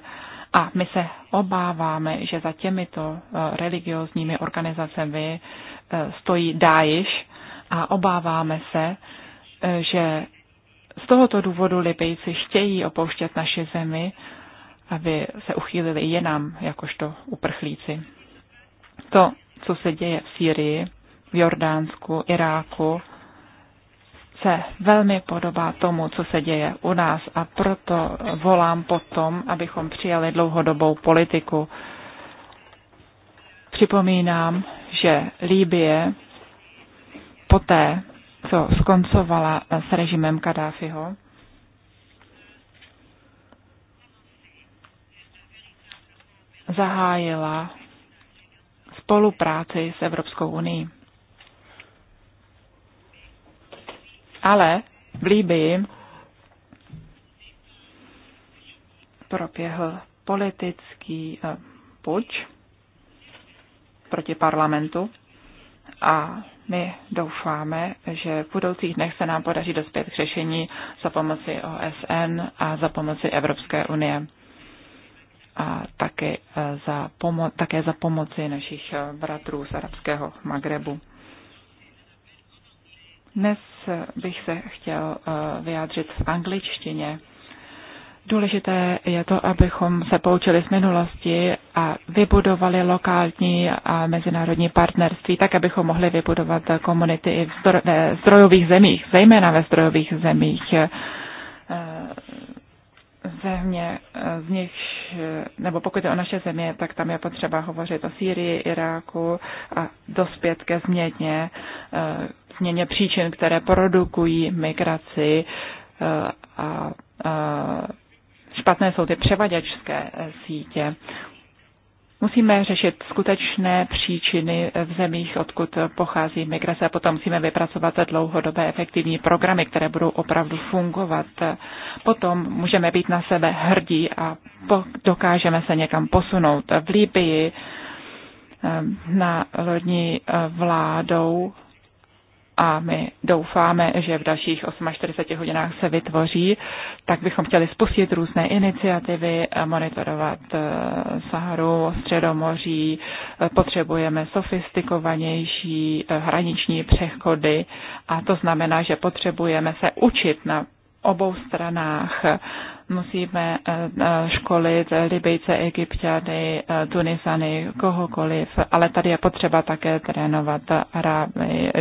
A my se obáváme, že za těmito eh, religiozními organizacemi eh, stojí Dájiš a obáváme se, eh, že z tohoto důvodu Libyjci chtějí opouštět naše zemi, aby se uchýlili jenom jakožto uprchlíci. To, co se děje v Sýrii, v Jordánsku, Iráku, se velmi podobá tomu, co se děje u nás a proto volám potom, abychom přijali dlouhodobou politiku. Připomínám, že Líbie poté, co skoncovala s režimem Kadáfiho, zahájila spolupráci s Evropskou unii. ale v Líbii proběhl politický eh, puč proti parlamentu a my doufáme, že v budoucích dnech se nám podaří dospět k řešení za pomoci OSN a za pomoci Evropské unie a také eh, za, pomo- také za pomoci našich eh, bratrů z arabského Magrebu. Dnes bych se chtěl eh, vyjádřit v angličtině. Důležité je to, abychom se poučili z minulosti a vybudovali lokální a mezinárodní partnerství, tak abychom mohli vybudovat komunity i ve zdrojových zemích, zejména ve zdrojových zemích. Eh, země, eh, z nich, eh, nebo pokud je o naše země, tak tam je potřeba hovořit o Sýrii, Iráku a dospět ke změně, eh, změně příčin, které produkují migraci a, špatné jsou ty převaděčské sítě. Musíme řešit skutečné příčiny v zemích, odkud pochází migrace a potom musíme vypracovat dlouhodobé efektivní programy, které budou opravdu fungovat. Potom můžeme být na sebe hrdí a dokážeme se někam posunout. V Líbii eh, na lodní eh, vládou a my doufáme, že v dalších 48 hodinách se vytvoří, tak bychom chtěli spustit různé iniciativy, eh, monitorovat eh, Saharu, Středomoří, eh, potřebujeme sofistikovanější hraniční přechody a to znamená, že potřebujeme se učit na obou stranách. Musíme eh, eh, školit Libejce, Egyptiany, eh, Tunisany, kohokoliv, ale tady je potřeba také trénovat Aráby,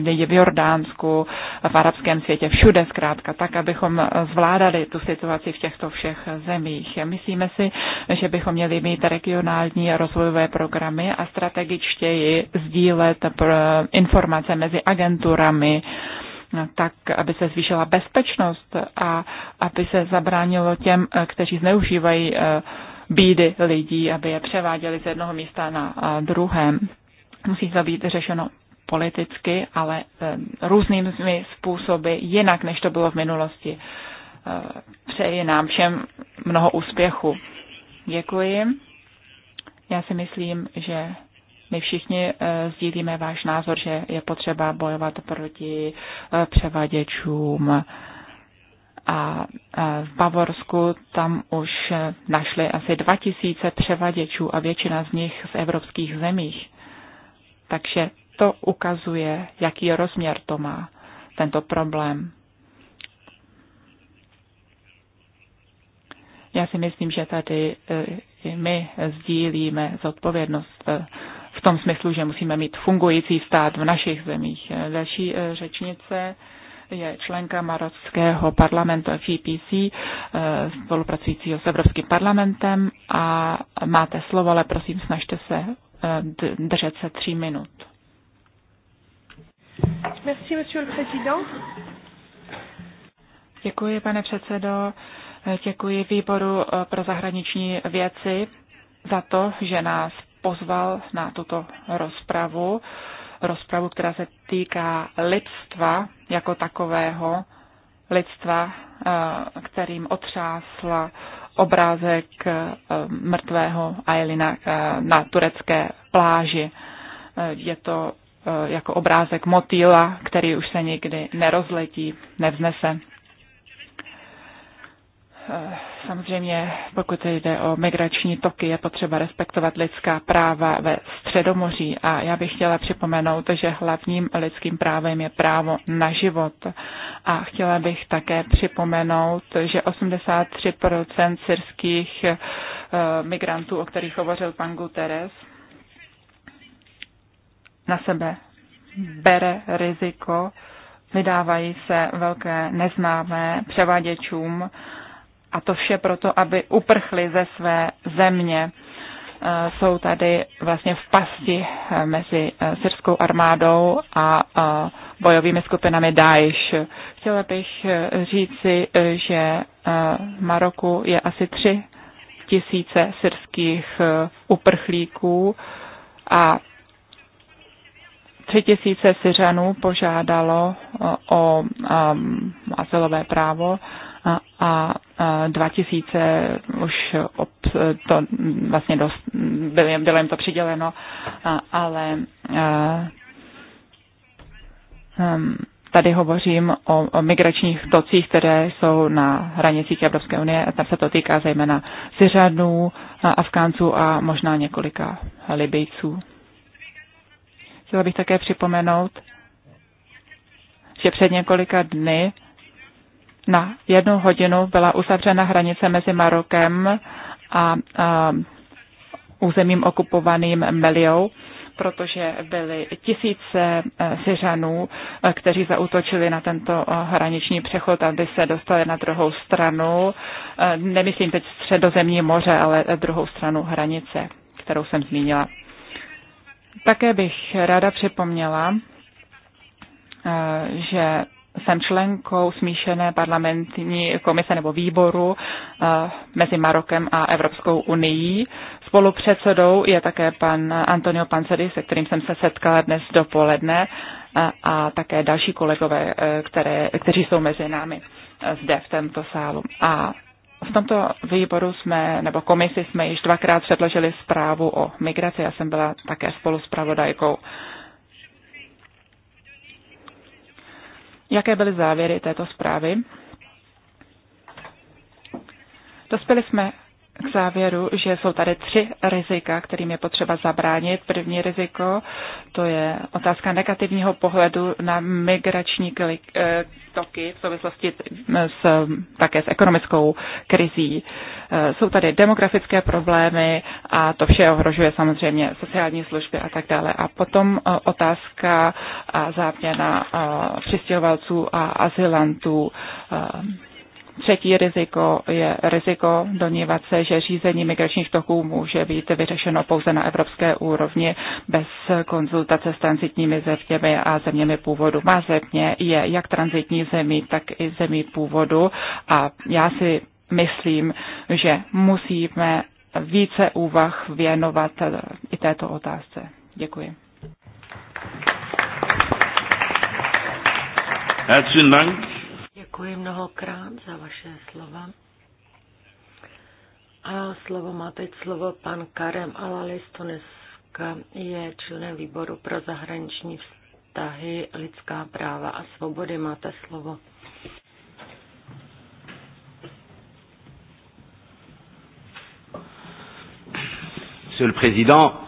lidi v Jordánsku, v arabském světě, všude zkrátka, tak, abychom zvládali tu situaci v těchto všech zemích. Myslíme si, že bychom měli mít regionální rozvojové programy a strategičtěji sdílet informace mezi agenturami, No, tak aby se zvýšila bezpečnost a aby se zabránilo těm, eh, kteří zneužívají eh, bídy lidí, aby je převáděli z jednoho místa na eh, druhém. Musí to být řešeno politicky, ale různými způsoby, jinak než to bylo v minulosti. Přeji nám všem mnoho úspěchu. Děkuji. Já si myslím, že my všichni eh, sdílíme váš názor, že je potřeba bojovat proti eh, převaděčům. A eh, v Bavorsku tam už našli asi 2000 převaděčů a většina z nich z evropských zemích. Takže to ukazuje, jaký rozměr to má, tento problém. Já si myslím, že tady my sdílíme zodpovědnost v tom smyslu, že musíme mít fungující stát v našich zemích. Další eh, řečnice je členka marockého parlamentu FIPC, eh, spolupracujícího s Evropským parlamentem a máte slovo, ale prosím, snažte se eh, držet se tří minut. Merci, monsieur le président. Děkuji, pane předsedo. Děkuji výboru pro zahraniční věci za to, že nás pozval na tuto rozpravu, rozpravu, která se týká lidstva jako takového, lidstva, eh, kterým otřásl obrázek eh, mrtvého Ailina eh, na turecké pláži. Je to jako obrázek motýla, který už se nikdy nerozletí, nevznese. Eh, samozřejmě, pokud jde o migrační toky, je potřeba respektovat lidská práva ve Středomoří. A já bych chtěla připomenout, že hlavním lidským právem je právo na život. A chtěla bych také připomenout, že 83% syrských eh, migrantů, o kterých hovořil pan Guterres, na sebe bere riziko, vydávají se velké neznámé převaděčům a to vše proto, aby uprchli ze své země. E, jsou tady vlastně v pasti e, mezi e, syrskou armádou a bojovými skupinami Daesh. Chtěla bych říci, že v Maroku je asi tři tisíce syrských uprchlíků a tři tisíce Syřanů požádalo o, o um, asilové právo a 2000 už od to vlastně dost, bylo, bylo jim to přiděleno, ale um, tady hovořím o, o migračních tocích, které jsou na hranicích Evropské unie. Tam se to týká zejména Syřanů, Afgánců a možná několika Libijců. Chtěla bych také připomenout, že před několika dny na jednu hodinu byla uzavřena hranice mezi Marokem a, a územím okupovaným Meliou, protože byly tisíce e, Syřanů, e, kteří zautočili na tento e, hraniční přechod, aby se dostali na druhou stranu. Nemyslím teď středozemní moře, ale druhou stranu hranice, kterou jsem zmínila. Také bych ráda připomněla, že jsem členkou smíšené parlamentní komise nebo výboru eh, mezi Marokem a Evropskou unii. Spolupředsedou je také pan Antonio Panceri, se kterým jsem se setkala dnes dopoledne a, a také další kolegové, eh, které, kteří jsou mezi námi eh, zde v tomto sálu. A v tomto výboru jsme, nebo komisi jsme již dvakrát předložili zprávu o migraci. Já jsem byla také spolu s pravodajkou. Uh, Jaké byly závěry této zprávy? Dospěli jsme k závěru, že jsou tady tři rizika, kterým je potřeba zabránit. První riziko, to je otázka negativního pohledu na migrační klik, eh, toky v souvislosti s, také s ekonomickou krizí. Eh, jsou tady demografické problémy a to vše ohrožuje samozřejmě sociální služby a tak dále. A potom eh, otázka a záměna eh, přistěhovalců a azylantů. Eh, Třetí riziko je riziko domnívat se, že řízení migračních toků může být vyřešeno pouze na evropské úrovni bez konzultace s transitními zeměmi a zeměmi původu. Má země je jak transitní zemí, tak i zemí původu a já si myslím, že musíme více úvah věnovat i této otázce. Děkuji. Herzlichen Dank. Děkuji mnohokrát za vaše slova. A slovo má teď slovo pan Karem Alali z Tuniska, je členem výboru pro zahraniční vztahy, lidská práva a svobody. Máte slovo. Monsieur le Président,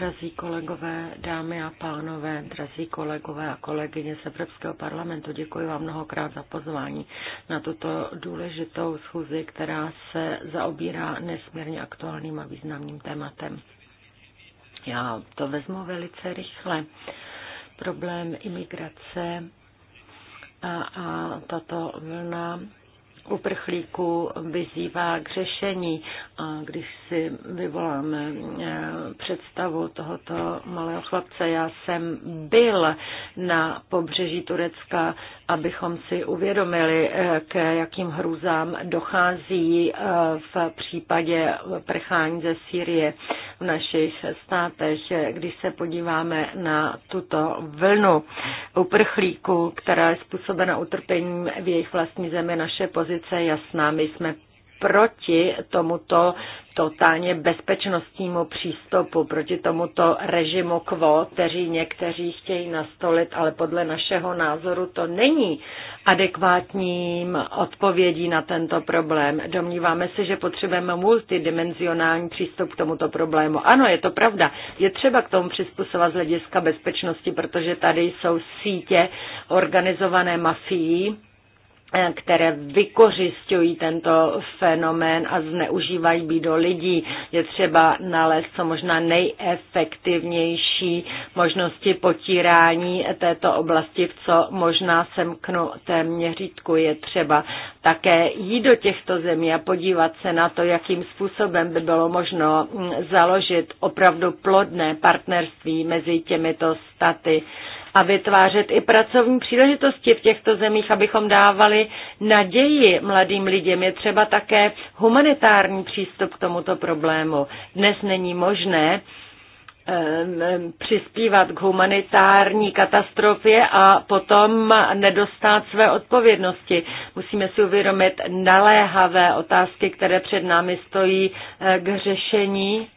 Drazí kolegové, dámy a pánové, drazí kolegové a kolegyně z Evropského parlamentu, děkuji vám mnohokrát za pozvání na tuto důležitou schůzi, která se zaobírá nesmírně aktuálním a významným tématem. Já to vezmu velice rychle. Problém imigrace a, a tato vlna uprchlíků vyzývá k řešení. A když si vyvoláme eh, představu tohoto malého chlapce, já jsem byl na pobřeží Turecka, abychom si uvědomili, eh, k jakým hrůzám dochází eh, v případě prchání ze Sýrie v našich státech. Když se podíváme na tuto vlnu uprchlíků, která je způsobena utrpením v jejich vlastní zemi, naše pozice velice jasná. My jsme proti tomuto totálně bezpečnostnímu přístupu, proti tomuto režimu kvo, kteří někteří chtějí nastolit, ale podle našeho názoru to není adekvátním odpovědí na tento problém. Domníváme se, že potřebujeme multidimenzionální přístup k tomuto problému. Ano, je to pravda. Je třeba k tomu přizpůsobovat z hlediska bezpečnosti, protože tady jsou sítě organizované mafií, Eh, které vykořišťují tento fenomén a zneužívají být do lidí. Je třeba nalézt co možná nejefektivnější možnosti potírání této oblasti, v co možná semknu té měřítku. Je třeba také jít do těchto zemí a podívat se na to, jakým způsobem by bylo možno mm, založit opravdu plodné partnerství mezi těmito staty a vytvářet i pracovní příležitosti v těchto zemích, abychom dávali naději mladým lidem. Je třeba také humanitární přístup k tomuto problému. Dnes není možné, přispívat k humanitární katastrofě a potom nedostát své odpovědnosti. Musíme si uvědomit naléhavé otázky, které před námi stojí eh, k řešení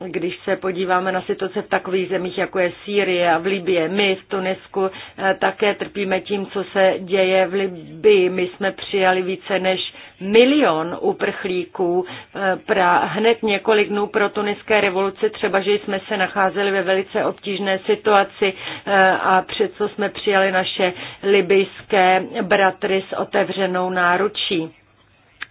když se podíváme na situace v takových zemích, jako je Sýrie a v Libii, my v Tunisku eh, také trpíme tím, co se děje v Libii. My jsme přijali více než milion uprchlíků eh, pra, hned několik dnů pro tuniské revoluci, třeba, že jsme se nacházeli ve velice obtížné situaci eh, a přeco jsme přijali naše libijské bratry s otevřenou náručí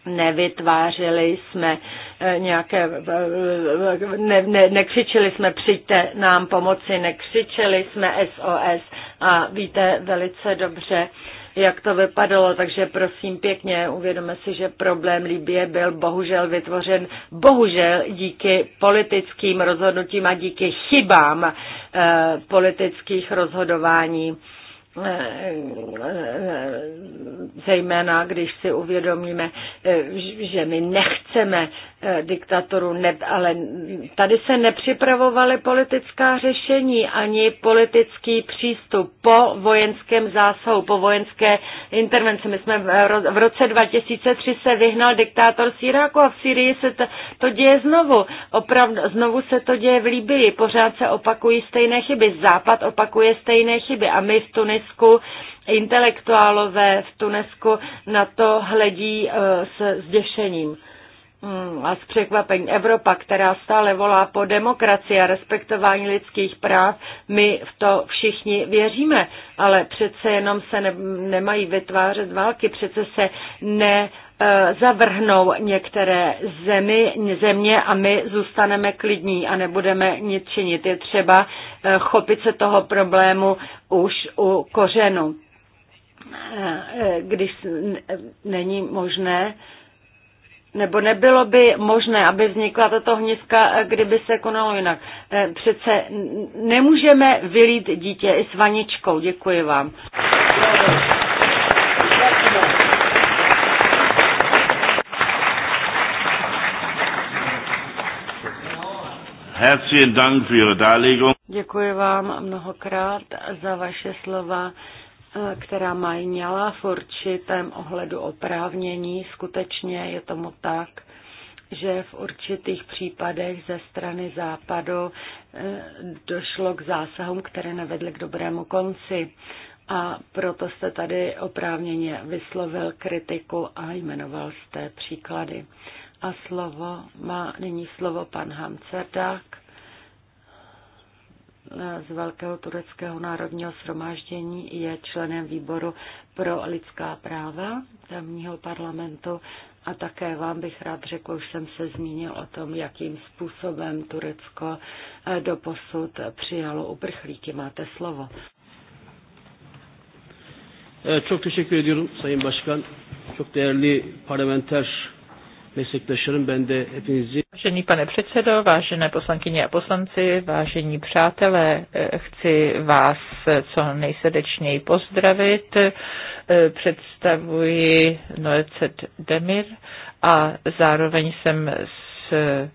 nevytvářeli jsme eh, nějaké, eh, ne, ne, nekřičeli jsme přijďte nám pomoci, nekřičeli jsme SOS a víte velice dobře, jak to vypadalo, takže prosím pěkně, uvědomme si, že problém Libie byl bohužel vytvořen, bohužel díky politickým rozhodnutím a díky chybám eh, politických rozhodování. Eh, zejména když si uvědomíme, že my nechceme Eh, diktaturu, ne, ale tady se nepřipravovaly politická řešení ani politický přístup po vojenském zásahu, po vojenské intervenci. My jsme v roce 2003 se vyhnal diktátor z Iráku a v Syrii se to, to děje znovu. Opravdu, znovu se to děje v Libii. Pořád se opakují stejné chyby. Západ opakuje stejné chyby a my v Tunisku intelektuálové v Tunisku na to hledí eh, s zděšením. Hmm, a s překvapení Evropa, která stále volá po demokracii a respektování lidských práv, my v to všichni věříme, ale přece jenom se ne, nemají vytvářet války, přece se ne e, zavrhnou některé zemi, země a my zůstaneme klidní a nebudeme nic činit. Je třeba e, chopit se toho problému už u kořenu, e, když není možné e, nebo nebylo by možné, aby vznikla tato hnízka, kdyby se konalo jinak. Eh, přece nemůžeme vylít dítě i s vaničkou. Děkuji vám. Herzlichen Dank für Ihre Darlegung. Děkuji vám mnohokrát za vaše slova která mají měla v určitém ohledu oprávnění. Skutečně je tomu tak, že v určitých případech ze strany západu eh, došlo k zásahům, které nevedly k dobrému konci. A proto jste tady oprávněně vyslovil kritiku a jmenoval jste příklady. A slovo má nyní slovo pan Hamcerdák z Velkého tureckého národního shromáždění je členem výboru pro lidská práva tamního parlamentu a také vám bych rád řekl, už jsem se zmínil o tom, jakým způsobem Turecko eh, doposud přijalo uprchlíky. Máte slovo. Eh, çok teşekkür ediyorum Sayın Başkan. Çok değerli parlamenter meslektaşlarım ben de hepinizi... Vážený pane předsedo, vážené poslankyně a poslanci, vážení přátelé, eh, chci vás co nejsrdečněji pozdravit. Eh, představuji Noecet Demir a zároveň jsem s eh,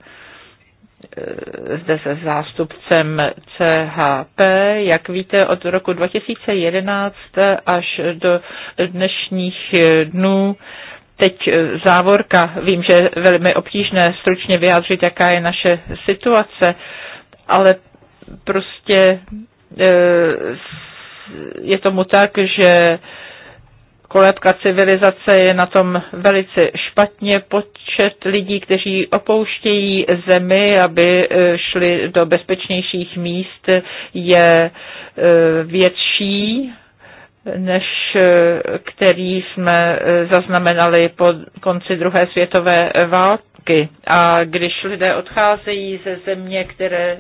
zde se zástupcem CHP. Jak víte, od roku 2011 až do dnešních dnů Teď e, závorka, vím, že je velmi obtížné stručně vyjádřit, jaká je naše situace, ale prostě e, je tomu tak, že kolébka civilizace je na tom velice špatně. Počet lidí, kteří opouštějí zemi, aby e, šli do bezpečnějších míst, je větší než eh, který jsme eh, zaznamenali po konci druhé světové eh, války. A když lidé odcházejí ze země, které,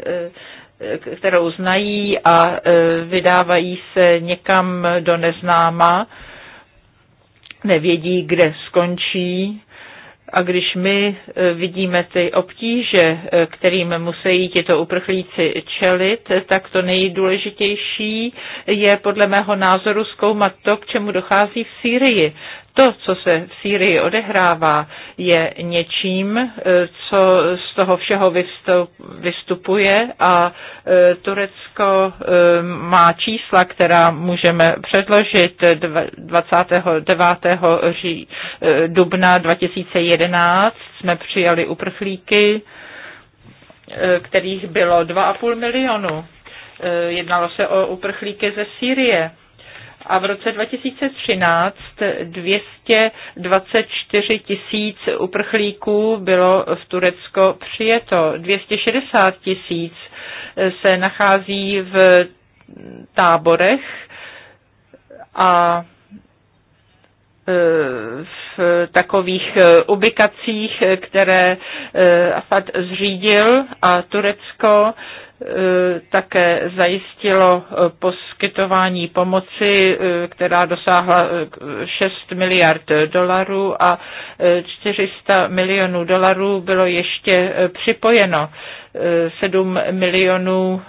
kterou znají a vydávají se někam do neznáma, nevědí, kde skončí, a když my e, vidíme ty obtíže, e, kterým musí tito uprchlíci čelit, tak to nejdůležitější je podle mého názoru zkoumat to, k čemu dochází v Sýrii. To, co se v Sýrii odehrává, je něčím, eh, co z toho všeho vystupuje a eh, Turecko eh, má čísla, která můžeme předložit 29. Ří, dubna 2011 jsme přijali uprchlíky, kterých bylo 2,5 milionu. Jednalo se o uprchlíky ze Sýrie a v roce 2013 224 tisíc uprchlíků bylo v Turecko přijeto. 260 tisíc se nachází v táborech a e, v takových e, ubikacích, které e, Afad zřídil a Turecko Eh, také zajistilo eh, poskytování pomoci, eh, která dosáhla 6 miliard dolarů a 400 milionů dolarů bylo ještě připojeno. 7 milionů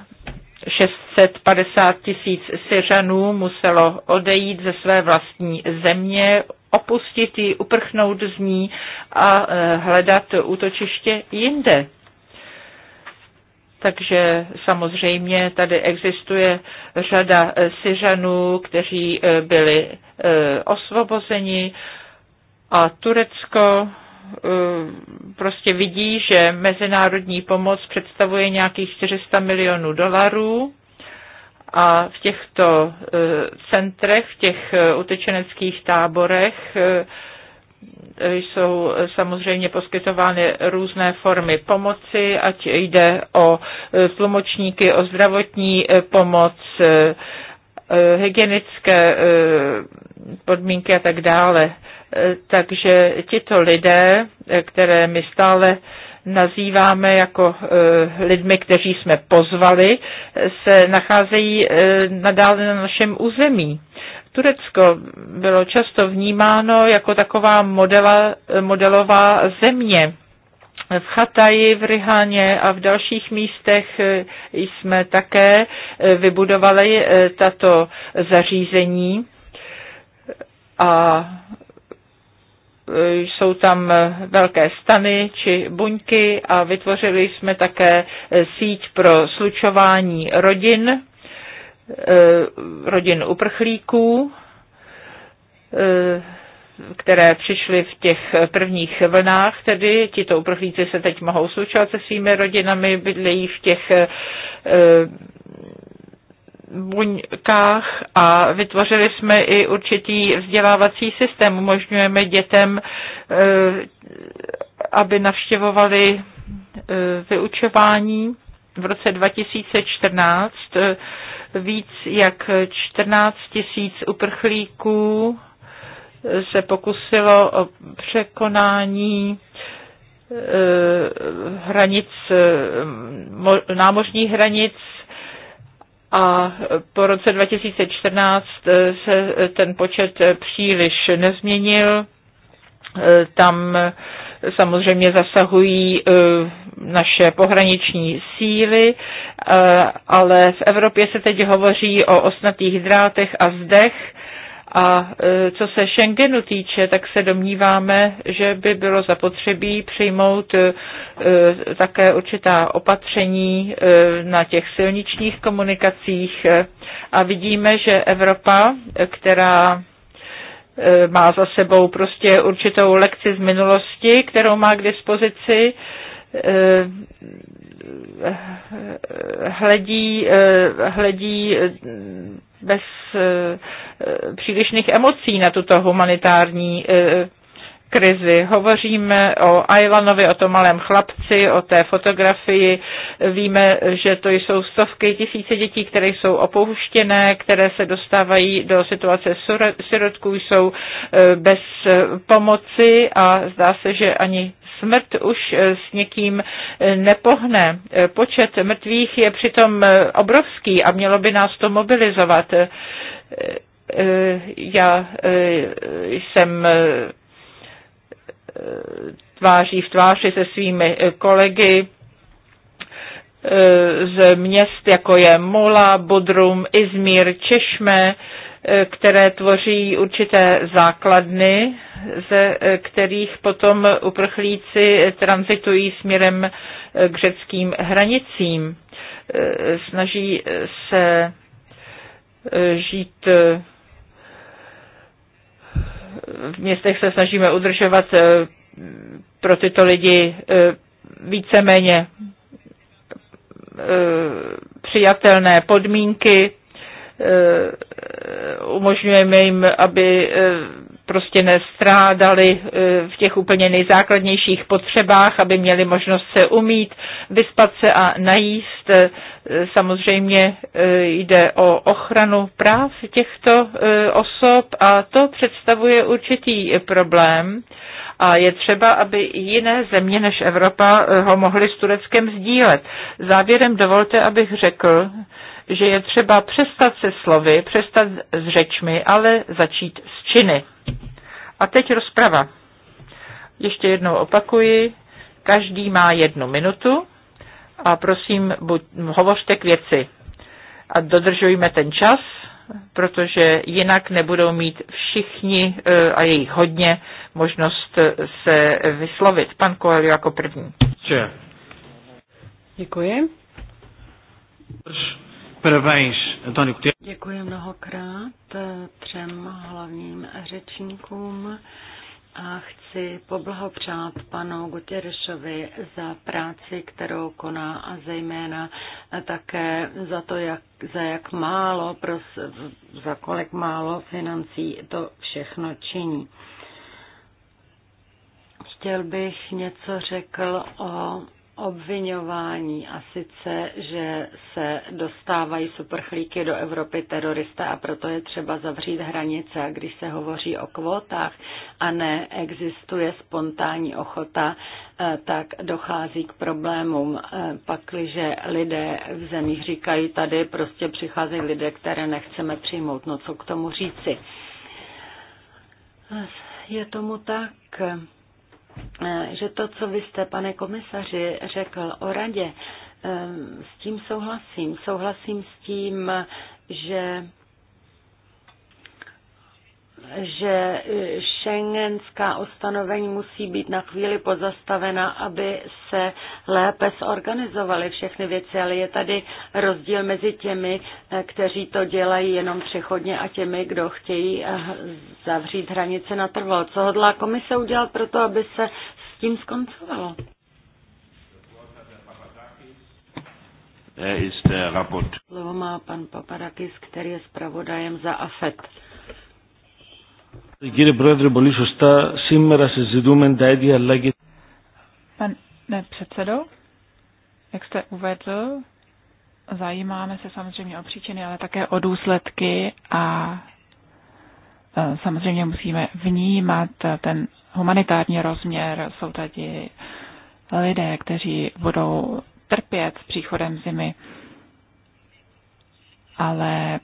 650 tisíc Syřanů muselo odejít ze své vlastní země, opustit ji, uprchnout z ní a hledat útočiště jinde. Takže samozřejmě tady existuje řada eh, Syřanů, kteří eh, byli eh, osvobozeni a Turecko prostě vidí, že mezinárodní pomoc představuje nějakých 400 milionů dolarů a v těchto centrech, v těch utečeneckých táborech jsou samozřejmě poskytovány různé formy pomoci, ať jde o e, tlumočníky, o zdravotní e, pomoc, e, hygienické podmínky a tak dále. Takže tito lidé, které my stále nazýváme jako lidmi, kteří jsme pozvali, se nacházejí nadále na našem území. Turecko bylo často vnímáno jako taková modela, modelová země. V Chataji, v Rihaně a v dalších místech jsme také vybudovali eh, tato zařízení a eh, jsou tam velké stany či buňky a vytvořili jsme také eh, síť pro slučování rodin Eh, rodin uprchlíků, eh, které přišly v těch prvních vlnách, tedy tito uprchlíci se teď mohou slučovat se svými rodinami, bydlejí v těch eh, buňkách a vytvořili jsme i určitý vzdělávací systém. Umožňujeme dětem, aby navštěvovali vyučování. V roce 2014 Víc jak 14 tisíc uprchlíků se pokusilo o překonání eh, hranic, eh, námořních hranic a po roce 2014 eh, se ten počet příliš nezměnil. Tam samozřejmě zasahují e, naše pohraniční síly, e, ale v Evropě se teď hovoří o osnatých drátech a zdech. A e, co se Schengenu týče, tak se domníváme, že by bylo zapotřebí přijmout také určitá opatření na těch silničních komunikacích. A vidíme, že Evropa, která Eh, má za sebou prostě určitou lekci z minulosti, kterou má k dispozici eh, hledí, eh, hledí bez přílišných emocí na tuto humanitární krizi. Hovoříme o Ajlanovi, o tom malém chlapci, o té fotografii. Víme, že to jsou stovky tisíce dětí, které jsou opouštěné, které se dostávají do situace sirotků, jsou e, bez pomoci a zdá se, že ani smrt už e, s někým e, nepohne. Počet mrtvých je přitom obrovský a mělo by nás to mobilizovat. Já jsem tváří v tváři se svými eh, kolegy eh, z měst, jako je Mola, Bodrum, Izmír, Češme, eh, které tvoří určité základny, ze kterých potom uprchlíci transitují směrem k řeckým hranicím. Snaží se žít v městech se snažíme udržovat eh, pro tyto lidi eh, víceméně eh, přijatelné podmínky, umožňujeme jim, aby prostě nestrádali eh, v těch úplně nejzákladnějších potřebách, aby měli možnost se umít, vyspat se a najíst. Eh, samozřejmě eh, jde o ochranu práv těchto osob a to představuje určitý problém. A je třeba, aby jiné země než Evropa ho mohly s Tureckem sdílet. Závěrem dovolte, abych řekl, že je třeba přestat se slovy, přestat s řečmi, ale začít s činy. A teď rozprava. Ještě jednou opakuji, každý má jednu minutu a prosím, buď, hovořte k věci a dodržujme ten čas, protože jinak nebudou mít všichni e, a jejich hodně možnost e, se vyslovit. Pan Kohel jako první. Děkuji. Děkuji. Děkuji mnohokrát eh, třem hlavním řečníkům a chci poblahopřát panu Gutěrešovi za práci, kterou koná a zejména eh, také za to, jak, za jak málo, pros, za kolik málo financí to všechno činí. Chtěl bych něco řekl o obvinování a sice, že se dostávají superchlíky do Evropy teroristé a proto je třeba zavřít hranice. A když se hovoří o kvótách a neexistuje spontánní ochota, eh, tak dochází k problémům. Eh, pakliže lidé v zemích říkají, tady prostě přicházejí lidé, které nechceme přijmout. No co k tomu říci? Eh, je tomu tak Eh, že to, co vy jste, pane komisaři, řekl o radě, eh, s tím souhlasím. Souhlasím s tím, že že e, šengenská ustanovení musí být na chvíli pozastavena, aby se lépe zorganizovaly všechny věci, ale je tady rozdíl mezi těmi, e, kteří to dělají jenom přechodně a těmi, kdo chtějí e, zavřít hranice na trvalo. Co hodlá komise udělat pro to, aby se s tím skoncovalo? Slovo má pan Paparakis, který je zpravodajem za AFET. Κύριε Πρόεδρε, πολύ σωστά, σήμερα συζητούμε τα ίδια αλλά και... Pane předsedo, jak jste uvedl, zajímáme se samozřejmě o příčiny, ale také o důsledky a e, samozřejmě musíme vnímat ten humanitární rozměr. Jsou tady lidé, kteří budou trpět s příchodem zimy, ale e,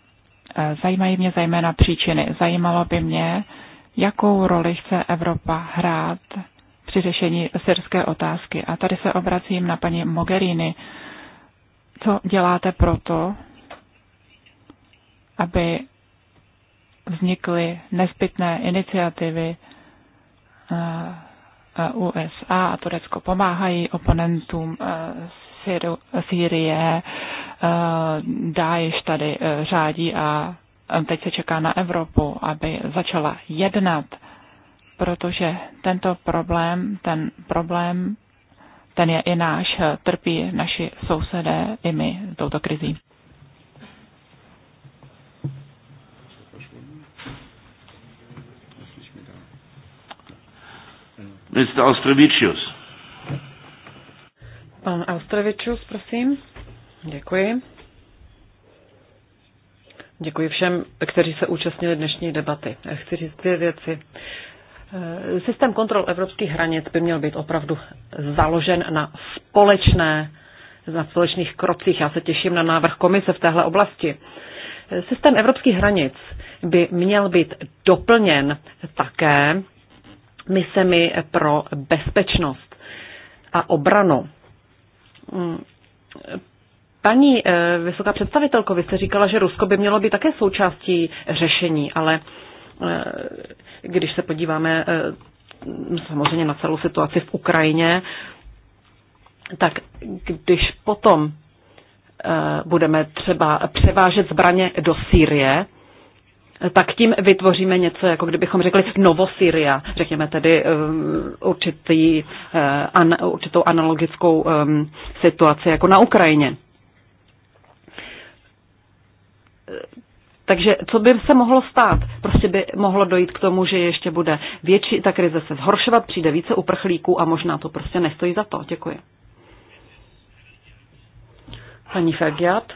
zajímají mě zejména příčiny. Zajímalo by mě, jakou roli chce Evropa hrát při řešení syrské otázky. A tady se obracím na paní Mogherini. Co děláte proto, aby vznikly nezbytné iniciativy eh, eh, USA a Turecko pomáhají oponentům eh, Syrie, Daesh tady řádí a teď se čeká na Evropu, aby začala jednat, protože tento problém, ten problém, ten je i náš, trpí naši sousedé i my touto krizí. Mr. Ostrovičius. Pan Ostrovičius, prosím. Děkuji. Děkuji všem, kteří se účastnili dnešní debaty. Chci říct dvě věci. Eh, systém kontrol evropských hranic by měl být opravdu založen na společné, na společných krocích. Já se těším na návrh komise v téhle oblasti. Eh, systém evropských hranic by měl být doplněn také misemi pro bezpečnost a obranu mm, Paní eh, vysoká představitelko, vy jste říkala, že Rusko by mělo být také součástí řešení, ale eh, když se podíváme eh, samozřejmě na celou situaci v Ukrajině, tak když potom budeme třeba převážet zbraně do Sýrie, tak tím vytvoříme něco, jako kdybychom řekli Novosyria, řekněme tedy určitý, an, určitou analogickou um, situaci jako na Ukrajině takže co by se mohlo stát? Prostě by mohlo dojít k tomu, že ještě bude větší, ta krize se zhoršovat, přijde více uprchlíků a možná to prostě nestojí za to. Děkuji. Paní Fergiat.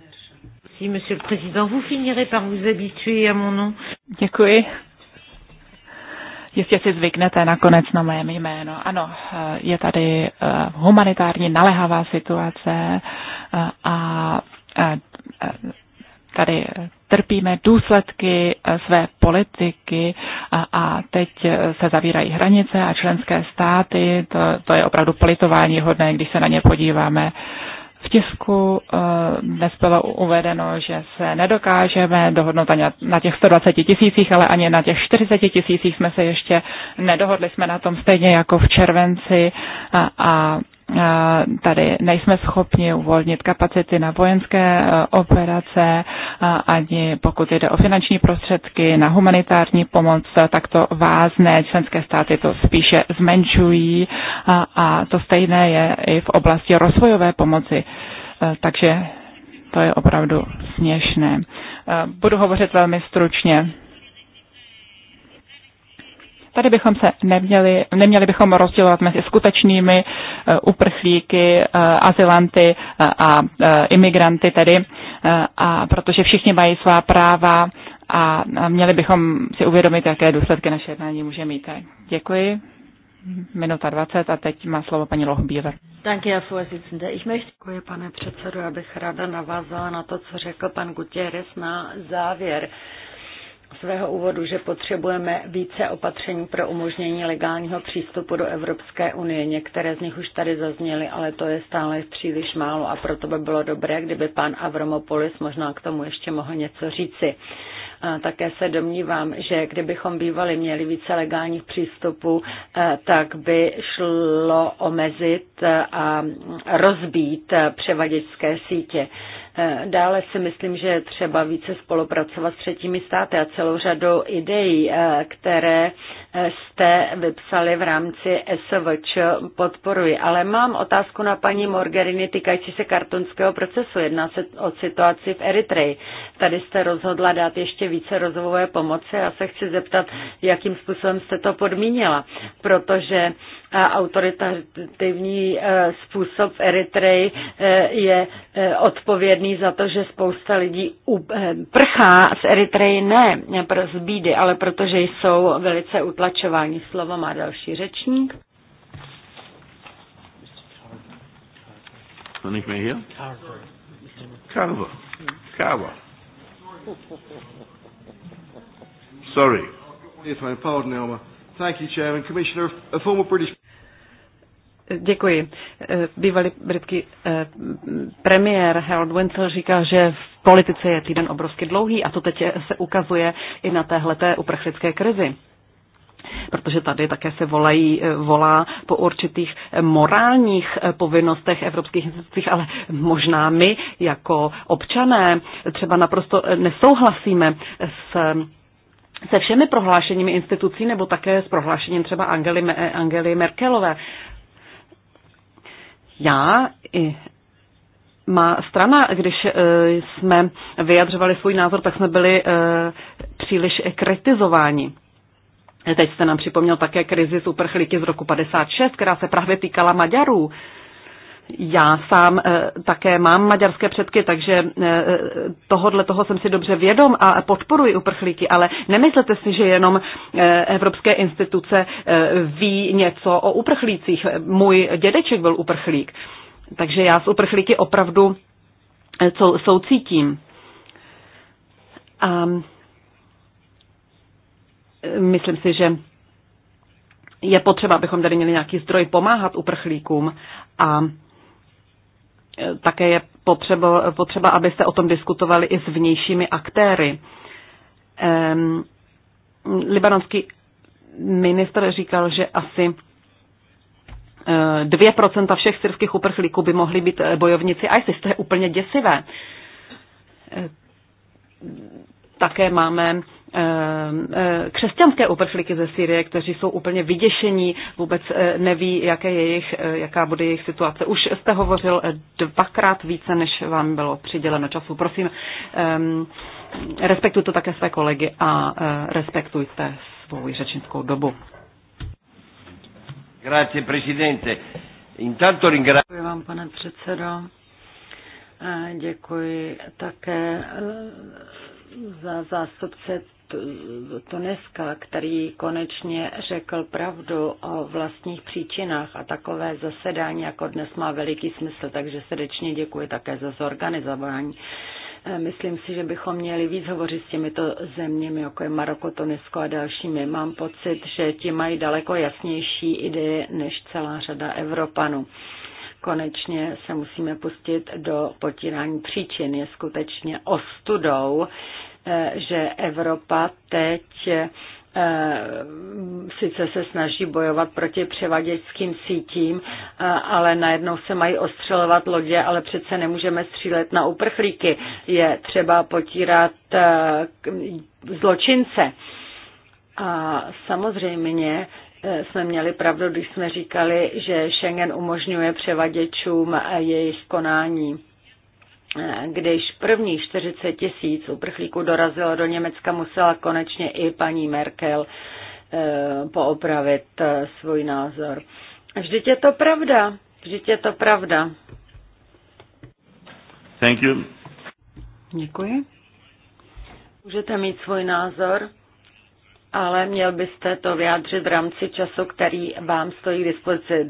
Merci, monsieur le président. Vous finirez par vous habituer à mon nom. Děkuji. Jistě si zvyknete nakonec na mé jméno. Ano, eh, je tady eh, humanitární naléhavá situace eh, a Eh, eh, tady trpíme důsledky eh, své politiky a, a teď se zavírají hranice a členské státy, to, to je opravdu politování hodné, když se na ně podíváme. V tisku dnes bylo uvedeno, že se nedokážeme dohodnout ani na těch 120 tisících, ale ani na těch 40 tisících jsme se ještě nedohodli. Jsme na tom stejně jako v červenci a, a Eh, tady nejsme schopni uvolnit kapacity na vojenské eh, operace, eh, ani pokud jde o finanční prostředky, na humanitární pomoc, tak to vázné Členské státy to spíše zmenšují a to stejné je i v oblasti rozvojové pomoci. Takže to je opravdu směšné. Budu hovořit velmi stručně. Tady bychom se neměli, neměli bychom rozdělovat mezi skutečnými eh, uprchlíky, eh, azylanty eh, a imigranty tedy, a protože všichni mají svá práva a měli bychom si uvědomit, jaké důsledky naše jednání může mít. Děkuji. Minuta 20 a teď má slovo paní Lohbíler. Danke, Herr Vorsitzende. Ich möchte... Děkuji, pane předsedu, abych ráda navázala na to, co řekl pan Gutierrez na závěr. Uh, svého úvodu, že potřebujeme více opatření pro umožnění legálního přístupu do Evropské unie. Některé z nich už tady zazněly, ale to je stále příliš málo a proto by bylo dobré, kdyby pan Avromopolis možná k tomu ještě mohl něco říci. A také se domnívám, že kdybychom bývali měli více legálních přístupů, eh, tak by šlo omezit eh, a rozbít eh, převaděčské sítě. Eh, dále si myslím, že je třeba více spolupracovat s třetími státy a celou řadou ideí, eh, které eh, jste vypsali v rámci SVČ, podporuji. Ale mám otázku na paní Morgerini týkající se kartonského procesu. Jedná se o situaci v Eritreji. Tady jste rozhodla dát ještě více rozvojové pomoci. Já se chci zeptat, jakým způsobem jste to podmínila, protože autoritativní e, způsob v Eritreji e, je e, odpovědný za to, že spousta lidí prchá z Eritreji ne pro zbídy, ale protože jsou velice utlačováni. Slovo má další řečník. Carver. Carver. Carver. Sorry. Yes, my pardon, Elmer. Thank you, Chairman. Commissioner, a former British... Děkuji. Eh, bývalý britský eh, premiér Harold Winter říká, že v politice je týden obrovsky dlouhý a to teď se ukazuje i na téhleté uprchlické krizi protože tady také se volají, eh, volá po určitých morálních povinnostech evropských institucí, ale možná my jako občané třeba naprosto nesouhlasíme s se všemi prohlášeními institucí nebo také s prohlášením třeba Angely, Angely Merkelové. Já i má strana, když eh, jsme vyjadřovali svůj názor, tak jsme byli eh, příliš kritizováni. Teď jste nám připomněl také krizi z uprchlíky z roku 56, která se právě týkala Maďarů. Já sám eh, také mám maďarské předky, takže eh, tohodle toho jsem si dobře vědom a podporuji uprchlíky, ale nemyslete si, že jenom eh, evropské instituce ví něco o uprchlících. Můj dědeček byl uprchlík, takže já s uprchlíky opravdu soucítím. A myslím si, že je potřeba, abychom tady měli nějaký zdroj pomáhat uprchlíkům a také je potřeba, potřeba, abyste o tom diskutovali i s vnějšími aktéry. Um, libanonský minister říkal, že asi 2% e, všech syrských uprchlíků by mohli být e, bojovníci ISIS. To je úplně děsivé. E, také máme Eh, eh, křesťanské uprchlíky ze Syrie, kteří jsou úplně vyděšení, vůbec eh, neví, jaké je jejich, jaká bude jejich situace. Už jste hovořil dvakrát více, než vám bylo přiděleno času. Prosím, respektujte také své kolegy a respektujte svou řečnickou dobu. Grazie, presidente. Intanto ringrazio. Děkuji vám, pane předsedo. Děkuji také za zástupce Tuneska, který konečně řekl pravdu o vlastních příčinách a takové zasedání jako dnes má veliký smysl, takže srdečně děkuji také za zorganizování. E, myslím si, že bychom měli víc hovořit s těmito zeměmi, jako je Maroko, Tunisko a dalšími. Mám pocit, že ti mají daleko jasnější ideje než celá řada Evropanů konečně se musíme pustit do potírání příčin. Je skutečně ostudou, Eh, že Evropa teď eh, sice se snaží bojovat proti převaděčským sítím, eh, ale najednou se mají ostřelovat lodě, ale přece nemůžeme střílet na uprchlíky. Je třeba potírat zločince. A samozřejmě jsme měli pravdu, když jsme říkali, že Schengen umožňuje převaděčům jejich konání když první 40 tisíc uprchlíků dorazilo do Německa, musela konečně i paní Merkel eh, poopravit eh, svůj názor. Vždyť je to pravda. Vždyť je to pravda. Thank you. Děkuji. Můžete mít svůj názor ale měl byste to vyjádřit v rámci času, který vám stojí k dispozici.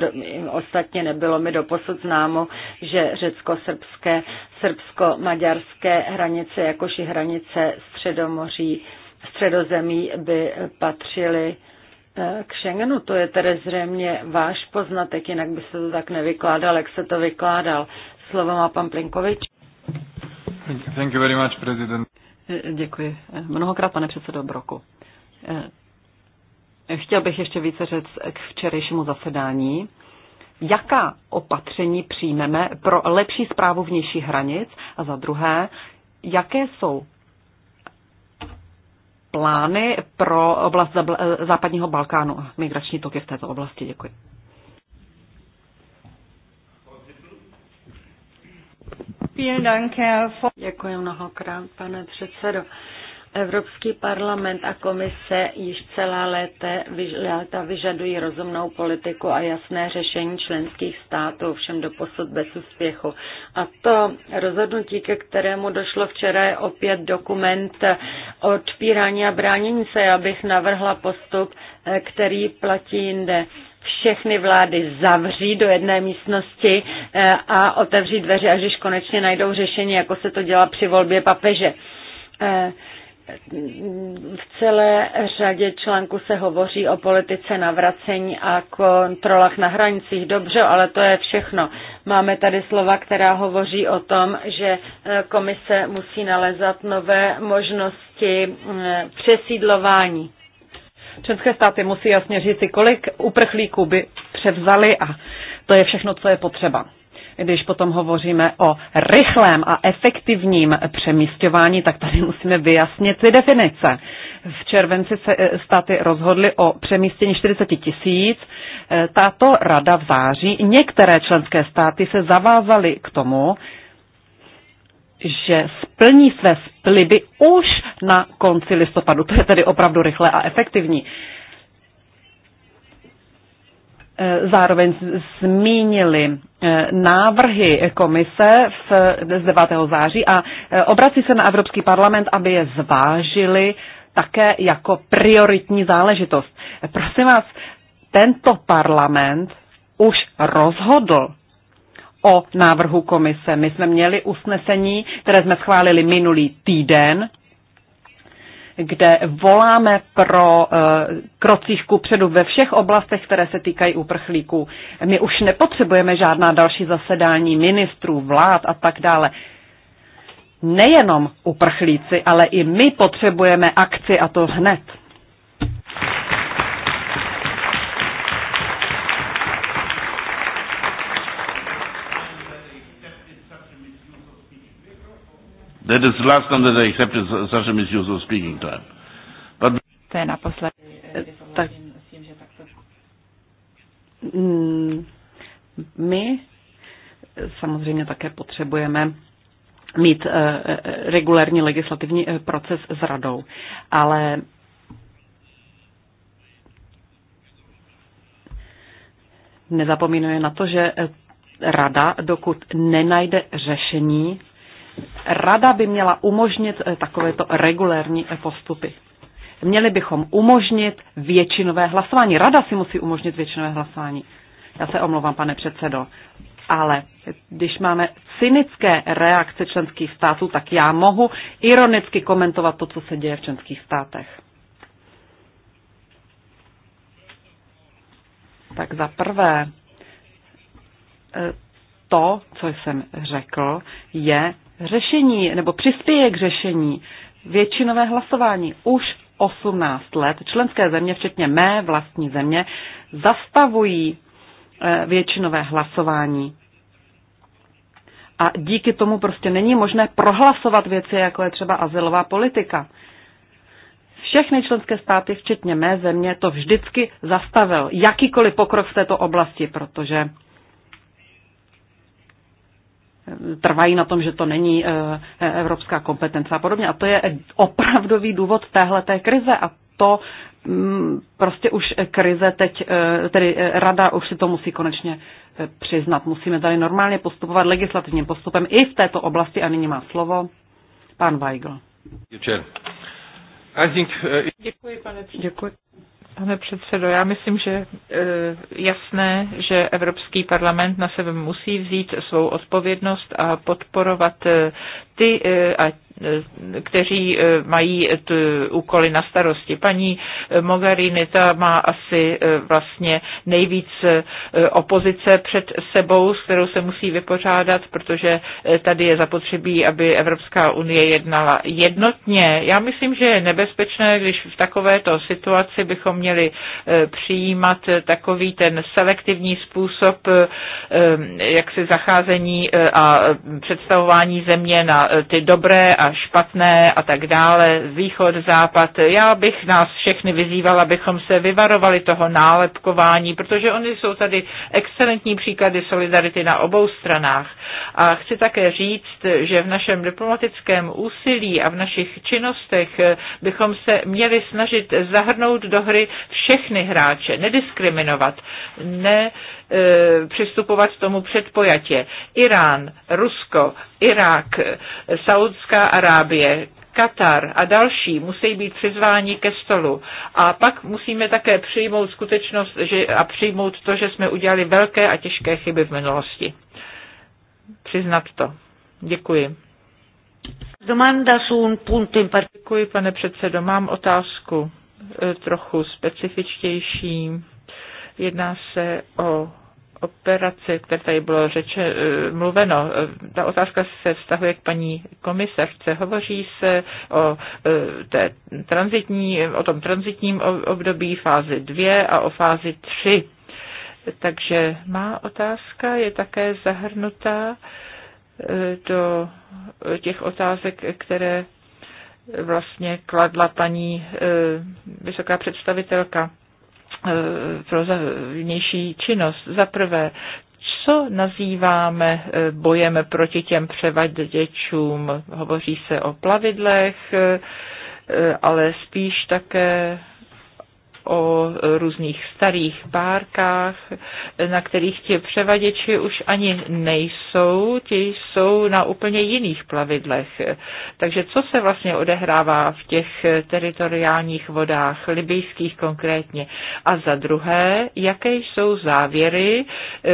Ostatně nebylo mi doposud známo, že řecko-srbské, srbsko-maďarské hranice, jakož i hranice středomoří, středozemí by patřily eh, k Schengenu. To je tedy zřejmě váš poznatek, jinak byste to tak nevykládal, jak se to vykládal. Slovo má pan Plinkovič. Thank you very much, eh, Děkuji. Eh, mnohokrát, pane předsedo Broku. Eh, chtěl bych ještě více říct k včerejšímu zasedání. Jaká opatření přijmeme pro lepší zprávu vnějších hranic? A za druhé, jaké jsou plány pro oblast eh, západního Balkánu a migrační toky v této oblasti? Děkuji. Děkuji mnohokrát, pane předsedo. Evropský parlament a komise již celá léta, léta vyžadují rozumnou politiku a jasné řešení členských států, všem doposud bez úspěchu. A to rozhodnutí, ke kterému došlo včera, je opět dokument odpírání a bránění se. abych navrhla postup, eh, který platí jinde všechny vlády zavří do jedné místnosti eh, a otevří dveře, až když konečně najdou řešení, jako se to dělá při volbě papeže eh, v celé řadě článků se hovoří o politice navracení a kontrolách na hranicích. Dobře, ale to je všechno. Máme tady slova, která hovoří o tom, že eh, komise musí nalezat nové možnosti eh, přesídlování. České státy musí jasně říci, kolik uprchlíků by převzali a to je všechno, co je potřeba. Když potom hovoříme o rychlém a efektivním přemístování, tak tady musíme vyjasnit ty definice. V červenci se eh, státy rozhodly o přemístění 40 tisíc. Eh, tato rada v září, některé členské státy se zavázaly k tomu, že splní své sliby už na konci listopadu. To je tedy opravdu rychlé a efektivní. E, zároveň zmínili e, návrhy komise z 9. září a e, obrací se na Evropský parlament, aby je zvážili také jako prioritní záležitost. Prosím vás, tento parlament už rozhodl o návrhu komise. My jsme měli usnesení, které jsme schválili minulý týden kde voláme pro eh, krocích ku předu ve všech oblastech, které se týkají uprchlíků. My už nepotřebujeme žádná další zasedání ministrů, vlád a tak dále. Nejenom uprchlíci, ale i my potřebujeme akci a to hned. That is the last time that I accepted such a misuse of speaking time. But to je naposledy, tak... Mm, my samozřejmě také potřebujeme mít uh, eh, eh, regulární legislativní eh, proces s radou, ale nezapomínuje na to, že rada, dokud nenajde řešení Rada by měla umožnit eh, takovéto regulérní eh, postupy. Měli bychom umožnit většinové hlasování. Rada si musí umožnit většinové hlasování. Já se omlouvám, pane předsedo. Ale když máme cynické reakce členských států, tak já mohu ironicky komentovat to, co se děje v členských státech. Tak za prvé, eh, to, co jsem řekl, je, řešení nebo přispěje k řešení většinové hlasování. Už 18 let členské země, včetně mé vlastní země, zastavují eh, většinové hlasování. A díky tomu prostě není možné prohlasovat věci, jako je třeba asilová politika. Všechny členské státy, včetně mé země, to vždycky zastavil. Jakýkoliv pokrok v této oblasti, protože trvají na tom, že to není eh, evropská kompetence a podobně. A to je opravdový důvod té krize a to mm, prostě už krize teď, eh, tedy eh, rada už si to musí konečně přiznat. Musíme tady normálně postupovat legislativním postupem i v této oblasti a nyní má slovo pan Weigl. Děkuji, pane předsedo. Děkuji. Pane předsedo, já myslím, že e, jasné, že Evropský parlament na sebe musí vzít svou odpovědnost a podporovat e, ty e, a Eh, kteří eh, mají ty úkoly na starosti. Paní eh, Mogherini, ta má asi vlastně nejvíc opozice před sebou, s kterou se musí vypořádat, protože tady je zapotřebí, aby Evropská unie jednala jednotně. Já myslím, že je nebezpečné, když v takovéto situaci bychom měli přijímat takový ten selektivní způsob jak si zacházení a představování země na ty dobré a a špatné a tak dále, východ, západ. Já bych nás všechny vyzývala, abychom se vyvarovali toho nálepkování, protože oni jsou tady excelentní příklady solidarity na obou stranách. A chci také říct, že v našem diplomatickém úsilí a v našich činnostech bychom se měli snažit zahrnout do hry všechny hráče, nediskriminovat, ne E, přistupovat k tomu předpojatě. Irán, Rusko, Irák, Saudská Arábie, Katar a další musí být přizváni ke stolu. A pak musíme také přijmout skutečnost že, a přijmout to, že jsme udělali velké a těžké chyby v minulosti. Přiznat to. Děkuji. Děkuji, pane předsedo. Mám otázku e, trochu specifičtější Jedná se o operaci, které tady bylo řeče, eh, mluveno, ta otázka se vztahuje k paní komisařce. Hovoří se o, eh, té transitní, o tom transitním období fázi 2 a o fázi 3. Takže má otázka je také zahrnutá eh, do těch otázek, které vlastně kladla paní vysoká představitelka. Eh, pro vnější činnost. Za prvé, co nazýváme eh, bojem proti těm převaděčům? Hovoří se o plavidlech, eh, ale spíš také o různých starých párkách, na kterých ti převaděči už ani nejsou, ti jsou na úplně jiných plavidlech. Takže co se vlastně odehrává v těch teritoriálních vodách, libijských konkrétně? A za druhé, jaké jsou závěry,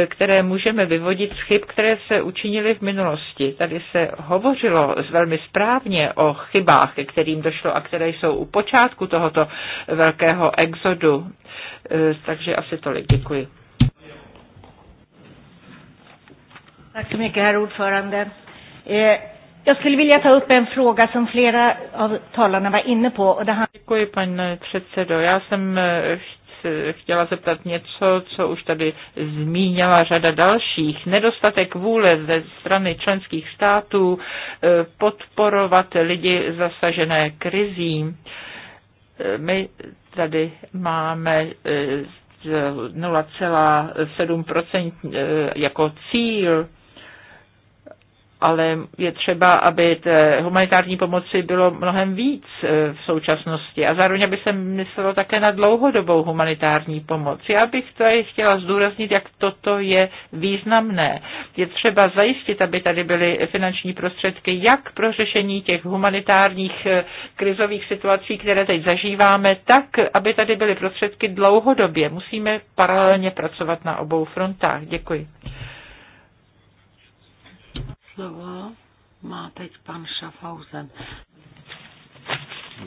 které můžeme vyvodit z chyb, které se učinily v minulosti? Tady se hovořilo velmi správně o chybách, ke kterým došlo a které jsou u počátku tohoto velkého ex sodu. E, takže asi tolik. Děkuji. Tack så mycket, herr ordförande. Eh, jag skulle vilja ta upp en fråga som flera av talarna var inne på. Och det Děkuji, pane předsedo. Já jsem e, chtěla zeptat něco, co už tady zmínila řada dalších. Nedostatek vůle ze strany členských států e, podporovat lidi zasažené krizí. My Tady máme 0,7% eh, eh, jako cíl ale je třeba, aby té humanitární pomoci bylo mnohem víc eh, v současnosti a zároveň, by se myslelo také na dlouhodobou humanitární pomoc. Já bych tady chtěla zdůraznit, jak toto je významné. Je třeba zajistit, aby tady byly finanční prostředky jak pro řešení těch humanitárních eh, krizových situací, které teď zažíváme, tak, aby tady byly prostředky dlouhodobě. Musíme paralelně pracovat na obou frontách. Děkuji. Slovo má teď pan Schaffhausen.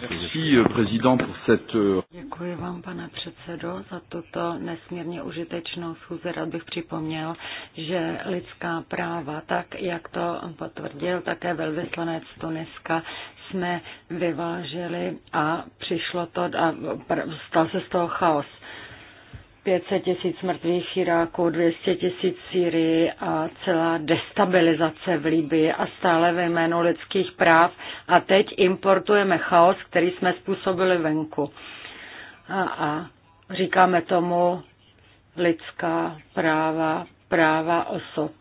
Euh, euh, Děkuji vám, pane předsedo, za tuto nesmírně užitečnou schůzi. Rád bych připomněl, že lidská práva, tak jak to potvrdil také velvyslanec Tuniska, jsme vyváželi a přišlo to a stal se z toho chaos 500 tisíc mrtvých v Iráku, 200 tisíc v a celá destabilizace v Libii a stále ve jménu lidských práv. A teď importujeme chaos, který jsme způsobili venku. A, a říkáme tomu lidská práva, práva osob,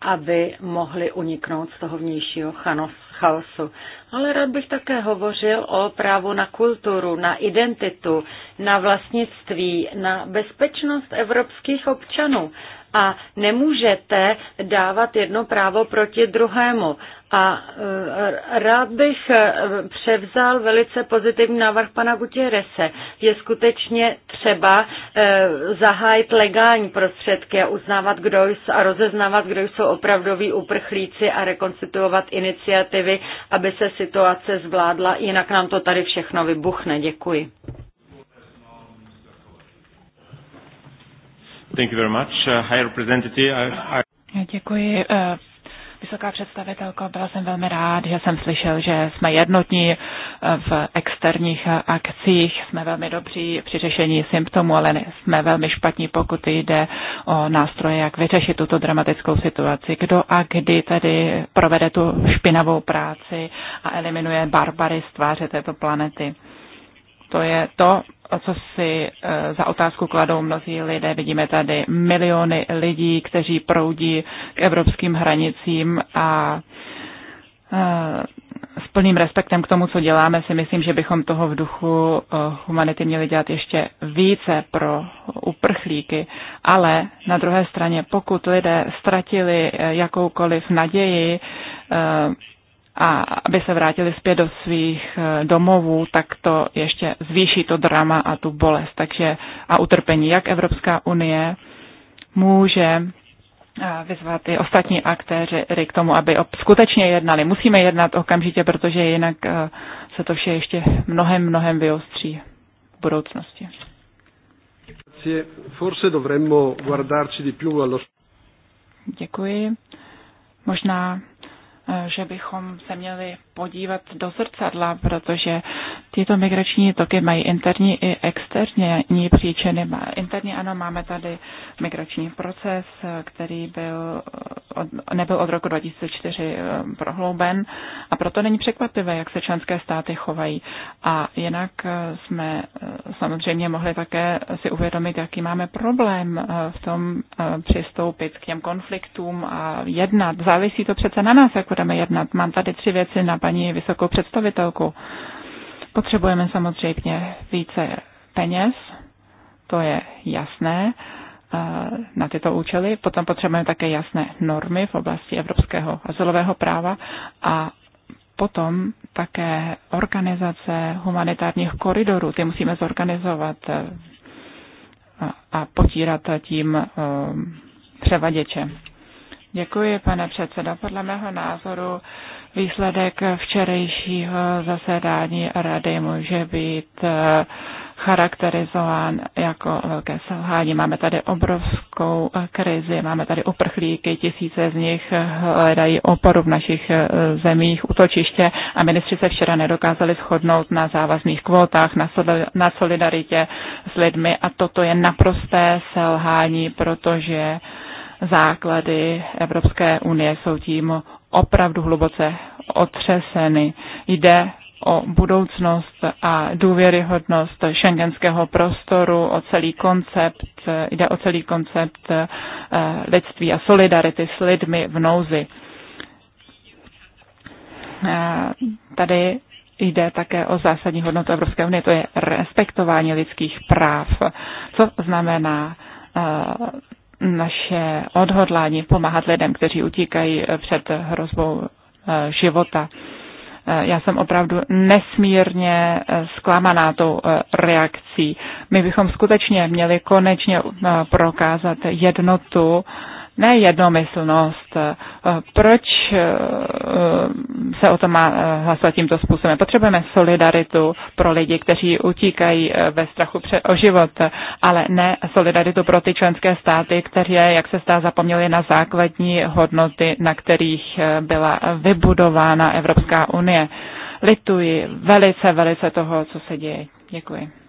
aby mohli uniknout z toho vnějšího chaosu ale rád bych také hovořil o právu na kulturu, na identitu, na vlastnictví, na bezpečnost evropských občanů. A nemůžete dávat jedno právo proti druhému. A e, rád bych e, převzal velice pozitivní návrh pana Gutierese. Je skutečně třeba e, zahájit legální prostředky a uznávat, kdo jsou, a rozeznávat, kdo jsou opravdoví uprchlíci a rekonstituovat iniciativy, aby se situace zvládla. Jinak nám to tady všechno vybuchne. Děkuji. Thank you very much, uh, High Representative. I, I... Děkuji, uh, Vysoká představitelko, byla jsem velmi rád, že jsem slyšel, že jsme jednotní eh, v externích eh, akcích, jsme velmi dobří při řešení symptomů, ale jsme velmi špatní, pokud jde o nástroje, jak vyřešit tuto dramatickou situaci. Kdo a kdy tedy provede tu špinavou práci a eliminuje barbary z tváře této planety. To je to, co si eh, za otázku kladou mnozí lidé. Vidíme tady miliony lidí, kteří proudí k evropským hranicím a eh, s plným respektem k tomu, co děláme, si myslím, že bychom toho v duchu eh, humanity měli dělat ještě více pro uprchlíky. Ale na druhé straně, pokud lidé ztratili jakoukoliv naději, a aby se vrátili zpět do svých eh, domovů, tak to ještě zvýší to drama a tu bolest. Takže a utrpení, jak Evropská unie může eh, vyzvat i ostatní aktéři k tomu, aby skutečně jednali. Musíme jednat okamžitě, protože jinak eh, se to vše ještě mnohem, mnohem vyostří v budoucnosti. Děkuji. Možná že bychom se měli podívat do zrcadla, protože tyto migrační toky mají interní i externí příčiny. Interní ano, máme tady migrační proces, který byl od, nebyl od roku 2004 eh, prohlouben a proto není překvapivé, jak se členské státy chovají. A jinak eh, jsme eh, samozřejmě mohli také si uvědomit, jaký máme problém v tom přistoupit k těm konfliktům a jednat. Závisí to přece na nás, jak budeme jednat. Mám tady tři věci na paní paní vysokou představitelku. Potřebujeme samozřejmě více peněz, to je jasné eh, na tyto účely. Potom potřebujeme také jasné normy v oblasti evropského azylového práva a potom také organizace humanitárních koridorů. Ty musíme zorganizovat eh, a potírat tím eh, převaděče. Děkuji, pane předsedo. Podle mého názoru výsledek včerejšího zasedání rady může být eh, charakterizován jako velké selhání. Máme tady obrovskou eh, krizi, máme tady uprchlíky, tisíce z nich eh, hledají oporu v našich zemích, útočiště a ministři se včera nedokázali shodnout na závazných kvótách, na solidaritě s lidmi a toto je naprosté selhání, protože základy Evropské unie jsou tím opravdu hluboce otřeseny. Jde o budoucnost a důvěryhodnost šengenského prostoru, o celý koncept, jde o celý koncept eh, lidství a solidarity s lidmi v nouzi. Eh, tady jde také o zásadní hodnotu Evropské unie, to je respektování lidských práv. Co znamená eh, naše odhodlání pomáhat lidem, kteří utíkají před hrozbou eh, života. Eh, já jsem opravdu nesmírně eh, zklamaná tou reakcí. My bychom skutečně měli konečně prokázat jednotu nejednomyslnost, eh, Proč eh, se o tom má eh, hlasovat tímto způsobem? Potřebujeme solidaritu pro lidi, kteří utíkají ve strachu o život, ale ne solidaritu pro ty členské státy, které, jak se stá, zapomněly na základní hodnoty, na kterých byla vybudována Evropská unie. Lituji velice, velice toho, co se děje. Děkuji.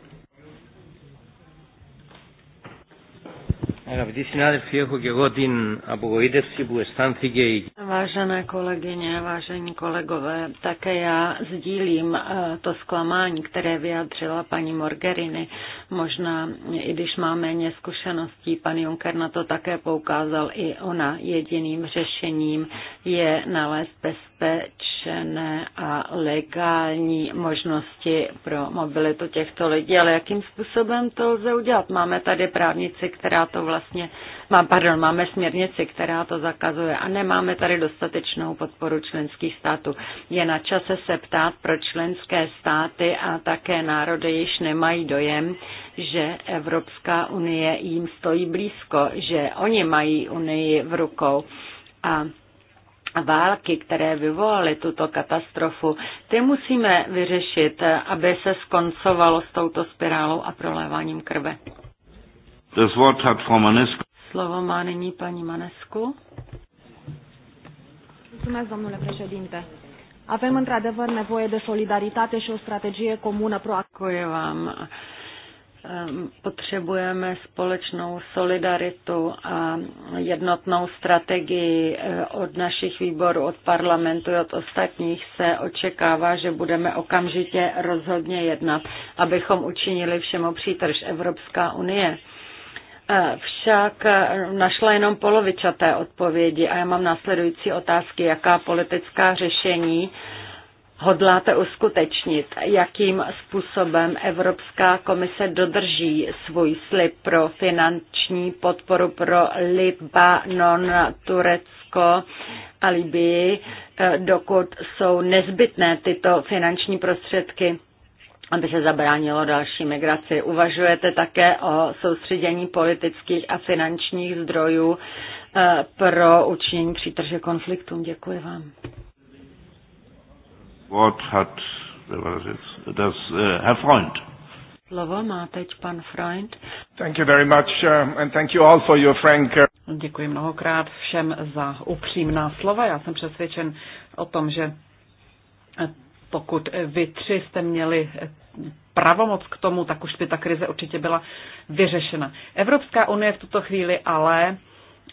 Αγαπητοί συνάδελφοι, έχω και εγώ την απογοήτευση που αισθάνθηκε η... Vážené kolegyně, vážení kolegové, také já sdílím eh, to zklamání, které vyjádřila paní Morgerini. Možná, i když má méně zkušeností, pan Juncker na to také poukázal, i ona jediným řešením je nalézt bezpečné a legální možnosti pro mobilitu těchto lidí. Ale jakým způsobem to lze udělat? Máme tady právnici, která to vlastně má, pardon, máme směrnici, která to zakazuje a nemáme tady dostatečnou podporu členských států. Je na čase se ptát, proč členské státy a také národy již nemají dojem, že Evropská unie jim stojí blízko, že oni mají unii v rukou. A války, které vyvolaly tuto katastrofu, ty musíme vyřešit, aby se skoncovalo s touto spirálou a proléváním krve. Das Wort hat Frau Slovo má nyní paní Manesku. Mulțumesc, domnule președinte. Avem într-adevăr nevoie de solidaritate și o strategie comună proactivă. Ehm, potřebujeme společnou solidaritu a jednotnou strategii eh, od našich výborů, od parlamentu i od ostatních se očekává, že budeme okamžitě rozhodně jednat, abychom učinili všemu přítrž Evropská unie Eh, však eh, našla jenom polovičaté odpovědi a já mám následující otázky, jaká politická řešení hodláte uskutečnit, jakým způsobem Evropská komise dodrží svůj slib pro finanční podporu pro Libanon, Turecko a Libii, eh, dokud jsou nezbytné tyto finanční prostředky aby se zabránilo další migraci. Uvažujete také o soustředění politických a finančních zdrojů eh, pro učinění přítrže konfliktům. Děkuji vám. hat, das eh, Herr Freund. Slovo má teď pan Freund. Thank you very much eh, and thank you all for your frank. Děkuji mnohokrát všem za upřímná slova. Já jsem přesvědčen o tom, že pokud vy tři jste měli pravomoc k tomu, tak už by ta krize určitě byla vyřešena. Evropská unie v tuto chvíli ale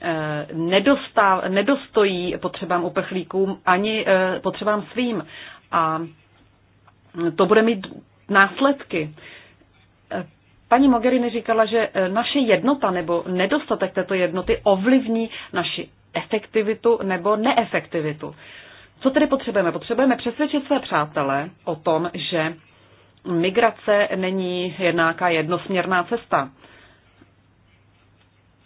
eh, nedostav, nedostojí potřebám uprchlíkům ani eh, potřebám svým. A to bude mít následky. Paní Mogherini říkala, že eh, naše jednota nebo nedostatek této jednoty ovlivní naši efektivitu nebo neefektivitu. Co tedy potřebujeme? Potřebujeme přesvědčit své přátele o tom, že migrace není jednáka jednosměrná cesta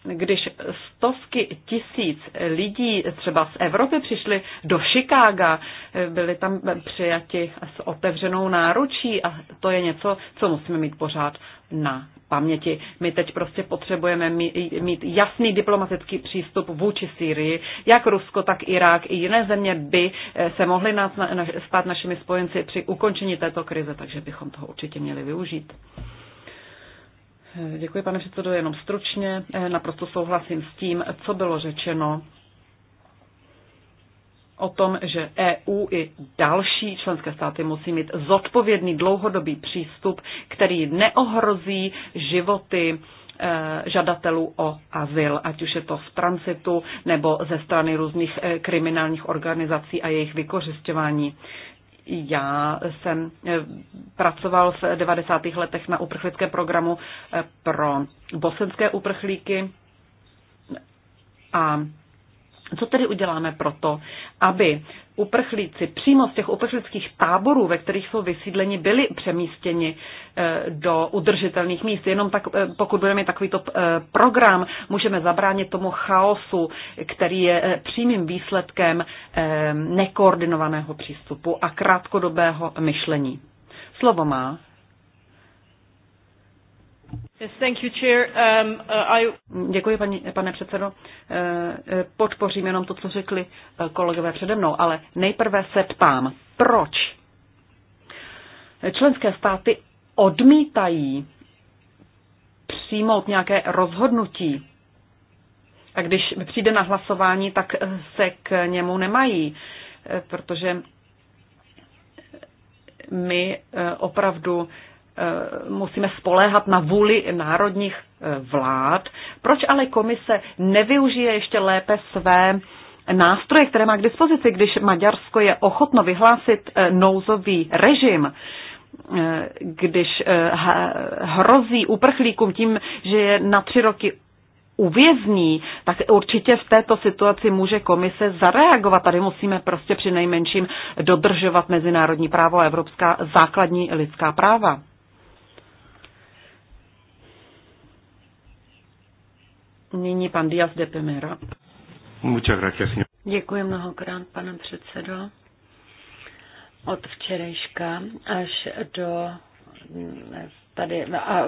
když stovky tisíc lidí třeba z Evropy přišli do Chicaga, byli tam přijati s otevřenou náručí a to je něco, co musíme mít pořád na paměti. My teď prostě potřebujeme mít jasný diplomatický přístup vůči Sýrii. Jak Rusko, tak Irák i jiné země by eh, se mohly stát našimi spojenci při ukončení této krize, takže bychom toho určitě měli využít. Děkuji, pane předsedo, jenom stručně. Eh, naprosto souhlasím s tím, co bylo řečeno o tom, že EU i další členské státy musí mít zodpovědný dlouhodobý přístup, který neohrozí životy eh, žadatelů o azyl, ať už je to v transitu nebo ze strany různých eh, kriminálních organizací a jejich vykořišťování. Já jsem eh, pracoval v 90. letech na uprchlickém programu eh, pro bosenské uprchlíky a co tedy uděláme pro to, aby uprchlíci přímo z těch uprchlických táborů, ve kterých jsou vysídleni, byli přemístěni eh, do udržitelných míst. Jenom tak, eh, pokud budeme mít takovýto eh, program, můžeme zabránit tomu chaosu, který je přímým výsledkem nekoordinovaného přístupu a krátkodobého myšlení. Slovo má Um, uh, Děkuji, paní, pane předsedo. Eh, eh, podpořím jenom to, co řekli eh, kolegové přede mnou, ale nejprve se ptám, proč členské státy odmítají přijmout nějaké rozhodnutí. A když přijde na hlasování, tak se k němu nemají, protože my opravdu Eh, musíme spoléhat na vůli národních eh, vlád. Proč ale komise nevyužije ještě lépe své nástroje, které má k dispozici, když Maďarsko je ochotno vyhlásit eh, nouzový režim? když hrozí uprchlíkům tím, že je na tři roky uvězní, tak určitě v této situaci může komise zareagovat. Tady musíme prostě při nejmenším dodržovat mezinárodní právo a evropská základní lidská práva. Nyní pan Díaz de Pemera. Děkuji mnohokrát, pane předsedo. Od včerejška až do tady a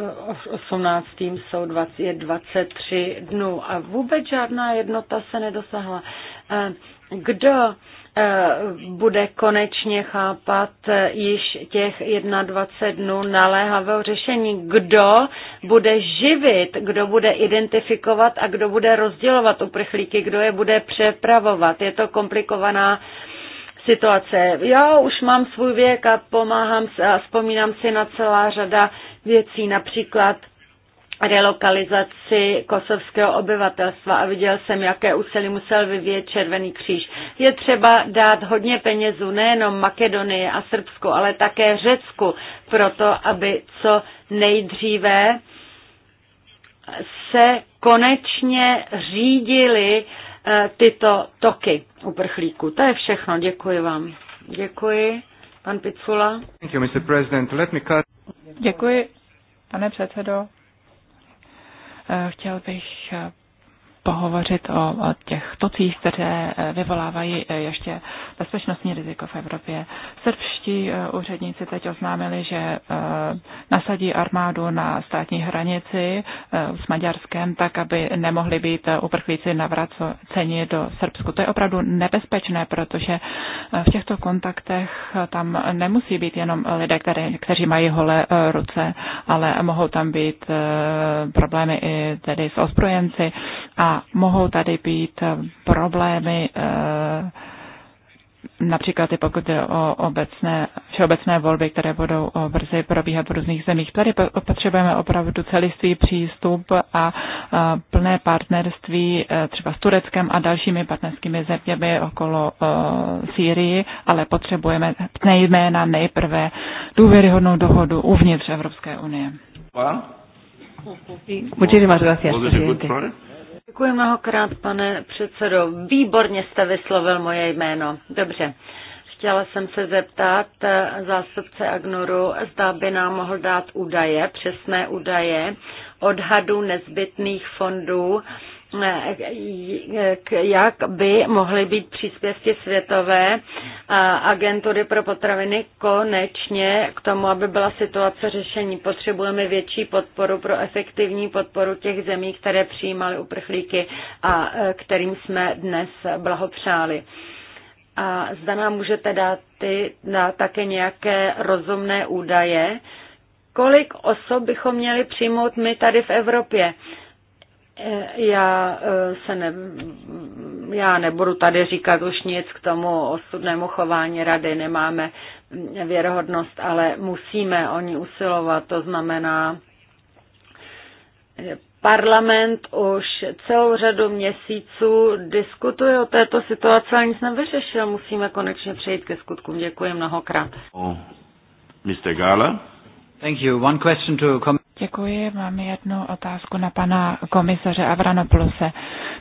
18. jsou 20, je 23 dnů a vůbec žádná jednota se nedosáhla. Eh, kdo Eh, bude konečně chápat již těch 21 dnů naléhavého řešení. Kdo bude živit, kdo bude identifikovat a kdo bude rozdělovat uprchlíky, kdo je bude přepravovat. Je to komplikovaná situace. Já už mám svůj věk a pomáhám a vzpomínám si na celá řada věcí, například relokalizaci kosovského obyvatelstva a viděl jsem, jaké úsilí musel vyvíjet Červený kříž. Je třeba dát hodně penězů nejenom Makedonii a Srbsku, ale také Řecku, proto aby co nejdříve se konečně řídili eh, tyto toky uprchlíků. To je všechno, děkuji vám. Děkuji. Pan Picula. Děkuji, pane předsedo. Eh, chtěl bych eh, pohovořit o, o těch tocích, které eh, vyvolávají eh, ještě bezpečnostní riziko v Evropě. Srbští eh, úředníci teď oznámili, že nasadí armádu na státní hranici s Maďarskem, tak aby nemohli být uprchlíci navraceni do Srbsku. To je opravdu nebezpečné, protože v těchto kontaktech tam nemusí být jenom lidé, které, kteří mají holé ruce, ale mohou tam být problémy i tedy s ozbrojenci a mohou tady být eh, problémy eh, například i pokud jde o obecné, všeobecné volby, které budou eh, brzy probíhat v různých zemích. Tady potřebujeme opravdu celistvý přístup a plné partnerství třeba s Tureckem a dalšími partnerskými zeměmi okolo Sýrii, ale potřebujeme nejména nejprve důvěryhodnou dohodu uvnitř Evropské unie. Muchísimas gracias, presidente. Děkuji mnohokrát, pane předsedo. Výborně jste vyslovil moje jméno. Dobře. Chtěla jsem se zeptat eh, zástupce Agnoru, zda by nám mohl dát údaje, přesné údaje, odhadu nezbytných fondů jak by mohly být příspěvky světové agentury pro potraviny konečně k tomu, aby byla situace řešení. Potřebujeme větší podporu pro efektivní podporu těch zemí, které přijímaly uprchlíky a e, kterým jsme dnes blahopřáli. A zda nám můžete dát, ty, dát také nějaké rozumné údaje, kolik osob bychom měli přijmout my tady v Evropě Eh, já eh, se ne, já nebudu tady říkat už nic k tomu osudnému chování rady, nemáme věrohodnost, ale musíme o ní usilovat, to znamená, eh, parlament už celou řadu měsíců diskutuje o této situaci a nic nevyřešil. Musíme konečně přejít ke skutkům. Děkuji mnohokrát. Oh, Mr. Gala. Thank you. One question to come. Děkuji. Mám jednu otázku na pana komisaře Avranopluse.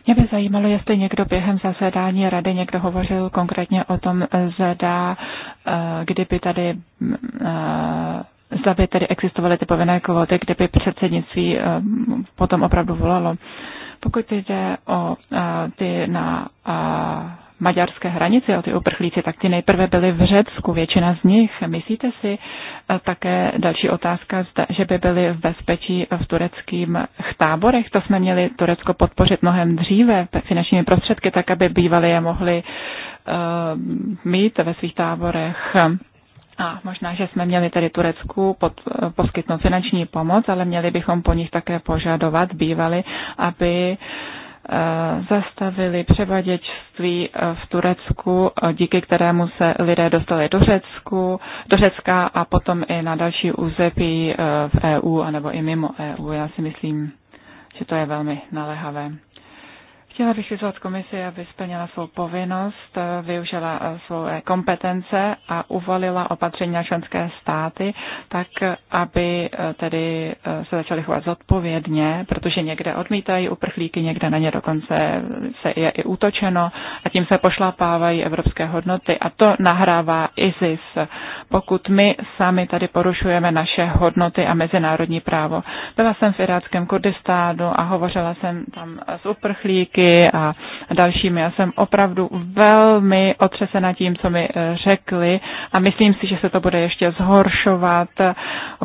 Mě by zajímalo, jestli někdo během zasedání rady někdo hovořil konkrétně o tom, zda eh, kdyby tady eh, zda by tady existovaly ty povinné kvóty, kdyby předsednictví eh, potom opravdu volalo. Pokud jde o ty na maďarské hranici, o ty uprchlíci, tak ty nejprve byli v Řecku, většina z nich. Myslíte si e, také další otázka, že by byli v bezpečí v tureckých táborech? To jsme měli Turecko podpořit mnohem dříve finančními prostředky, tak aby bývali je mohli uh, mít ve svých táborech. A možná, že jsme měli tedy Turecku pod, e, poskytnout finanční pomoc, ale měli bychom po nich také požadovat bývali, aby uh, Eh, zastavili převaděčství eh, v Turecku, eh, díky kterému se lidé dostali do, Řecku, do Řecka a potom i na další území v EU anebo i mimo EU. Já si myslím, že to je velmi naléhavé. Chtěla bych vyzvat komisi, aby splnila svou povinnost, eh, využila eh, svoje kompetence a uvolila opatření na členské státy, tak eh, aby tedy se začaly chovat zodpovědně, protože někde odmítají uprchlíky, někde na ně dokonce se je i útočeno a tím se pošlapávají evropské hodnoty a to nahrává ISIS. Pokud my sami tady porušujeme naše hodnoty a mezinárodní právo. Byla jsem v iráckém Kurdistánu a hovořila jsem tam s uprchlíky, banky a dalšími. Já jsem opravdu velmi otřesena tím, co mi eh, řekli a myslím si, že se to bude ještě zhoršovat,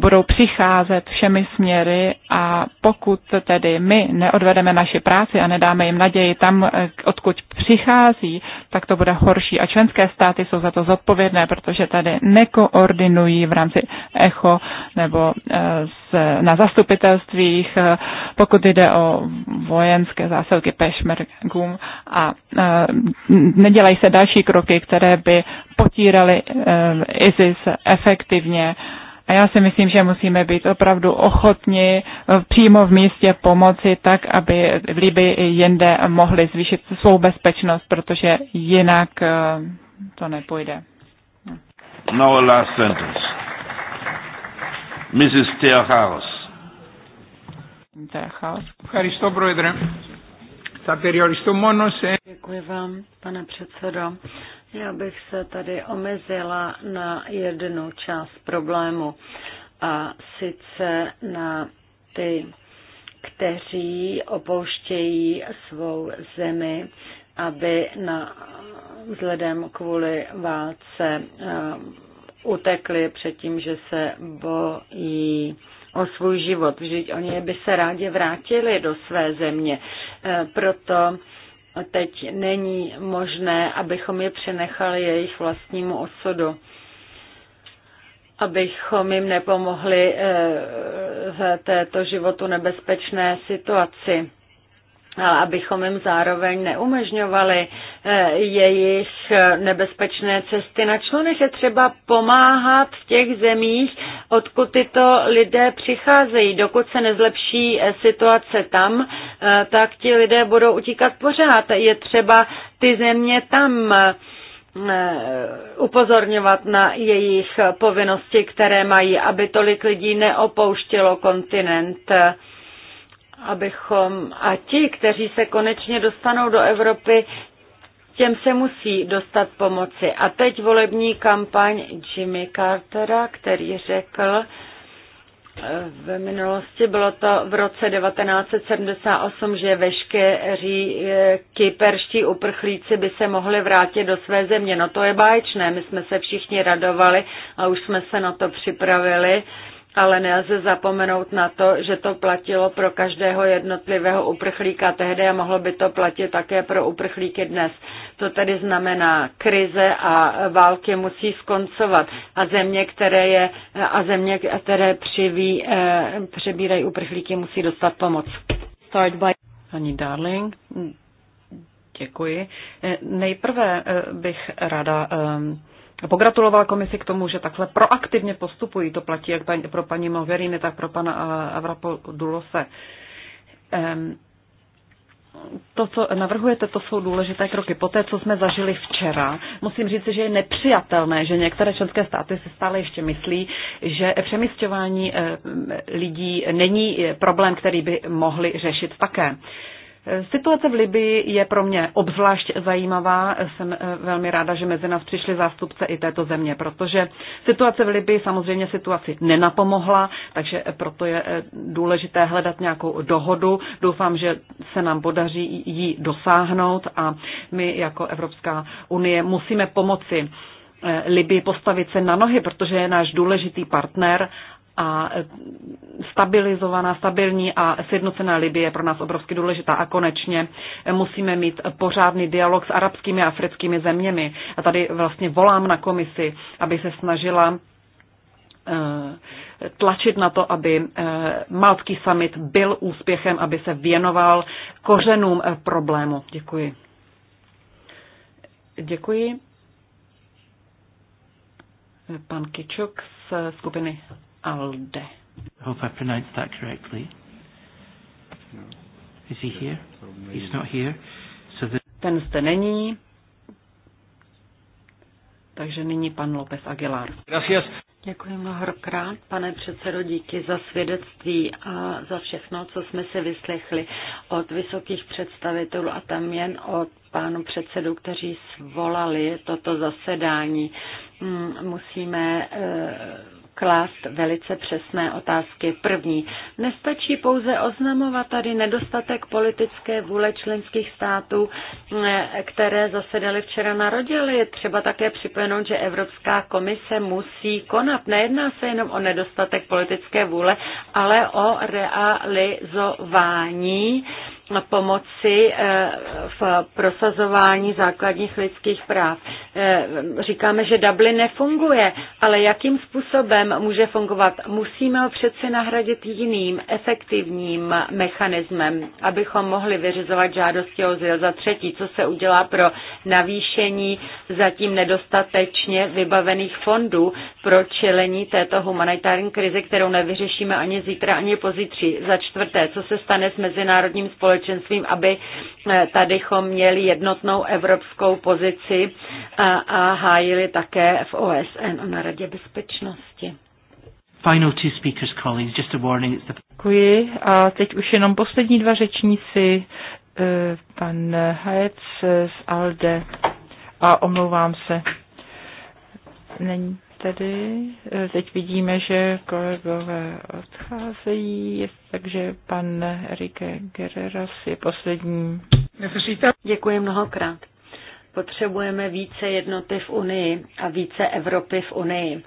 budou přicházet všemi směry a pokud tedy my neodvedeme naši práci a nedáme jim naději tam, eh, odkud přichází, tak to bude horší. A členské státy jsou za to zodpovědné, protože tady nekoordinují v rámci ECHO nebo eh, na zastupitelstvích, eh, pokud jde o vojenské zásilky pešmergům a eh, nedělají se další kroky, které by potíraly eh, ISIS efektivně. A já si myslím, že musíme být opravdu ochotni přímo v místě pomoci tak, aby v Libii i jinde mohli zvýšit svou bezpečnost, protože jinak to nepůjde. No last sentence. Mrs. Theocharos. Ευχαριστώ, Děkuji vám, pane předsedo. Já bych se tady omezila na jednu část problému a sice na ty, kteří opouštějí svou zemi, aby na, vzhledem kvůli válce utekli před tím, že se bojí o svůj život. Vždyť oni by se rádi vrátili do své země. E, proto teď není možné, abychom je přenechali jejich vlastnímu osudu abychom jim nepomohli e, v této životu nebezpečné situaci, ale abychom jim zároveň neumožňovali jejich nebezpečné cesty na člunech. Je třeba pomáhat v těch zemích, odkud tyto lidé přicházejí. Dokud se nezlepší eh, situace tam, eh, tak ti lidé budou utíkat pořád. Je třeba ty země tam eh, upozorňovat na jejich povinnosti, které mají, aby tolik lidí neopouštělo kontinent abychom a ti, kteří se konečně dostanou do Evropy, těm se musí dostat pomoci. A teď volební kampaň Jimmy Cartera, který řekl, eh, v minulosti bylo to v roce 1978, že veškerí kyperští eh, uprchlíci by se mohli vrátit do své země. No to je báječné, my jsme se všichni radovali a už jsme se na to připravili ale nelze zapomenout na to, že to platilo pro každého jednotlivého uprchlíka tehdy a mohlo by to platit také pro uprchlíky dnes. To tedy znamená, krize a války musí skoncovat a země, které, je, a země, které přiví, eh, přebírají uprchlíky, musí dostat pomoc. Start by... Ani Darling, Děkuji. Eh, nejprve eh, bych rada ehm, pogratuloval komisi k tomu, že takhle proaktivně postupují. To platí jak paní, pro paní Mogherini, tak pro pana eh, Avrapodulose. Ehm, to, co navrhujete, to jsou důležité kroky. Po té, co jsme zažili včera, musím říct, že je nepřijatelné, že některé členské státy si stále ještě myslí, že přemysťování eh, lidí není eh, problém, který by mohli řešit také. Situace v Libii je pro mě obzvlášť zajímavá. Jsem eh, velmi ráda, že mezi nás přišli zástupce i této země, protože situace v Libii samozřejmě situaci nenapomohla, takže proto je eh, důležité hledat nějakou dohodu. Doufám, že se nám podaří ji dosáhnout a my jako Evropská unie musíme pomoci eh, Libii postavit se na nohy, protože je náš důležitý partner a stabilizovaná, stabilní a sjednocená Libie je pro nás obrovsky důležitá. A konečně musíme mít pořádný dialog s arabskými a africkými zeměmi. A tady vlastně volám na komisi, aby se snažila eh, tlačit na to, aby eh, Maltský summit byl úspěchem, aby se věnoval kořenům eh, problému. Děkuji. Děkuji. Pan Kičuk z skupiny ALDE. I hope I pronounced that correctly. No. Is he here? He's not here. So the... Ten zde není. Takže nyní pan López Aguilar. Gracias. Děkuji mnohokrát, pane předsedo, díky za svědectví a za všechno, co jsme si vyslechli od vysokých představitelů a tam jen od pánu předsedu, kteří svolali toto zasedání. Mm, musíme eh, klást velice přesné otázky. První, nestačí pouze oznamovat tady nedostatek politické vůle členských států, eh, které zasedaly včera na rodili. Třeba také připomenout, že Evropská komise musí konat. Nejedná se jenom o nedostatek politické vůle, ale o realizování pomoci eh, v prosazování základních lidských práv. Eh, říkáme, že Dublin nefunguje, ale jakým způsobem může fungovat? Musíme ho přece nahradit jiným efektivním mechanismem, abychom mohli vyřizovat žádosti o zil za třetí, co se udělá pro navýšení zatím nedostatečně vybavených fondů pro čelení této humanitární krize, kterou nevyřešíme ani zítra, ani pozítří. Za čtvrté, co se stane s mezinárodním společnostem? společenstvím, aby eh, tadychom měli jednotnou evropskou pozici a, eh, a hájili také v OSN a na Radě bezpečnosti. Final two speakers, colleagues. Just a warning. It's the... Děkuji. A teď už jenom poslední dva řečníci. Eh, pan Hajec z ALDE. A omlouvám se. Není tedy eh, teď vidíme, že kolegové odcházejí, takže pan Erike Gereras je poslední. Děkuji mnohokrát. Potřebujeme více jednoty v Unii a více Evropy v Unii.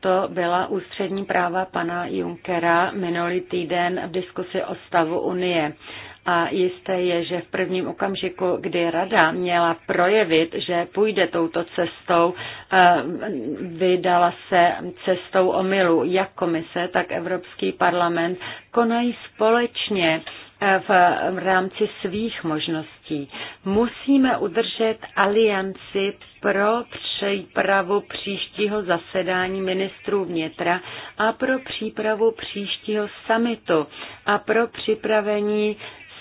To byla ústřední práva pana Junckera minulý týden v diskusi o stavu Unie. A jisté je, že v prvním okamžiku, kdy rada měla projevit, že půjde touto cestou, eh, vydala se cestou omylu jak komise, tak Evropský parlament, konají společně eh, v rámci svých možností. Musíme udržet alianci pro přípravu příštího zasedání ministrů vnitra a pro přípravu příštího samitu a pro připravení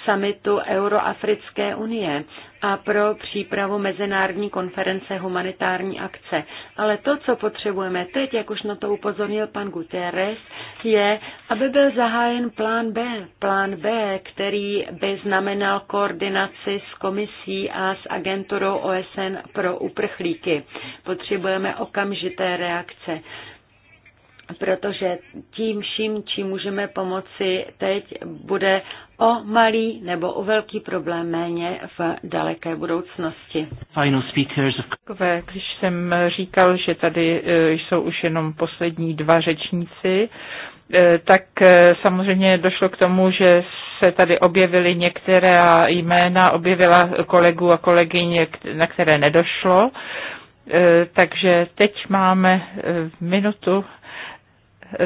samitu Euroafrické unie a pro přípravu mezinárodní konference humanitární akce. Ale to, co potřebujeme teď, jak už na to upozornil pan Guterres, je, aby byl zahájen plán B. Plán B, který by znamenal koordinaci s komisí a s agenturou OSN pro uprchlíky. Potřebujeme okamžité reakce protože tím vším, čím můžeme pomoci teď, bude o malý nebo o velký problém méně v daleké budoucnosti. když jsem říkal, že tady e, jsou už jenom poslední dva řečníci, e, tak e, samozřejmě došlo k tomu, že se tady objevily některé jména, objevila kolegu a kolegyně, na které nedošlo. Takže teď máme minutu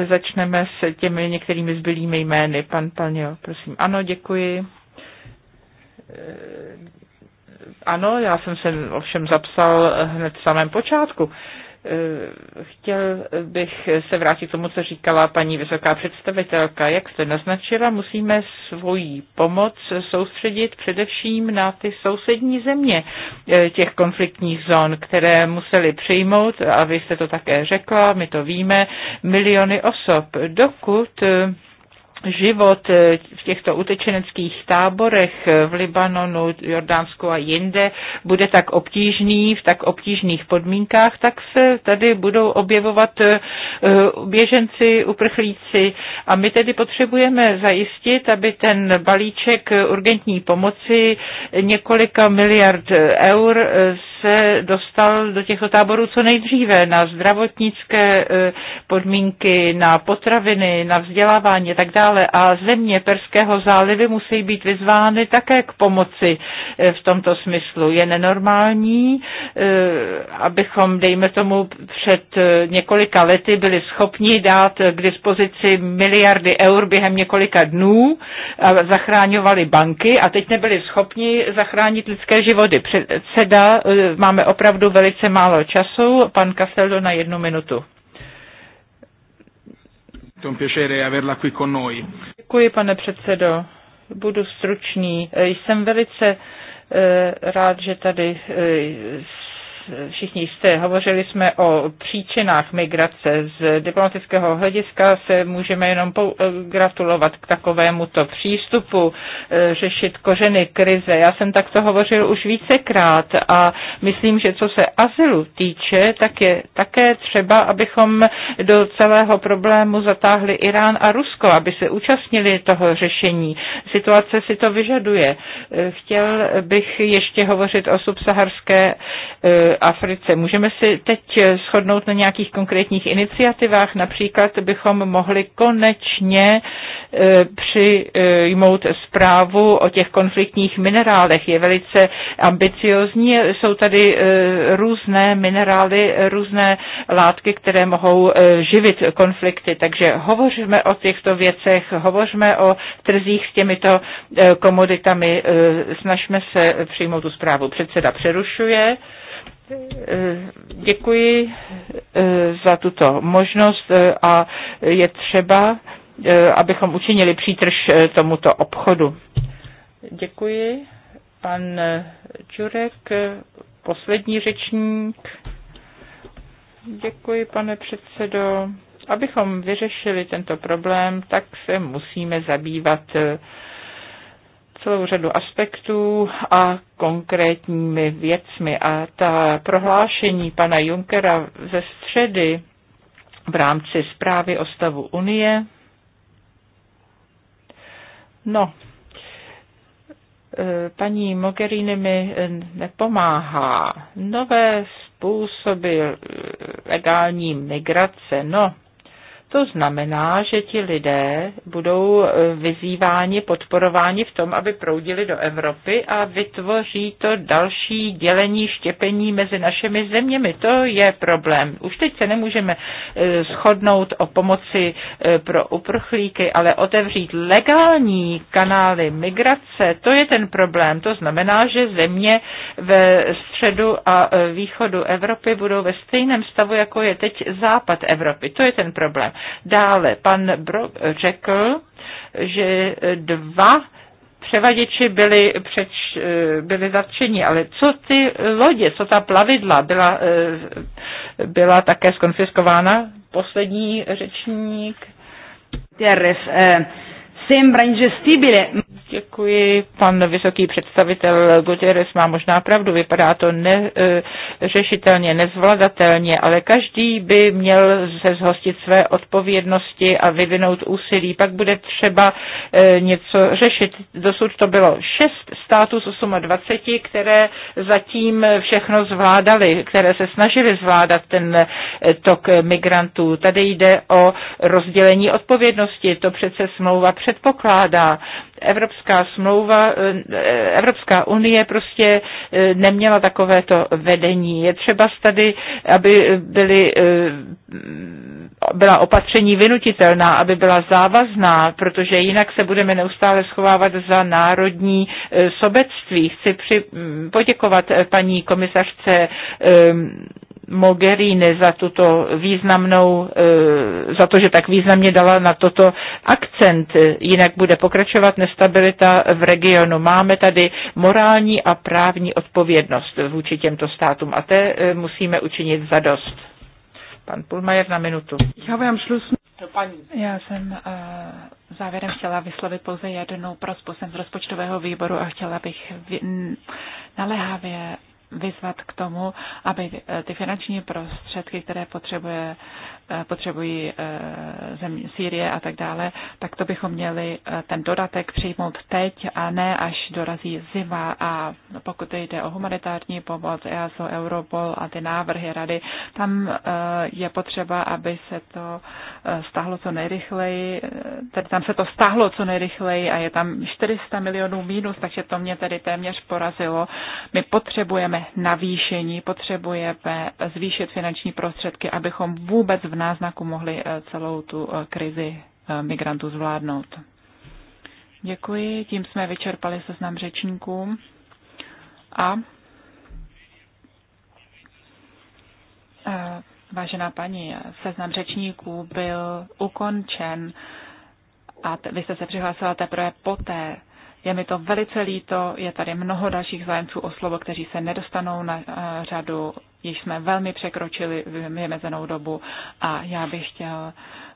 začneme s těmi některými zbylými jmény. Pan Palňo, prosím. Ano, děkuji. Eh, ano, já jsem se ovšem zapsal hned v samém počátku. Eh, chtěl bych se vrátit k tomu, co říkala paní vysoká představitelka. Jak jste naznačila, musíme svoji pomoc soustředit především na ty sousední země eh, těch konfliktních zón, které museli přijmout, a vy jste to také řekla, my to víme, miliony osob. Dokud eh, život eh, v těchto utečeneckých táborech eh, v Libanonu, Jordánsku a jinde bude tak obtížný, v tak obtížných podmínkách, tak se tady budou objevovat eh, běženci, uprchlíci a my tedy potřebujeme zajistit, aby ten balíček urgentní pomoci několika miliard eur se dostal do těchto táborů co nejdříve na zdravotnické podmínky, na potraviny, na vzdělávání a tak dále dále. A země Perského zálivy musí být vyzvány také k pomoci e, v tomto smyslu. Je nenormální, e, abychom, dejme tomu, před e, několika lety byli schopni dát k dispozici miliardy eur během několika dnů a zachráňovali banky a teď nebyli schopni zachránit lidské životy. Předseda, máme opravdu velice málo času. Pan Casteldo na jednu minutu. Děkuji, pane předsedo. Budu stručný. Jsem velice eh, rád, že tady eh, všichni jste, hovořili jsme o příčinách migrace. Z diplomatického hlediska se můžeme jenom gratulovat k takovémuto přístupu, eh, řešit kořeny krize. Já jsem takto hovořil už vícekrát a myslím, že co se azylu týče, tak je také třeba, abychom do celého problému zatáhli Irán a Rusko, aby se účastnili toho řešení. Situace si to vyžaduje. Eh, chtěl bych ještě hovořit o subsaharské eh, Africe. Můžeme si teď shodnout na nějakých konkrétních iniciativách. Například bychom mohli konečně e, přijmout zprávu o těch konfliktních minerálech. Je velice ambiciozní. Jsou tady e, různé minerály, různé látky, které mohou e, živit konflikty. Takže hovoříme o těchto věcech, hovoříme o trzích s těmito komoditami, snažíme se přijmout tu zprávu. Předseda přerušuje. Eh, děkuji eh, za tuto možnost eh, a je třeba, abychom učinili přítrž tomuto obchodu. Děkuji. Pan Čurek, poslední řečník. Děkuji, pane předsedo. Abychom vyřešili tento problém, tak se musíme zabývat celou řadu aspektů a konkrétními věcmi. A ta prohlášení pana Junkera ze středy v rámci zprávy o stavu Unie, no, eh, paní Mogherini mi eh, nepomáhá. Nové způsoby eh, legální migrace, no, to znamená, že ti lidé budou e, vyzýváni, podporováni v tom, aby proudili do Evropy a vytvoří to další dělení, štěpení mezi našimi zeměmi. To je problém. Už teď se nemůžeme e, shodnout o pomoci e, pro uprchlíky, ale otevřít legální kanály migrace, to je ten problém. To znamená, že země ve středu a východu Evropy budou ve stejném stavu, jako je teď západ Evropy. To je ten problém. Dále pan Brok řekl, že dva převaděči byli, před, eh, byli zatčeni, ale co ty lodě, co ta plavidla byla, eh, byla také skonfiskována? Poslední řečník. Terres, eh, sembra ingestibile. Děkuji. Pan vysoký představitel Guterres má možná pravdu, vypadá to neřešitelně, eh, nezvladatelně, ale každý by měl se zhostit své odpovědnosti a vyvinout úsilí. Pak bude třeba eh, něco řešit. Dosud to bylo šest států z 28, které zatím všechno zvládali, které se snažili zvládat ten eh, tok migrantů. Tady jde o rozdělení odpovědnosti. To přece smlouva předpokládá. Evropská smlouva, eh, Evropská unie prostě eh, neměla takovéto vedení. Je třeba tady, aby byly, eh, byla opatření vynutitelná, aby byla závazná, protože jinak se budeme neustále schovávat za národní sobectví. Chci při, poděkovat paní komisařce Mogherini za tuto významnou, e, za to, že tak významně dala na toto akcent. Jinak bude pokračovat nestabilita v regionu. Máme tady morální a právní odpovědnost vůči těmto státům a té e, musíme učinit za dost. Pan Pulmajer na minutu. Já vám Já jsem uh, závěrem chtěla vyslovit pouze jednou prosbu. Jsem z rozpočtového výboru a chtěla bych m, naléhavě vyzvat k tomu, aby eh, ty finanční prostředky, které potřebuje Eh, potřebují eh, země Sýrie a tak dále, tak to bychom měli eh, ten dodatek přijmout teď a ne až dorazí zima a pokud jde o humanitární pomoc, EASO, Europol a ty návrhy rady, tam je potřeba, aby se to stáhlo co nejrychleji, tedy tam se to stáhlo co nejrychleji a je tam 400 milionů mínus, takže to mě tedy téměř porazilo. My potřebujeme navýšení, potřebujeme zvýšit finanční prostředky, abychom vůbec v náznaku mohli eh, celou tu eh, krizi eh, migrantů zvládnout. Děkuji, tím jsme vyčerpali nám řečníků a vážená paní, seznam řečníků byl ukončen a vy jste se přihlásila teprve poté, je mi to velice líto, je tady mnoho dalších zájemců o slovo, kteří se nedostanou na eh, řadu, již jsme velmi překročili vymezenou dobu a já bych chtěl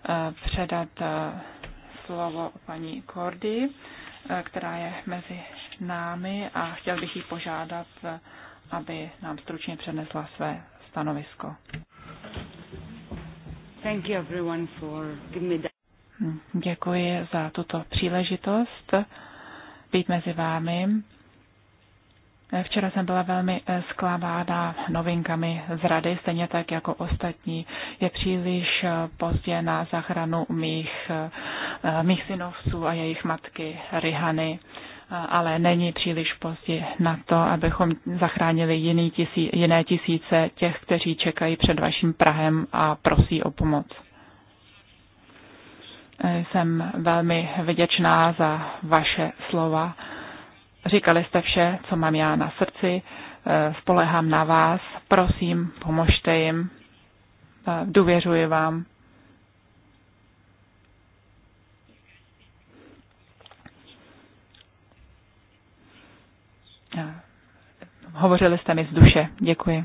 eh, předat eh, slovo paní Kordy, která je mezi námi a chtěl bych ji požádat, aby nám stručně přednesla své stanovisko. Thank you everyone for giving me that. Hm, děkuji za tuto příležitost být mezi vámi. Včera jsem byla velmi eh, zklamána novinkami z rady, stejně tak jako ostatní. Je příliš eh, pozdě na zachranu mých, eh, mých synovců a jejich matky Rihany, ale není příliš pozdě na to, abychom zachránili jiný tisí, jiné tisíce těch, kteří čekají před vaším Prahem a prosí o pomoc. Jsem velmi vděčná za vaše slova. Říkali jste vše, co mám já na srdci. Eh, spolehám na vás. Prosím, pomožte jim. Eh, důvěřuji vám. Eh, hovořili jste mi z duše. Děkuji.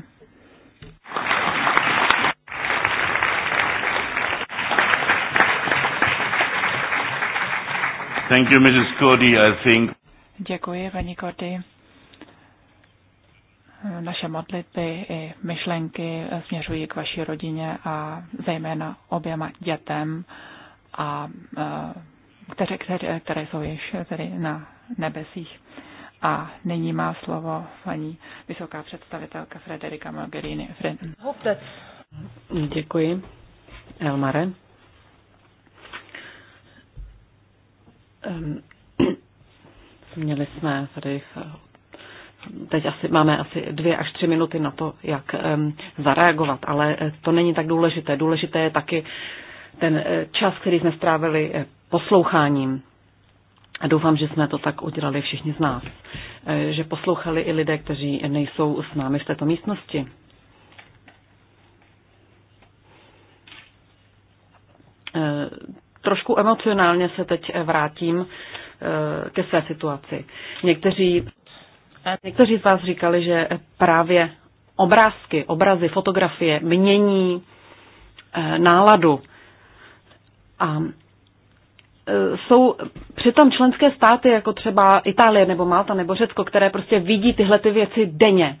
Thank you, Mrs. Cody, I think. Děkuji, paní Cody. Naše modlitby i myšlenky směřují k vaší rodině a zejména oběma dětem, a, e, které, které, které jsou již tedy na nebesích. A nyní má slovo paní vysoká představitelka Frederika Mogherini. Děkuji, Elmare. Ehm, měli jsme tady eh, teď asi, máme asi dvě až tři minuty na to, jak ehm, zareagovat, ale eh, to není tak důležité. Důležité je taky ten eh, čas, který jsme strávili posloucháním. A doufám, že jsme to tak udělali všichni z nás. Že poslouchali i lidé, kteří nejsou s námi v této místnosti trošku emocionálně se teď eh, vrátím eh, ke své situaci. Někteří, někteří z vás říkali, že právě obrázky, obrazy, fotografie mění eh, náladu. A jsou přitom členské státy, jako třeba Itálie nebo Malta nebo Řecko, které prostě vidí tyhle ty věci denně.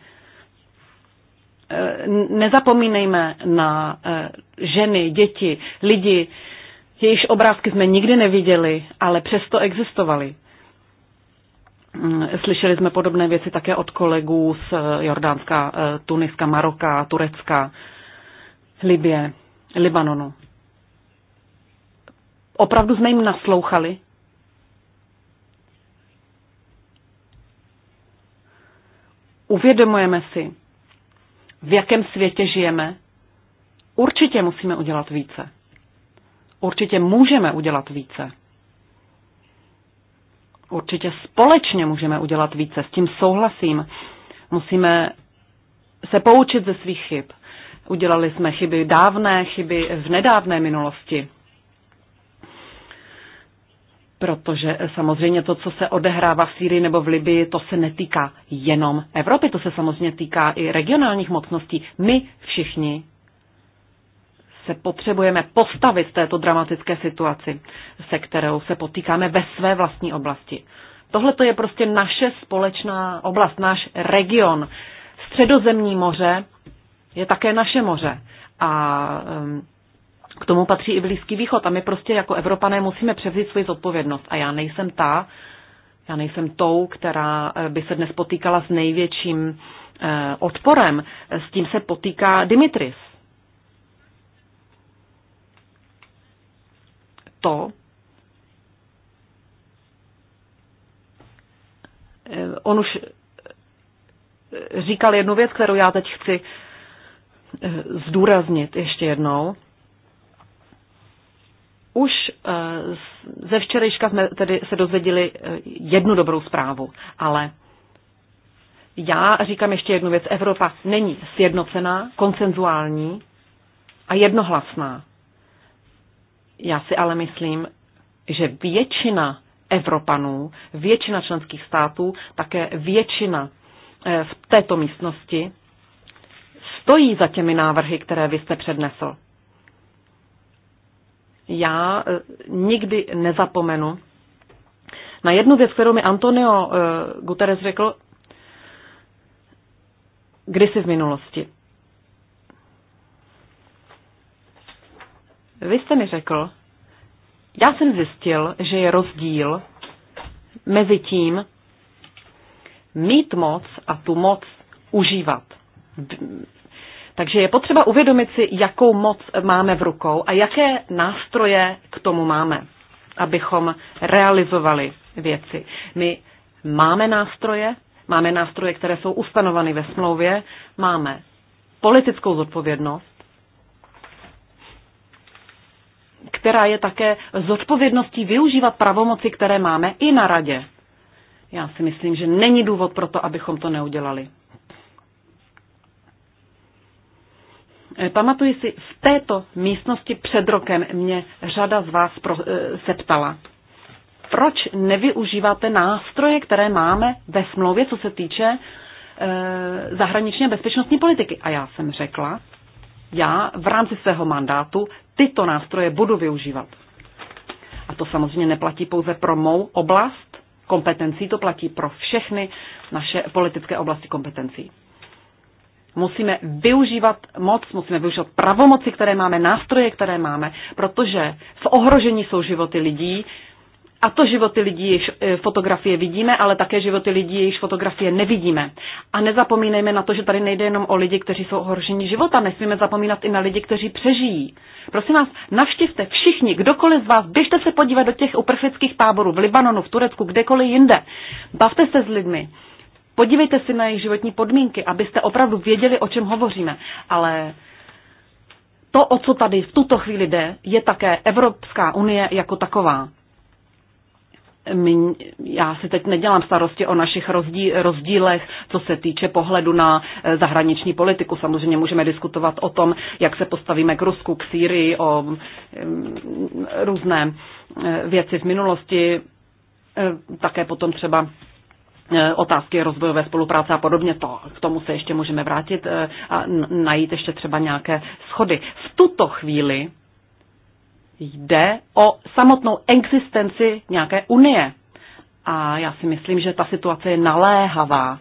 Nezapomínejme na ženy, děti, lidi, Jejichž obrázky jsme nikdy neviděli, ale přesto existovaly. Mm, slyšeli jsme podobné věci také od kolegů z eh, Jordánska, eh, Tuniska, Maroka, Turecka, Libie, Libanonu. Opravdu jsme jim naslouchali? Uvědomujeme si, v jakém světě žijeme? Určitě musíme udělat více. Určitě můžeme udělat více. Určitě společně můžeme udělat více, s tím souhlasím. Musíme se poučit ze svých chyb. Udělali jsme chyby dávné, chyby v nedávné minulosti. Protože samozřejmě to, co se odehrává v Sýrii nebo v Libii, to se netýká jenom Evropy, to se samozřejmě týká i regionálních mocností. My všichni se potřebujeme postavit této dramatické situaci, se kterou se potýkáme ve své vlastní oblasti. Tohle to je prostě naše společná oblast, náš region. Středozemní moře je také naše moře. A um, k tomu patří i Blízký východ. A my prostě jako Evropané musíme převzít svoji zodpovědnost. A já nejsem ta, já nejsem tou, která eh, by se dnes potýkala s největším eh, odporem. S tím se potýká Dimitris to, eh, on už eh, říkal jednu věc, kterou já teď chci eh, zdůraznit ještě jednou. Už ze včerejška jsme tedy se dozvěděli jednu dobrou zprávu, ale já říkám ještě jednu věc. Evropa není sjednocená, koncenzuální a jednohlasná. Já si ale myslím, že většina Evropanů, většina členských států, také většina eh, v této místnosti stojí za těmi návrhy, které vy jste přednesl. Já eh, nikdy nezapomenu na jednu věc, kterou mi Antonio eh, Guterres řekl kdysi v minulosti. Vy jste mi řekl, já jsem zjistil, že je rozdíl mezi tím mít moc a tu moc užívat. Takže je potřeba uvědomit si, jakou moc máme v rukou a jaké nástroje k tomu máme, abychom realizovali věci. My máme nástroje, máme nástroje, které jsou ustanoveny ve smlouvě, máme politickou zodpovědnost, která je také zodpovědností využívat pravomoci, které máme i na radě. Já si myslím, že není důvod pro to, abychom to neudělali. E, pamatuji si, v této místnosti před rokem mě řada z vás pro, e, se ptala, proč nevyužíváte nástroje, které máme ve smlouvě, co se týče e, zahraničně bezpečnostní politiky. A já jsem řekla, já v rámci svého mandátu tyto nástroje budu využívat. A to samozřejmě neplatí pouze pro mou oblast kompetencí, to platí pro všechny naše politické oblasti kompetencí. Musíme využívat moc, musíme využívat pravomoci, které máme, nástroje, které máme, protože v ohrožení jsou životy lidí, a to životy lidí, jejichž e, fotografie vidíme, ale také životy lidí, jejichž fotografie nevidíme. A nezapomínejme na to, že tady nejde jenom o lidi, kteří jsou ohroženi života, nesmíme zapomínat i na lidi, kteří přežijí. Prosím vás, navštivte všichni, kdokoliv z vás, běžte se podívat do těch uprchlických táborů v Libanonu, v Turecku, kdekoliv jinde. Bavte se s lidmi. Podívejte si na jejich životní podmínky, abyste opravdu věděli, o čem hovoříme. Ale to, o co tady v tuto chvíli jde, je také Evropská unie jako taková já si teď nedělám starosti o našich rozdí, rozdílech, co se týče pohledu na eh, zahraniční politiku. Samozřejmě můžeme diskutovat o tom, jak se postavíme k Rusku, k Sýrii, o mm, různé eh, věci v minulosti, eh, také potom třeba otázky rozvojové spolupráce a podobně. To, k tomu se ještě můžeme vrátit a najít ještě třeba nějaké schody. V tuto chvíli jde o samotnou existenci nějaké unie. A já si myslím, že ta situace je naléhavá.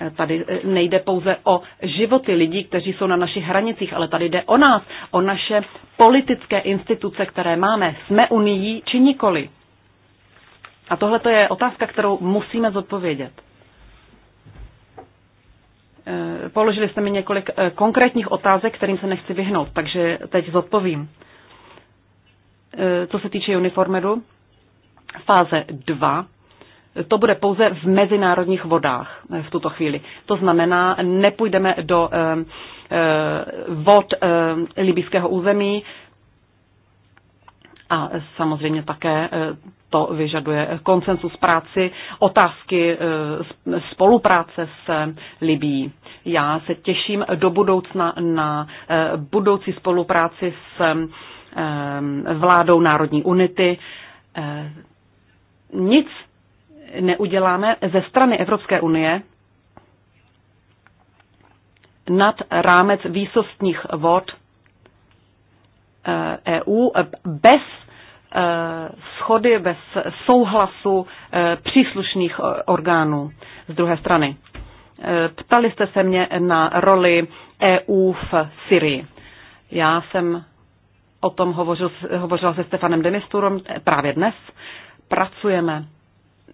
Eh, tady eh, nejde pouze o životy lidí, kteří jsou na našich hranicích, ale tady jde o nás, o naše politické instituce, které máme. Jsme unii či nikoli? A tohle to je otázka, kterou musíme zodpovědět. Eh, položili jste mi několik konkrétních otázek, kterým se nechci vyhnout, takže teď zodpovím. Eh, co se týče uniformedu, fáze 2, to bude pouze v mezinárodních vodách eh, v tuto chvíli. To znamená, nepůjdeme do eh, vod libyského území a samozřejmě také to vyžaduje konsensus práci, otázky spolupráce s Libí. Já se těším do budoucna na budoucí spolupráci s Eh, vládou Národní unity. Eh, nic neuděláme ze strany Evropské unie nad rámec výsostních vod EU eh, e bez schody, bez souhlasu příslušných orgánů z druhé strany. Ptali jste se mě na roli EU v Syrii. Já jsem o tom hovořil, hovořila se Stefanem Demisturom právě dnes. Pracujeme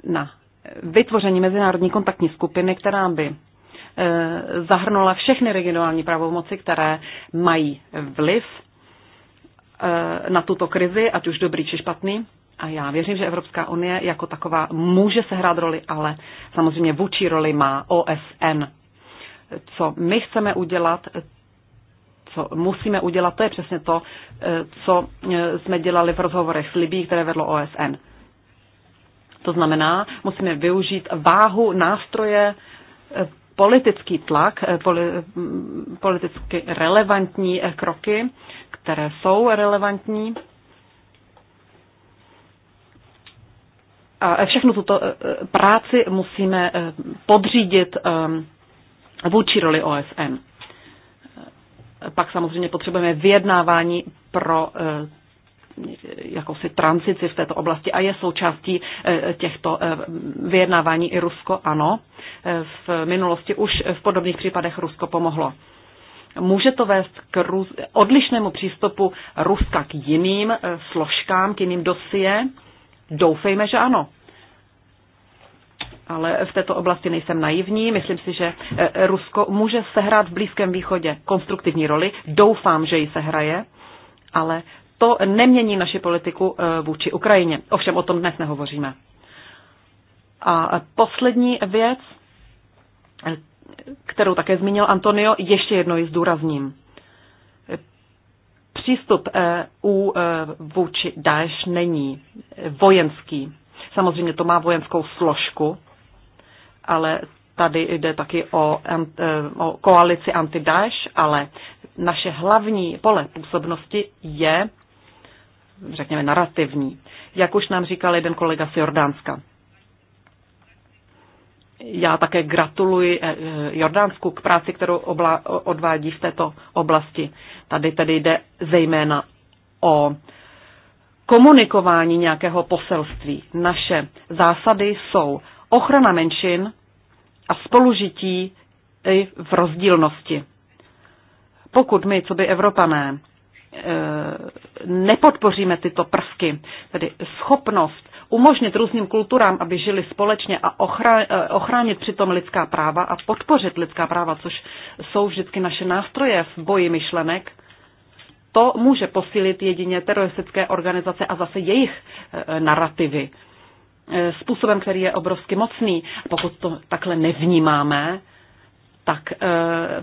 na vytvoření mezinárodní kontaktní skupiny, která by e, zahrnula všechny regionální pravomoci, které mají vliv e, na tuto krizi, ať už dobrý či špatný. A já věřím, že Evropská unie jako taková může sehrát roli, ale samozřejmě vůči roli má OSN. Co my chceme udělat, co musíme udělat, to je přesně to, eh, co eh, jsme dělali v rozhovorech s Libí, které vedlo OSN. To znamená, musíme využít váhu nástroje eh, politický tlak, mm, politicky relevantní kroky, které jsou relevantní. A všechnu tuto práci musíme podřídit vůči roli OSN. Pak samozřejmě potřebujeme vyjednávání pro eh, jakousi tranzici v této oblasti a je součástí eh, těchto eh, vyjednávání i Rusko, ano. V minulosti už v podobných případech Rusko pomohlo. Může to vést k odlišnému přístupu Ruska k jiným složkám, k jiným dosie? Doufejme, že ano ale v této oblasti nejsem naivní. Myslím si, že eh, Rusko může sehrát v Blízkém východě konstruktivní roli. Doufám, že ji sehraje, ale to nemění naši politiku eh, vůči Ukrajině. Ovšem o tom dnes nehovoříme. A poslední věc, eh, kterou také zmínil Antonio, ještě jednou ji zdůrazním. Přístup EU vůči Daesh není vojenský. Samozřejmě to má vojenskou složku, ale tady jde taky o, eh, o koalici anti-Daesh, ale naše hlavní pole působnosti je, řekněme, narrativní. Jak už nám říkal jeden kolega z Jordánska. Já také gratuluji eh, eh, Jordánsku k práci, kterou obla, odvádí v této oblasti. Tady tedy jde zejména o komunikování nějakého poselství. Naše zásady jsou ochrana menšin a spolužití i v rozdílnosti. Pokud my, co by Evropané, e, nepodpoříme tyto prvky, tedy schopnost umožnit různým kulturám, aby žili společně a e, ochránit přitom lidská práva a podpořit lidská práva, což jsou vždycky naše nástroje v boji myšlenek, to může posílit jedině teroristické organizace a zase jejich e, narrativy. E, způsobem, který je obrovsky mocný. Pokud to takhle nevnímáme, tak e,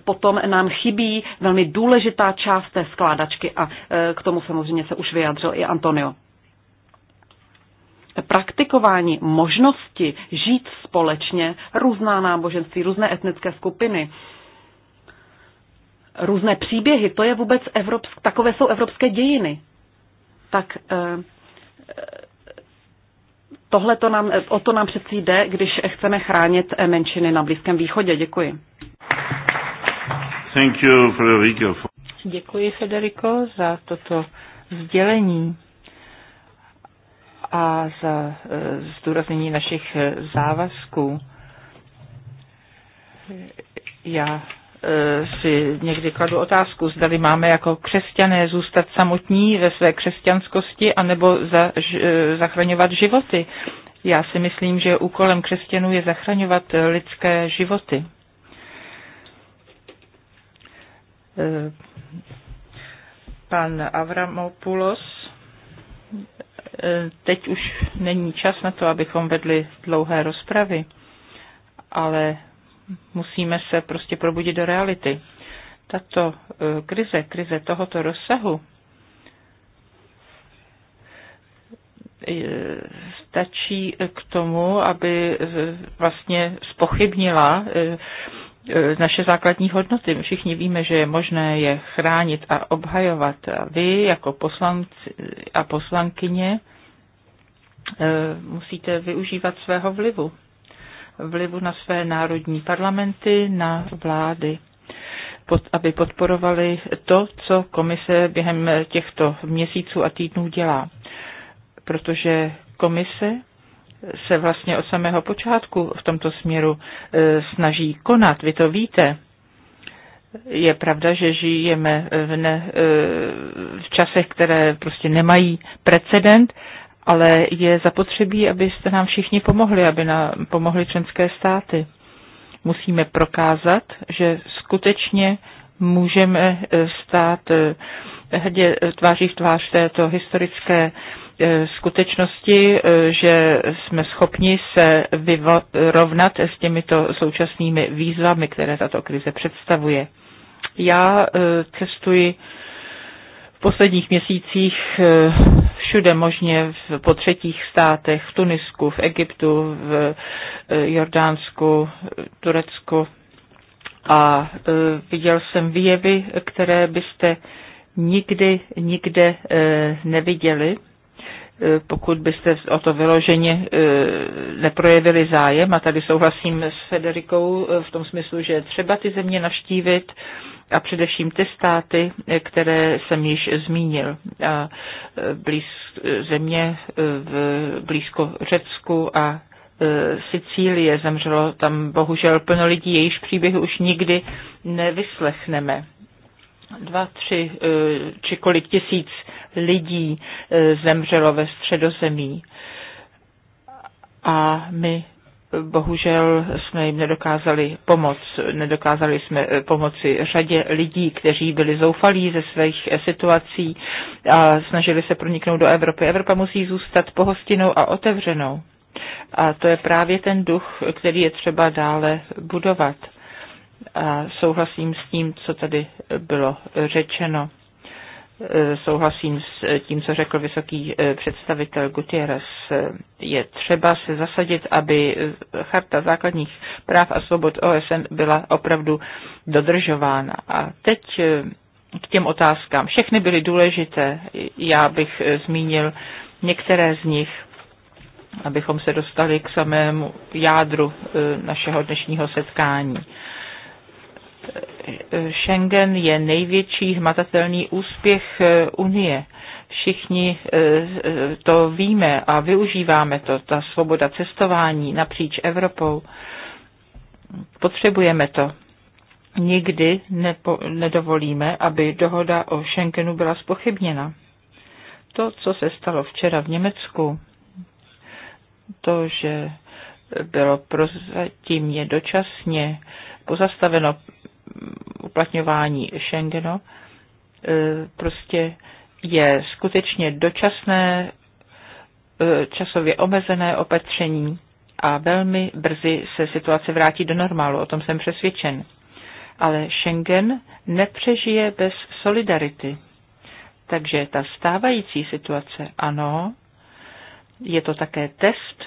potom nám chybí velmi důležitá část té skládačky a e, k tomu samozřejmě se už vyjadřil i Antonio. Praktikování možnosti žít společně různá náboženství, různé etnické skupiny, různé příběhy, to je vůbec evropsk, takové jsou evropské dějiny. Tak tohle to nám, o to nám přeci jde, když chceme chránit menšiny na Blízkém východě. Děkuji. Thank you, Federico. Děkuji, Federico, za toto sdělení a za eh, zdůraznění našich eh, závazků. Já Eh, si někdy kladu otázku, zdali máme jako křesťané zůstat samotní ve své křesťanskosti anebo za, eh, zachraňovat životy. Já si myslím, že úkolem křesťanů je zachraňovat lidské životy. Eh, pan Avramopoulos, teď už není čas na to, abychom vedli dlouhé rozpravy, ale musíme se prostě probudit do reality. Tato e, krize, krize tohoto rozsahu, e, stačí k tomu, aby vlastně spochybnila e, naše základní hodnoty. My všichni víme, že je možné je chránit a obhajovat. A vy jako poslanci a poslankyně musíte využívat svého vlivu vlivu na své národní parlamenty, na vlády pod, aby podporovali to, co komise během těchto měsíců a týdnů dělá. Protože komise se vlastně od samého počátku v tomto směru e, snaží konat. Vy to víte. Je pravda, že žijeme v, ne, e, v časech, které prostě nemají precedent, ale je zapotřebí, abyste nám všichni pomohli, aby nám pomohli členské státy. Musíme prokázat, že skutečně můžeme eh, stát eh, hrdě eh, tváří v tvář této historické skutečnosti, že jsme schopni se vyrovnat s těmito současnými výzvami, které tato krize představuje. Já cestuji posledních měsících eh, všude možně v, po třetích státech, v Tunisku, v Egyptu, v eh, Jordánsku, Turecku. A eh, viděl jsem výjevy, které byste nikdy, nikde neviděli, pokud byste o to vyloženě neprojevili zájem. A tady souhlasím s Federikou v tom smyslu, že třeba ty země navštívit, a především ty státy, které jsem již zmínil. A e, blíz, země e, v blízko Řecku a e, Sicílie zemřelo tam bohužel plno lidí, jejichž příběhy už nikdy nevyslechneme dva, tři či kolik tisíc lidí zemřelo ve středozemí. A my bohužel jsme jim nedokázali pomoct. Nedokázali jsme eh, pomoci řadě lidí, kteří byli zoufalí ze svých eh, situací a snažili se proniknout do Evropy. Evropa musí zůstat pohostinou a otevřenou. A to je právě ten duch, který je třeba dále budovat. A souhlasím s tím, co tady bylo řečeno. Eh, souhlasím s eh, tím, co řekl vysoký eh, představitel Gutierrez. Je třeba se zasadit, aby Charta základních práv a svobod OSN byla opravdu dodržována. A teď k těm otázkám. Všechny byly důležité. Já bych zmínil některé z nich, abychom se dostali k samému jádru našeho dnešního setkání Schengen je největší hmatatelný úspěch eh, Unie. Všichni eh, to víme a využíváme to, ta svoboda cestování napříč Evropou. Potřebujeme to. Nikdy nepo, nedovolíme, aby dohoda o Schengenu byla spochybněna. To, co se stalo včera v Německu, to, že bylo prozatímně dočasně pozastaveno uplatňování Schengenu e, prostě je skutečně dočasné, e, časově omezené opatření a velmi brzy se situace vrátí do normálu, o tom jsem přesvědčen. Ale Schengen nepřežije bez solidarity. Takže ta stávající situace, ano, je to také test,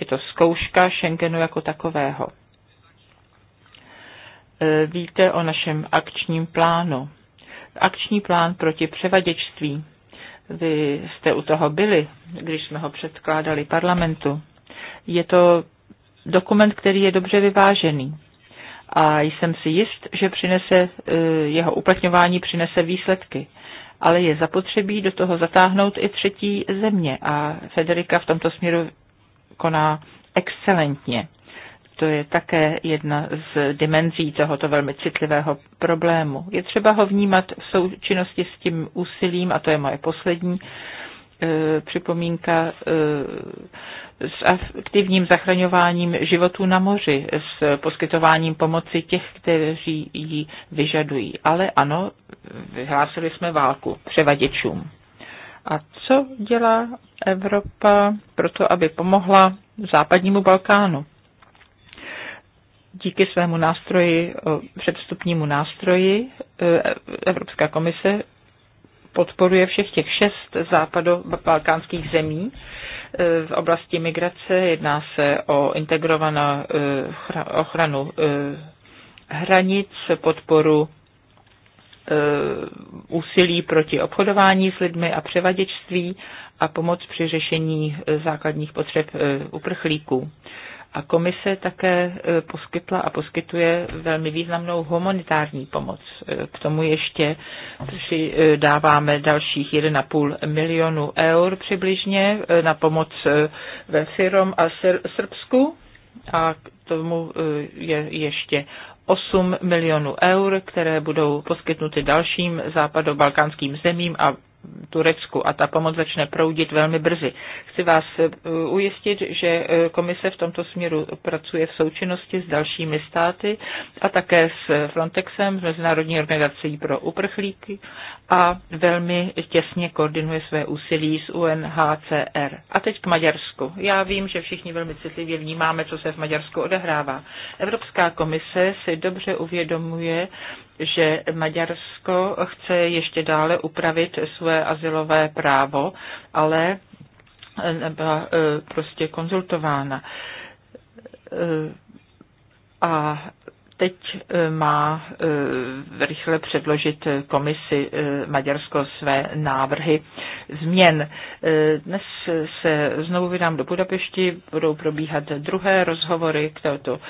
je to zkouška Schengenu jako takového. Eh, víte o našem akčním plánu. Akční plán proti převaděčství. Vy jste u toho byli, když jsme ho předkládali parlamentu. Je to dokument, který je dobře vyvážený. A jsem si jist, že přinese, eh, jeho uplatňování přinese výsledky ale je zapotřebí do toho zatáhnout i třetí země a Federika v tomto směru koná excelentně. To je také jedna z dimenzí tohoto velmi citlivého problému. Je třeba ho vnímat v součinnosti s tím úsilím, a to je moje poslední e, připomínka e, s aktivním zachraňováním životů na moři, s poskytováním pomoci těch, kteří ji vyžadují. Ale ano, vyhlásili jsme válku převaděčům. A co dělá Evropa pro to, aby pomohla západnímu Balkánu? díky svému nástroji, eh, předstupnímu nástroji eh, Evropská komise podporuje všech těch šest západobalkánských zemí eh, v oblasti migrace. Jedná se o integrovanou ochranu hranic, podporu úsilí proti obchodování s lidmi a převaděčství a pomoc při řešení základních potřeb uprchlíků. A komise také e, poskytla a poskytuje velmi významnou humanitární pomoc. E, k tomu ještě e, dáváme dalších 1,5 milionu eur přibližně na pomoc ve Syrom a Srbsku. A k tomu je ještě 8 milionů eur, které budou poskytnuty dalším západobalkánským zemím a Turecku a ta pomoc začne proudit velmi brzy. Chci vás eh, ujistit, že eh, komise v tomto směru pracuje v součinnosti s dalšími státy a také s Frontexem, s Mezinárodní organizací pro uprchlíky a velmi těsně koordinuje své úsilí s UNHCR. A teď k Maďarsku. Já vím, že všichni velmi citlivě vnímáme, co se v Maďarsku odehrává. Evropská komise si dobře uvědomuje, že Maďarsko chce ještě dále upravit své asilové právo, ale byla e, prostě konzultována. E, a teď eh, má eh, rychle předložit komisi eh, Maďarsko své návrhy změn. Dnes se znovu vydám do Budapešti, budou probíhat druhé rozhovory k této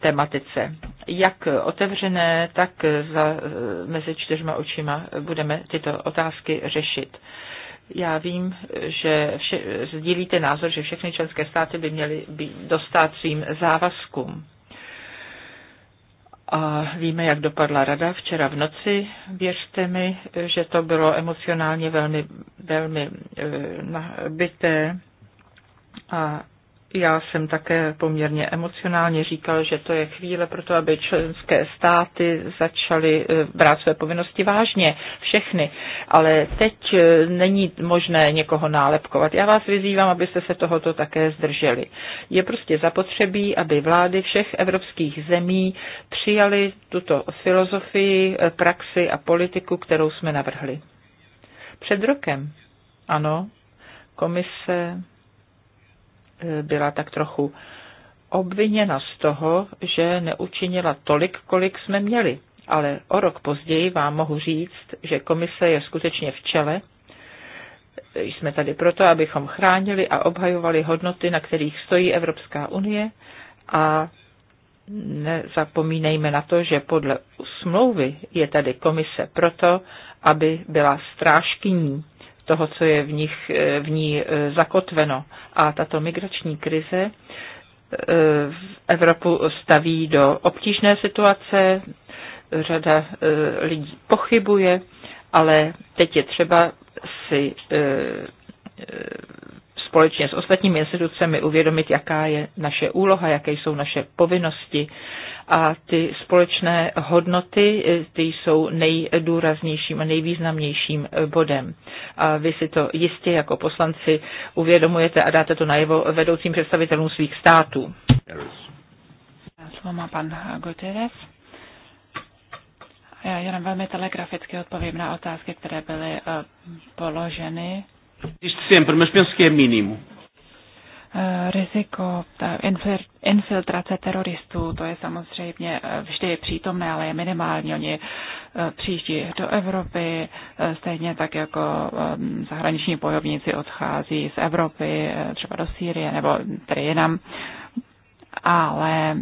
tematice. Jak otevřené, tak za, mezi čtyřma očima budeme tyto otázky řešit. Já vím, že vše, sdílíte názor, že všechny členské státy by měly být dostat svým závazkům a víme, jak dopadla rada včera v noci. Věřte mi, že to bylo emocionálně velmi, velmi eh, nabité a já jsem také poměrně emocionálně říkal, že to je chvíle pro to, aby členské státy začaly eh, brát své povinnosti vážně, všechny. Ale teď eh, není možné někoho nálepkovat. Já vás vyzývám, abyste se tohoto také zdrželi. Je prostě zapotřebí, aby vlády všech evropských zemí přijali tuto filozofii, eh, praxi a politiku, kterou jsme navrhli. Před rokem, ano, komise byla tak trochu obviněna z toho, že neučinila tolik, kolik jsme měli. Ale o rok později vám mohu říct, že komise je skutečně v čele. Jsme tady proto, abychom chránili a obhajovali hodnoty, na kterých stojí Evropská unie a nezapomínejme na to, že podle smlouvy je tady komise proto, aby byla strážkyní toho, co je v, nich, eh, v ní eh, zakotveno. A tato migrační krize eh, Evropu staví do obtížné situace, řada lidí pochybuje, ale teď je třeba si společně s ostatními institucemi uvědomit, jaká je naše úloha, jaké jsou naše povinnosti a ty společné hodnoty, eh, ty jsou nejdůraznějším a nejvýznamnějším eh, bodem. A vy si to jistě jako poslanci uvědomujete a dáte to najevo vedoucím představitelům svých států. Slovo má pan Guterres. Já jenom velmi telegraficky odpovím na otázky, které byly eh, položeny Existe sempre, mas penso que é mínimo. Eh, riziko infiltrace teroristů, to je samozřejmě eh, vždy přítomné, ale je minimální. Oni eh, přijíždí do Evropy, stejně tak jako ehm, zahraniční bojovníci odchází z Evropy, třeba do Sýrie nebo tedy jinam. Ale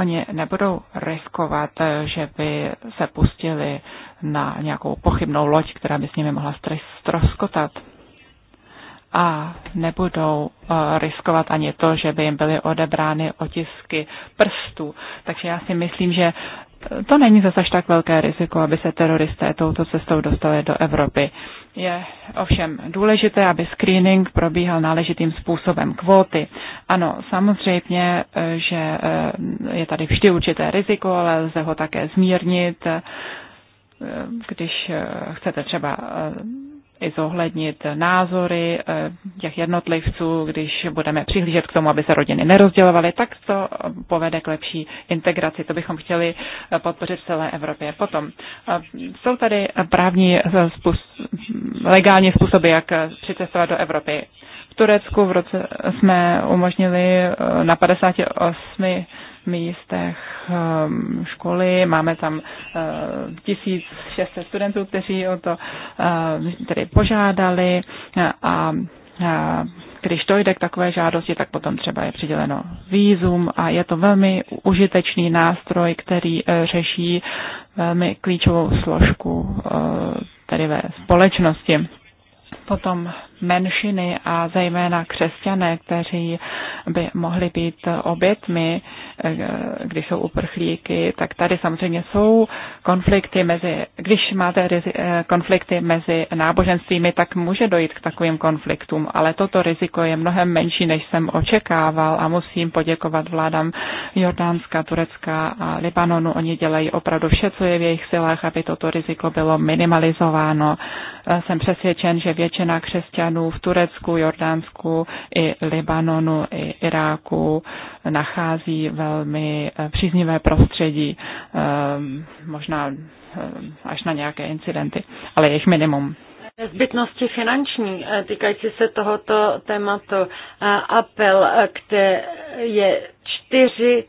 oni nebudou riskovat, že by se pustili na nějakou pochybnou loď, která by s nimi mohla stroskotat a nebudou eh, riskovat ani to, že by jim byly odebrány otisky prstů. Takže já si myslím, že eh, to není zase tak velké riziko, aby se teroristé touto cestou dostali do Evropy. Je ovšem důležité, aby screening probíhal náležitým způsobem kvóty. Ano, samozřejmě, eh, že je tady vždy určité riziko, ale lze ho také zmírnit, když chcete třeba i zohlednit názory eh, těch jednotlivců, když budeme přihlížet k tomu, aby se rodiny nerozdělovaly, tak to povede k lepší integraci. To bychom chtěli eh, podpořit v celé Evropě. Potom eh, jsou tady právní způsob, legální způsoby, jak přicestovat do Evropy. V Turecku v roce jsme umožnili na 58 místech ehm, školy. Máme tam 1600 eh, studentů, kteří o to eh, tedy požádali a eh, když dojde k takové žádosti, tak potom třeba je přiděleno výzum a je to velmi užitečný nástroj, který řeší velmi klíčovou složku tedy ve společnosti. Potom menšiny a zejména křesťané, kteří by mohli být obětmi, eh, když jsou uprchlíky, tak tady samozřejmě jsou konflikty mezi, když máte eh, konflikty mezi náboženstvími, tak může dojít k takovým konfliktům, ale toto riziko je mnohem menší, než jsem očekával a musím poděkovat vládám Jordánska, Turecka a Libanonu. Oni dělají opravdu vše, co je v jejich silách, aby toto riziko bylo minimalizováno. Eh, jsem přesvědčen, že většina křesťanů občanů v Turecku, Jordánsku i Libanonu i Iráku nachází velmi eh, příznivé prostředí, eh, možná eh, až na nějaké incidenty, ale jejich minimum Zbytnosti finanční týkající se tohoto tématu. Apel, kde je 4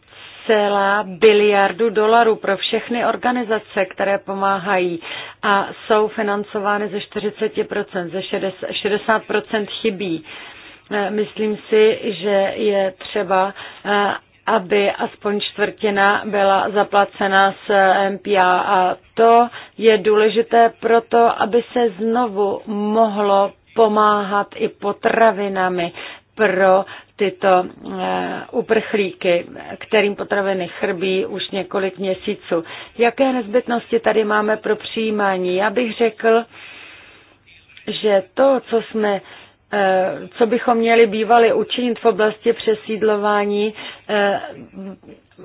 celá biliardu dolarů pro všechny organizace, které pomáhají a jsou financovány ze 40%, ze 60%, 60% chybí. Eh, myslím si, že je třeba, eh, aby aspoň čtvrtina byla zaplacena z eh, MPA a to je důležité proto, aby se znovu mohlo pomáhat i potravinami pro tyto eh, uprchlíky, kterým potraviny chrbí už několik měsíců. Jaké nezbytnosti tady máme pro přijímání? Já bych řekl, že to, co jsme eh, co bychom měli bývali učinit v oblasti přesídlování, eh,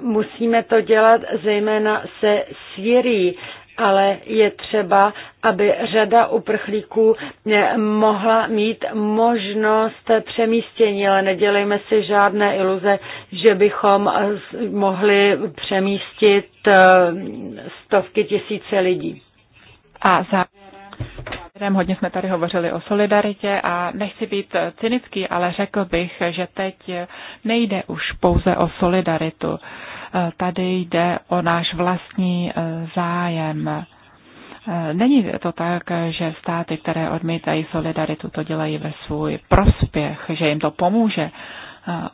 musíme to dělat zejména se Syrií, ale je třeba, aby řada uprchlíků eh, mohla mít možnost přemístění, ale nedělejme si žádné iluze, že bychom eh, mohli přemístit eh, stovky tisíce lidí. A závěrem, hodně jsme tady hovořili o solidaritě a nechci být cynický, ale řekl bych, že teď nejde už pouze o solidaritu tady jde o náš vlastní e, zájem. E, není to tak, že státy, které odmítají solidaritu, to dělají ve svůj prospěch, že jim to pomůže. E,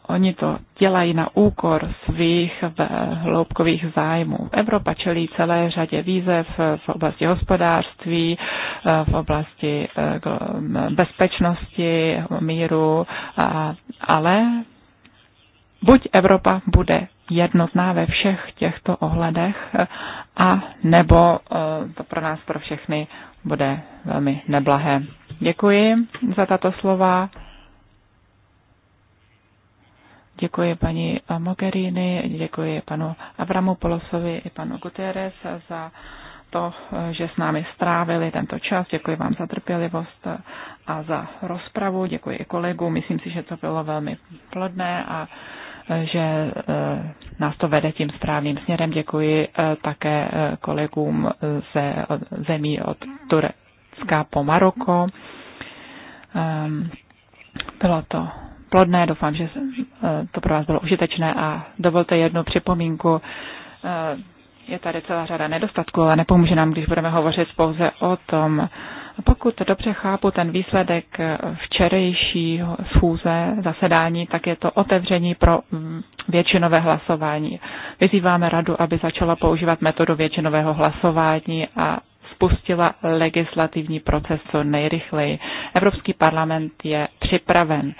oni to dělají na úkor svých hloubkových zájmů. Evropa čelí celé řadě výzev v oblasti hospodářství, v oblasti bezpečnosti, míru, ale buď Evropa bude jednotná ve všech těchto ohledech a nebo eh, to pro nás pro všechny bude velmi neblahé. Děkuji za tato slova. Děkuji paní eh, Mogherini, děkuji panu Avramu Polosovi i panu Gutierrez za to, eh, že s námi strávili tento čas. Děkuji vám za trpělivost a za rozpravu. Děkuji i kolegům. Myslím si, že to bylo velmi plodné a že eh, nás to vede tím správným směrem. Děkuji eh, také eh, kolegům ze zemí od Turecka po Maroko. Ehm, bylo to plodné, doufám, že to pro vás bylo užitečné a dovolte jednu připomínku. Je tady celá řada nedostatků, ale nepomůže nám, když budeme hovořit pouze o tom, a pokud dobře chápu ten výsledek včerejší schůze zasedání, tak je to otevření pro většinové hlasování. Vyzýváme radu, aby začala používat metodu většinového hlasování a spustila legislativní proces co nejrychleji. Evropský parlament je připraven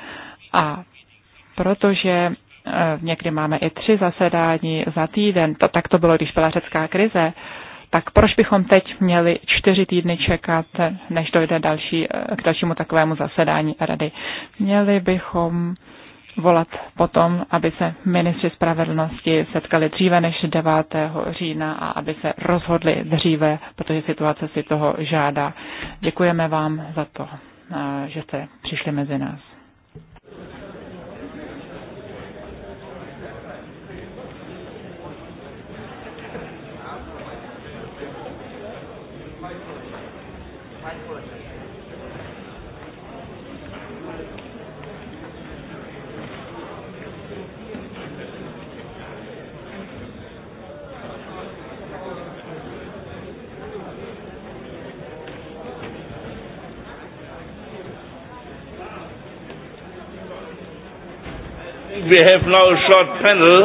a protože e, někdy máme i tři zasedání za týden, to, tak to bylo, když byla řecká krize, tak proč bychom teď měli čtyři týdny čekat, než dojde další, k dalšímu takovému zasedání rady? Měli bychom volat potom, aby se ministři spravedlnosti setkali dříve než 9. října a aby se rozhodli dříve, protože situace si toho žádá. Děkujeme vám za to, eh, že jste přišli mezi nás. we have now a short panel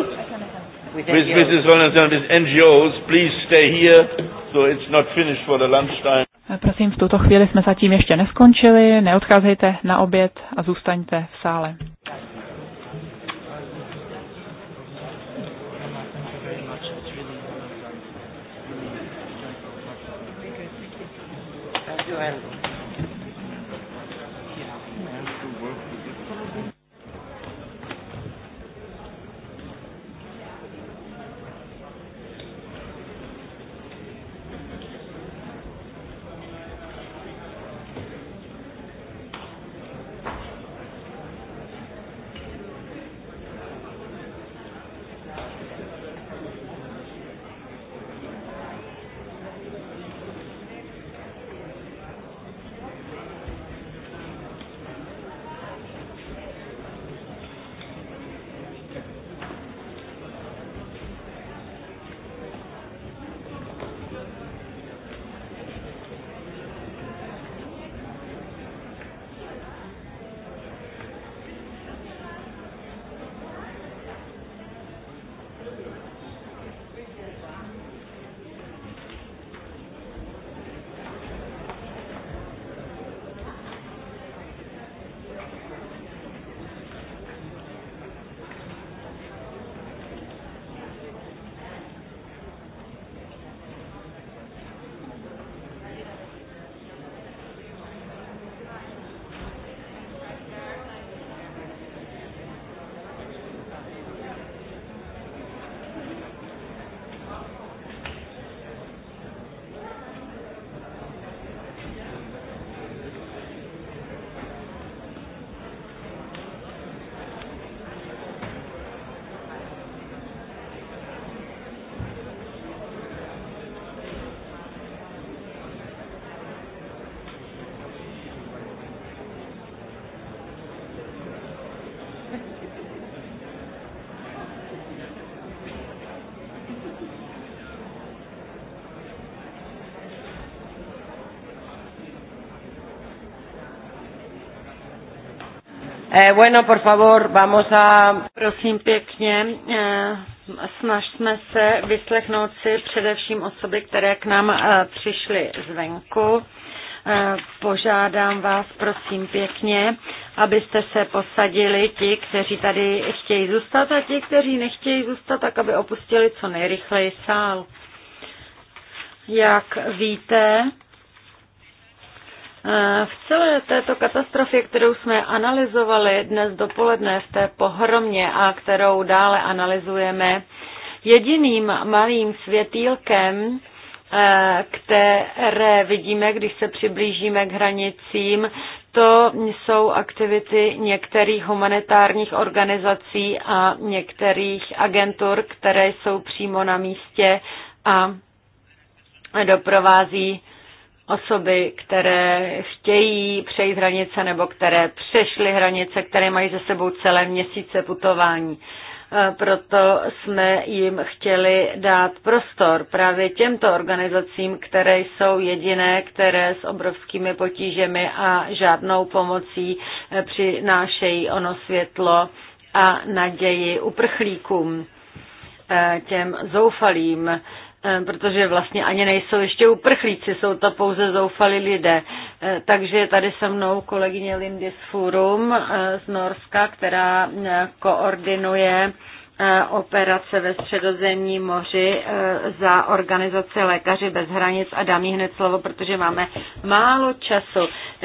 with, NGO's. Mrs. and his NGOs. Please stay here, so it's not finished for the lunchtime. Eh, prosím, v tuto chvíli jsme zatím ještě neskončili, neodcházejte na oběd a zůstaňte v sále. Joel. Eh, bueno, por favor, vamos a... Prosím pěkně, eh, snažme se vyslechnout si především osoby, které k nám eh, přišly zvenku. Eh, požádám vás, prosím pěkně, abyste se posadili ti, kteří tady chtějí zůstat a ti, kteří nechtějí zůstat, tak aby opustili co nejrychleji sál. Jak víte, Eh, v celé této katastrofě, kterou jsme analyzovali dnes dopoledne v té pohromě a kterou dále analyzujeme, jediným malým světýlkem, eh, které vidíme, když se přiblížíme k hranicím, to jsou aktivity některých humanitárních organizací a některých agentur, které jsou přímo na místě a doprovází osoby, které chtějí přejít hranice nebo které přešly hranice, které mají za sebou celé měsíce putování. E, proto jsme jim chtěli dát prostor právě těmto organizacím, které jsou jediné, které s obrovskými potížemi a žádnou pomocí e, přinášejí ono světlo a naději uprchlíkům, e, těm zoufalým, Eh, protože vlastně ani nejsou ještě uprchlíci, jsou to pouze zoufalí lidé. Eh, takže je tady se mnou kolegyně Lindis Furum eh, z Norska, která koordinuje operace ve středozemní moři za organizace Lékaři bez hranic a dám jí hned slovo, protože máme málo času.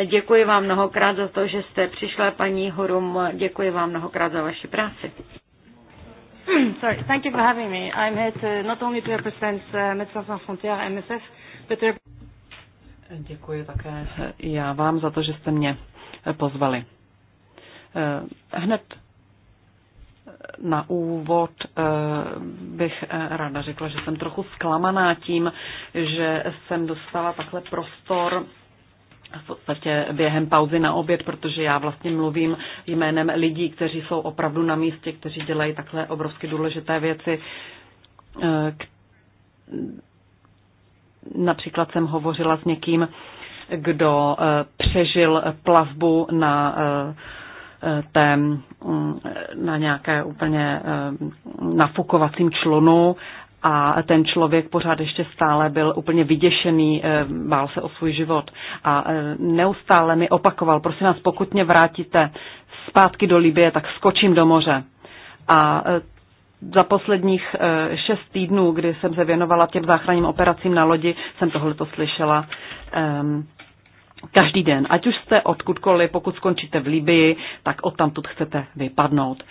Děkuji vám mnohokrát za to, že jste přišla, paní Hurum, děkuji vám mnohokrát za vaši práci. Hmm, sorry. Thank you for having me. I'm here to uh, not only to represent uh, Médecins Sans Frontières, MSF, but to... Děkuji také já vám za to, že jste mě eh, pozvali. Eh, hned eh, na úvod bych ráda řekla, že jsem trochu zklamaná tím, že jsem dostala takhle prostor v podstatě během pauzy na oběd, protože já vlastně mluvím jménem lidí, kteří jsou opravdu na místě, kteří dělají takhle obrovsky důležité věci. Eh, například jsem hovořila s někým, kdo eh, přežil plavbu na eh, té, mm, na nějaké úplně nafukovacím člunu a ten člověk pořád ještě stále byl úplně vyděšený, eh, bál se o svůj život a eh, neustále mi opakoval, prosím vás, pokud mě vrátíte zpátky do Libie, tak skočím do moře. A eh, za posledních šest týdnů, kdy jsem se věnovala těm záchranným operacím na lodi, jsem tohle to slyšela um, každý den. Ať už jste odkudkoliv, pokud skončíte v Libii, tak odtamtud chcete vypadnout. Uh,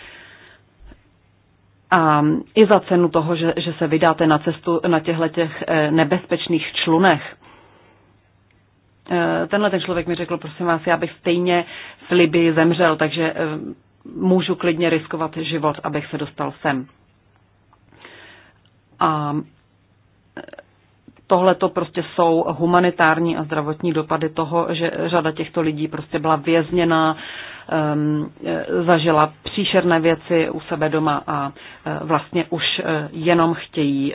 a i za cenu toho, že, že se vydáte na cestu na těchto těch eh, nebezpečných člunech. Eh, tenhle ten člověk mi řekl, prosím vás, já bych stejně v Libii zemřel, takže eh, můžu klidně riskovat život, abych se dostal sem. A tohle to prostě jsou humanitární a zdravotní dopady toho, že řada těchto lidí prostě byla vězněná, ehm, e, zažila příšerné věci u sebe doma a e, vlastně už e, jenom chtějí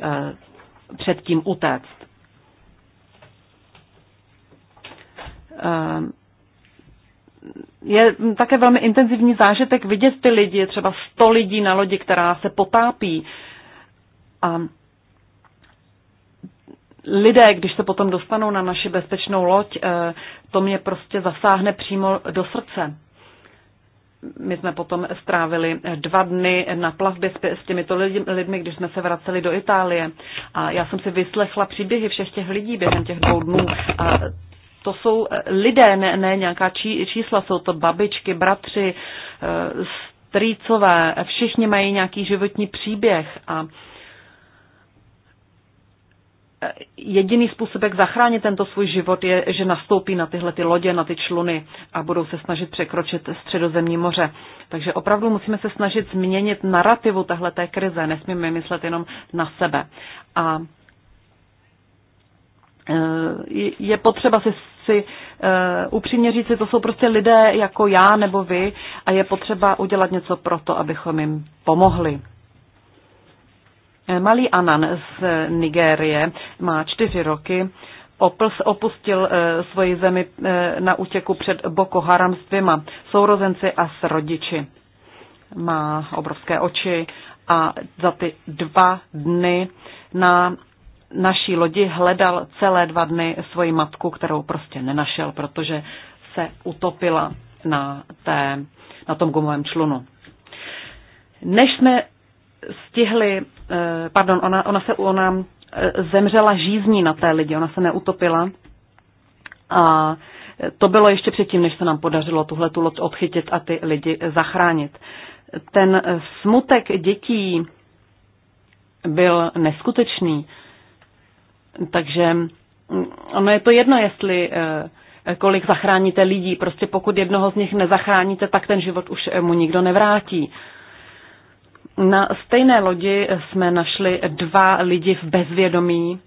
předtím utéct. Ehm, je také velmi intenzivní zážitek vidět ty lidi, třeba 100 lidí na lodi, která se potápí. A lidé, když se potom dostanou na naši bezpečnou loď, eh, to mě prostě zasáhne přímo do srdce. My jsme potom strávili eh, dva dny na plavbě s těmito lidmi, když jsme se vraceli do Itálie. A já jsem si vyslechla příběhy všech těch lidí během těch dvou dnů. A to jsou eh, lidé, ne, ne nějaká čí, čísla, jsou to babičky, bratři, strýcové, všichni mají nějaký životní příběh. A jediný způsob, jak zachránit tento svůj život, je, že nastoupí na tyhle ty lodě, na ty čluny a budou se snažit překročit středozemní moře. Takže opravdu musíme se snažit změnit narrativu té krize, nesmíme myslet jenom na sebe. A e, je potřeba si, si uh, upřímně říct, to jsou prostě lidé jako já nebo vy a je potřeba udělat něco pro to, abychom jim pomohli. Malý Anan z Nigérie má čtyři roky. Opls opustil e, svoji zemi eh, na útěku před Boko Haram s dvěma sourozenci a s rodiči. Má obrovské oči a za ty dva dny na naší lodi hledal celé dva dny svoji matku, kterou prostě nenašel, protože se utopila na, té, na tom gumovém člunu. Než jsme stihli Eh, pardon, ona, ona se ona eh, zemřela žízní na té lidi, ona se neutopila. A eh, to bylo ještě předtím, než se nám podařilo tuhle tu loď odchytit a ty lidi zachránit. Ten smutek dětí byl neskutečný, takže mm, ono je to jedno, jestli kolik zachráníte lidí. Prostě pokud jednoho z nich nezachráníte, tak ten život už mu nikdo nevrátí. Uh, na stejné lodi jsme našli dva lidi v bezvědomí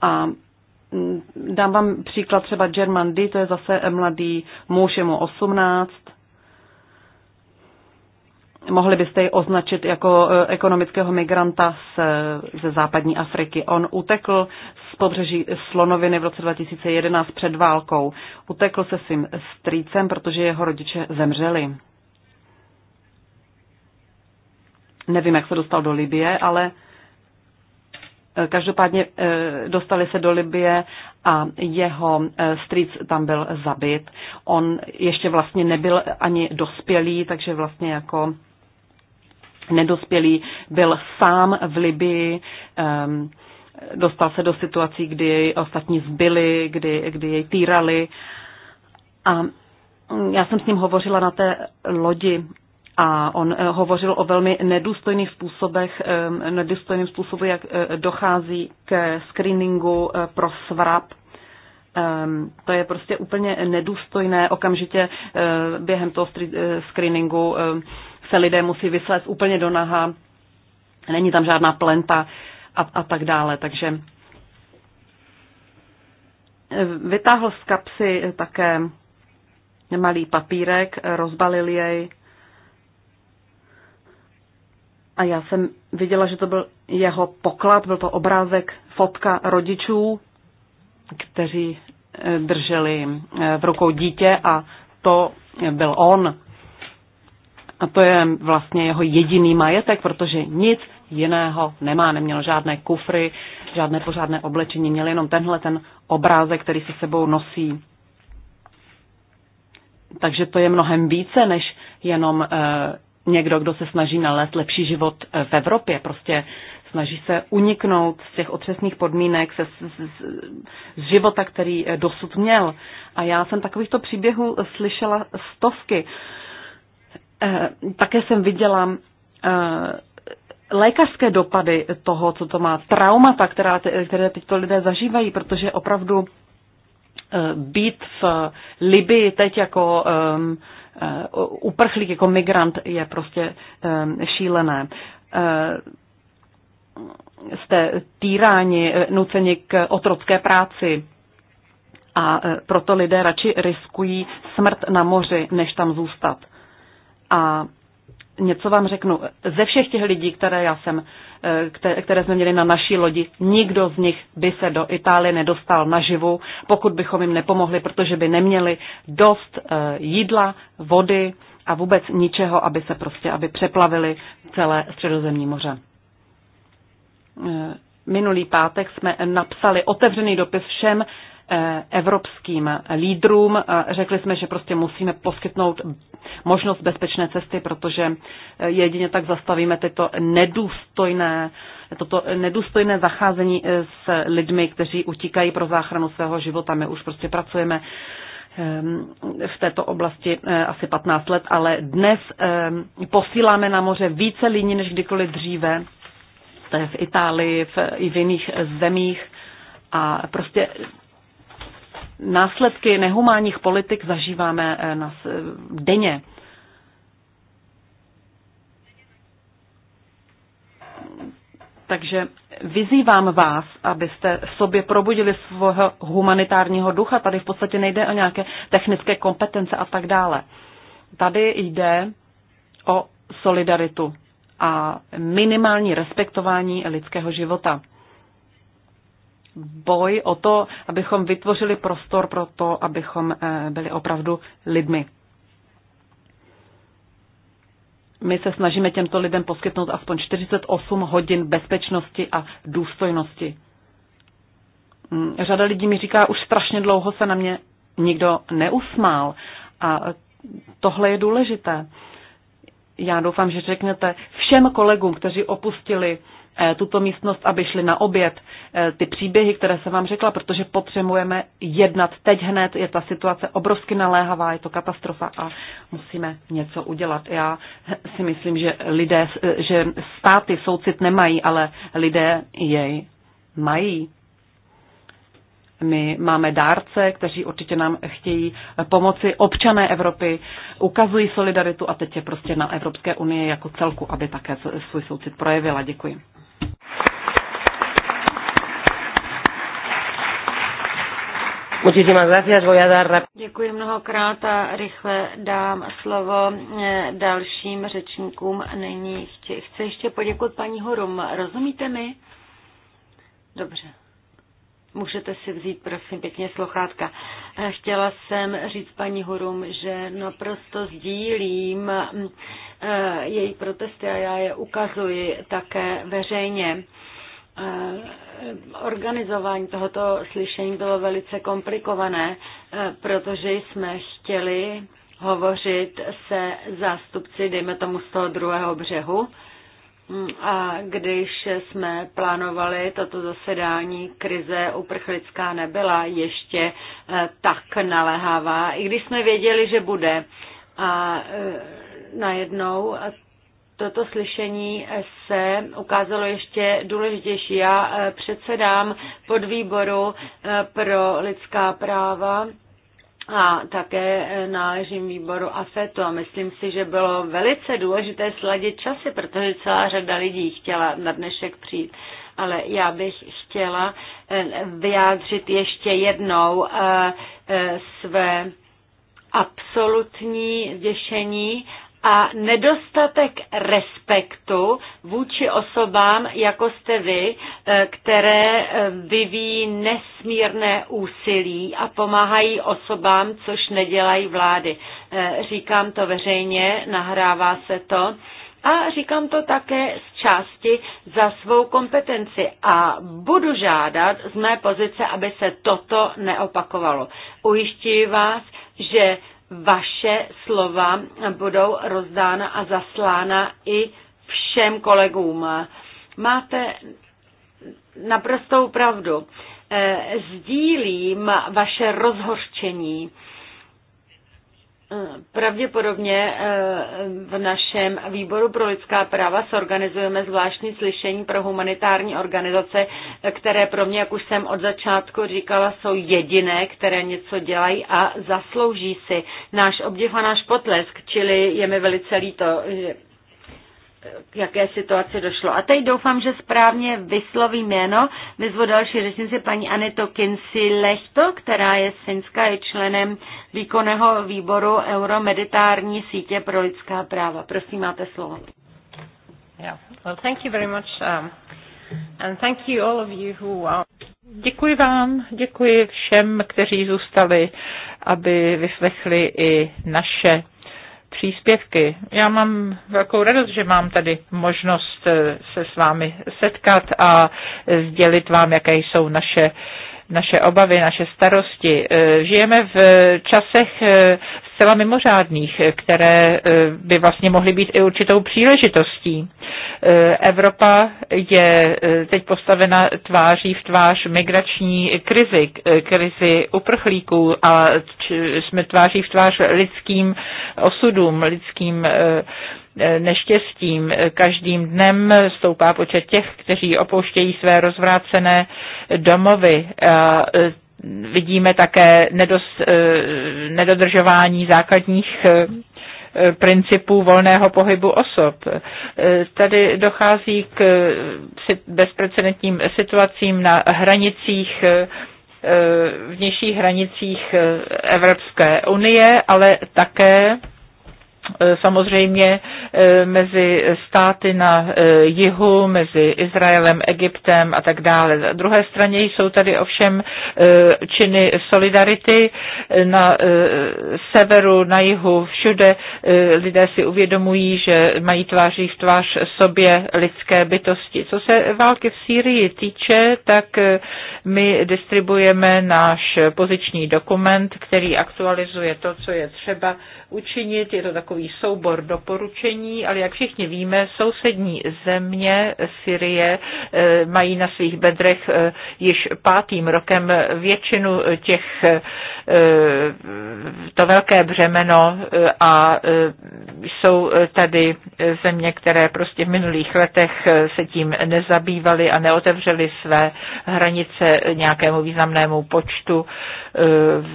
a mm, dám vám příklad třeba German D, to je zase mladý muž, je mu 18. Mohli byste ji označit jako e, ekonomického migranta z, ze západní Afriky. On utekl z pobřeží Slonoviny v roce 2011 před válkou. Utekl se svým strýcem, protože jeho rodiče zemřeli. Nevím, jak se dostal do Libie, ale e, každopádně e, dostali se do Libie a jeho e, strýc tam byl zabit. On ještě vlastně nebyl ani dospělý, takže vlastně jako nedospělý byl sám v Libii dostal se do situací, kdy jej ostatní zbyli, kdy, kdy jej týrali. A mm, já jsem s ním hovořila na té lodi a on eh, hovořil o velmi nedůstojných způsobech, eh, nedůstojným způsobu, jak eh, dochází k screeningu pro svrap. Ehm, to je prostě úplně nedůstojné. Okamžitě během toho screeningu se lidé musí vyslézt úplně do naha. Není tam žádná plenta a, a tak dále. Takže vytáhl z kapsy také malý papírek, rozbalil jej a já jsem viděla, že to byl jeho poklad, byl to obrázek, fotka rodičů, kteří eh, drželi eh, v rukou dítě a to byl on. A to je vlastně jeho jediný majetek, protože nic jiného nemá. Neměl žádné kufry, žádné pořádné oblečení, měl jenom tenhle ten obrázek, který se sebou nosí. Takže to je mnohem více než jenom eh, někdo, kdo se snaží nalézt lepší život v Evropě. Prostě snaží se uniknout z těch otřesných podmínek, se, z, z, z života, který eh, dosud měl. A já jsem takovýchto příběhů slyšela stovky. Eh, také jsem viděla eh, lékařské dopady toho, co to má, traumata, která, které tyto lidé zažívají, protože opravdu být v Libii teď jako Eh, uprchlík jako migrant je prostě eh, šílené. Eh, jste týráni, nuceni k otrocké práci a proto lidé radši riskují smrt na moři, než tam zůstat. A něco vám řeknu. Ze všech těch lidí, které já jsem které jsme měli na naší lodi, nikdo z nich by se do Itálie nedostal naživu, pokud bychom jim nepomohli, protože by neměli dost eh, jídla, vody a vůbec ničeho, aby se prostě, aby přeplavili celé středozemní moře. Eh, minulý pátek jsme napsali otevřený dopis všem evropským lídrům. Řekli jsme, že prostě musíme poskytnout možnost bezpečné cesty, protože jedině tak zastavíme tyto nedůstojné, toto nedůstojné zacházení s lidmi, kteří utíkají pro záchranu svého života. My už prostě pracujeme ehm, v této oblasti eh, asi 15 let, ale dnes ehm, posíláme na moře více lidí než kdykoliv dříve. To je v Itálii, v, i v jiných zemích. A prostě následky nehumánních politik zažíváme eh, na, eh, denně. Takže vyzývám vás, abyste v sobě probudili svého humanitárního ducha. Tady v podstatě nejde o nějaké technické kompetence a tak dále. Tady jde o solidaritu a minimální respektování lidského života boj o to, abychom vytvořili prostor pro to, abychom eh, byli opravdu lidmi. My se snažíme těmto lidem poskytnout aspoň 48 hodin bezpečnosti a důstojnosti. Mm, řada lidí mi říká, už strašně dlouho se na mě nikdo neusmál a tohle je důležité. Já doufám, že řeknete všem kolegům, kteří opustili Eh, tuto místnost, aby šli na oběd. Eh, ty příběhy, které jsem vám řekla, protože potřebujeme jednat teď hned, je ta situace obrovsky naléhavá, je to katastrofa a musíme něco udělat. Já si myslím, že lidé, eh, že státy soucit nemají, ale lidé jej mají. My máme dárce, kteří určitě nám chtějí pomoci. Občané Evropy ukazují solidaritu a teď je prostě na Evropské unii jako celku, aby také svůj soucit projevila. Děkuji. Muchísimas gracias. Voy a dar Děkuji mnohokrát a rychle dám slovo eh, dalším řečníkům. Nyní chci, chci ještě poděkovat paní Horum. Rozumíte mi? Dobře. Můžete si vzít, prosím, pěkně sluchátka. Eh, chtěla jsem říct paní Hurum, že naprosto sdílím mm, eh, její protesty a já je ukazuji také veřejně. Eh, organizování tohoto slyšení bylo velice komplikované, eh, protože jsme chtěli hovořit se zástupci, dejme tomu z toho druhého břehu. Mm, a když jsme plánovali toto zasedání, krize uprchlická nebyla ještě eh, tak naléhavá, i když jsme věděli, že bude. A najednou toto slyšení se ukázalo ještě důležitější. Já eh, předsedám podvýboru eh, pro lidská práva a také eh, náležím výboru AFETu a myslím si, že bylo velice důležité sladit časy, protože celá řada lidí chtěla na dnešek přijít. Ale já bych chtěla vyjádřit ještě jednou své absolutní děšení a nedostatek respektu vůči osobám, jako jste vy, eh, které eh, vyvíjí nesmírné úsilí a pomáhají osobám, což nedělají vlády. Eh, říkám to veřejně, nahrává se to. A říkám to také z části za svou kompetenci a budu žádat z mé pozice, aby se toto neopakovalo. Ujišťuji vás, že vaše slova budou rozdána a zaslána i všem kolegům. Máte naprostou pravdu. Eh, sdílím vaše rozhořčení Pravděpodobně eh, v našem výboru pro lidská práva sorganizujeme zvláštní slyšení pro humanitární organizace, které pro mě, jak už jsem od začátku říkala, jsou jediné, které něco dělají a zaslouží si náš obdiv a náš potlesk, čili je mi velice líto, že k jaké situaci došlo. A teď doufám, že správně vyslovím jméno. Vyzvu další řečnici paní Aneto Kinsi Lechto, která je z Finska, je členem výkonného výboru Euromeditární sítě pro lidská práva. Prosím, máte slovo. Yeah. Well, thank you very much. Um, and thank you all of you who are... Děkuji vám, děkuji všem, kteří zůstali, aby vyslechli i naše příspěvky. Já mám velkou radost, že mám tady možnost eh, se s vámi setkat a eh, sdělit vám, jaké jsou naše naše obavy, naše starosti. Eh, žijeme v časech zcela mimořádných, které eh, by vlastně mohly být i určitou příležitostí. Eh, Evropa je eh, teď postavena tváří v tvář migrační krizi, krizi uprchlíků a jsme tváří v tvář lidským osudům, lidským neštěstím. Každým dnem stoupá počet těch, kteří opouštějí své rozvrácené domovy. A Vidíme také nedost, eh, nedodržování základních eh, principů volného pohybu osob. Eh, tady dochází k bezprecedentním situacím na hranicích vnějších hranicích Evropské unie, ale také Eh, samozřejmě eh, mezi státy na eh, jihu, mezi Izraelem, Egyptem a tak dále. Na druhé straně jsou tady ovšem činy solidarity na severu, na jihu, všude lidé si uvědomují, že mají tváří v tvář sobě lidské bytosti. Co se války v Sýrii týče, tak my distribuujeme náš poziční dokument, který aktualizuje to, co je třeba učinit. Je to takový soubor doporučení, ale jak všichni víme, sousední země Syrie eh, mají na svých bedrech eh, již pátým rokem většinu těch, eh, to velké břemeno a jsou tady země, které prostě v minulých letech se tím nezabývaly a neotevřely své hranice nějakému významnému počtu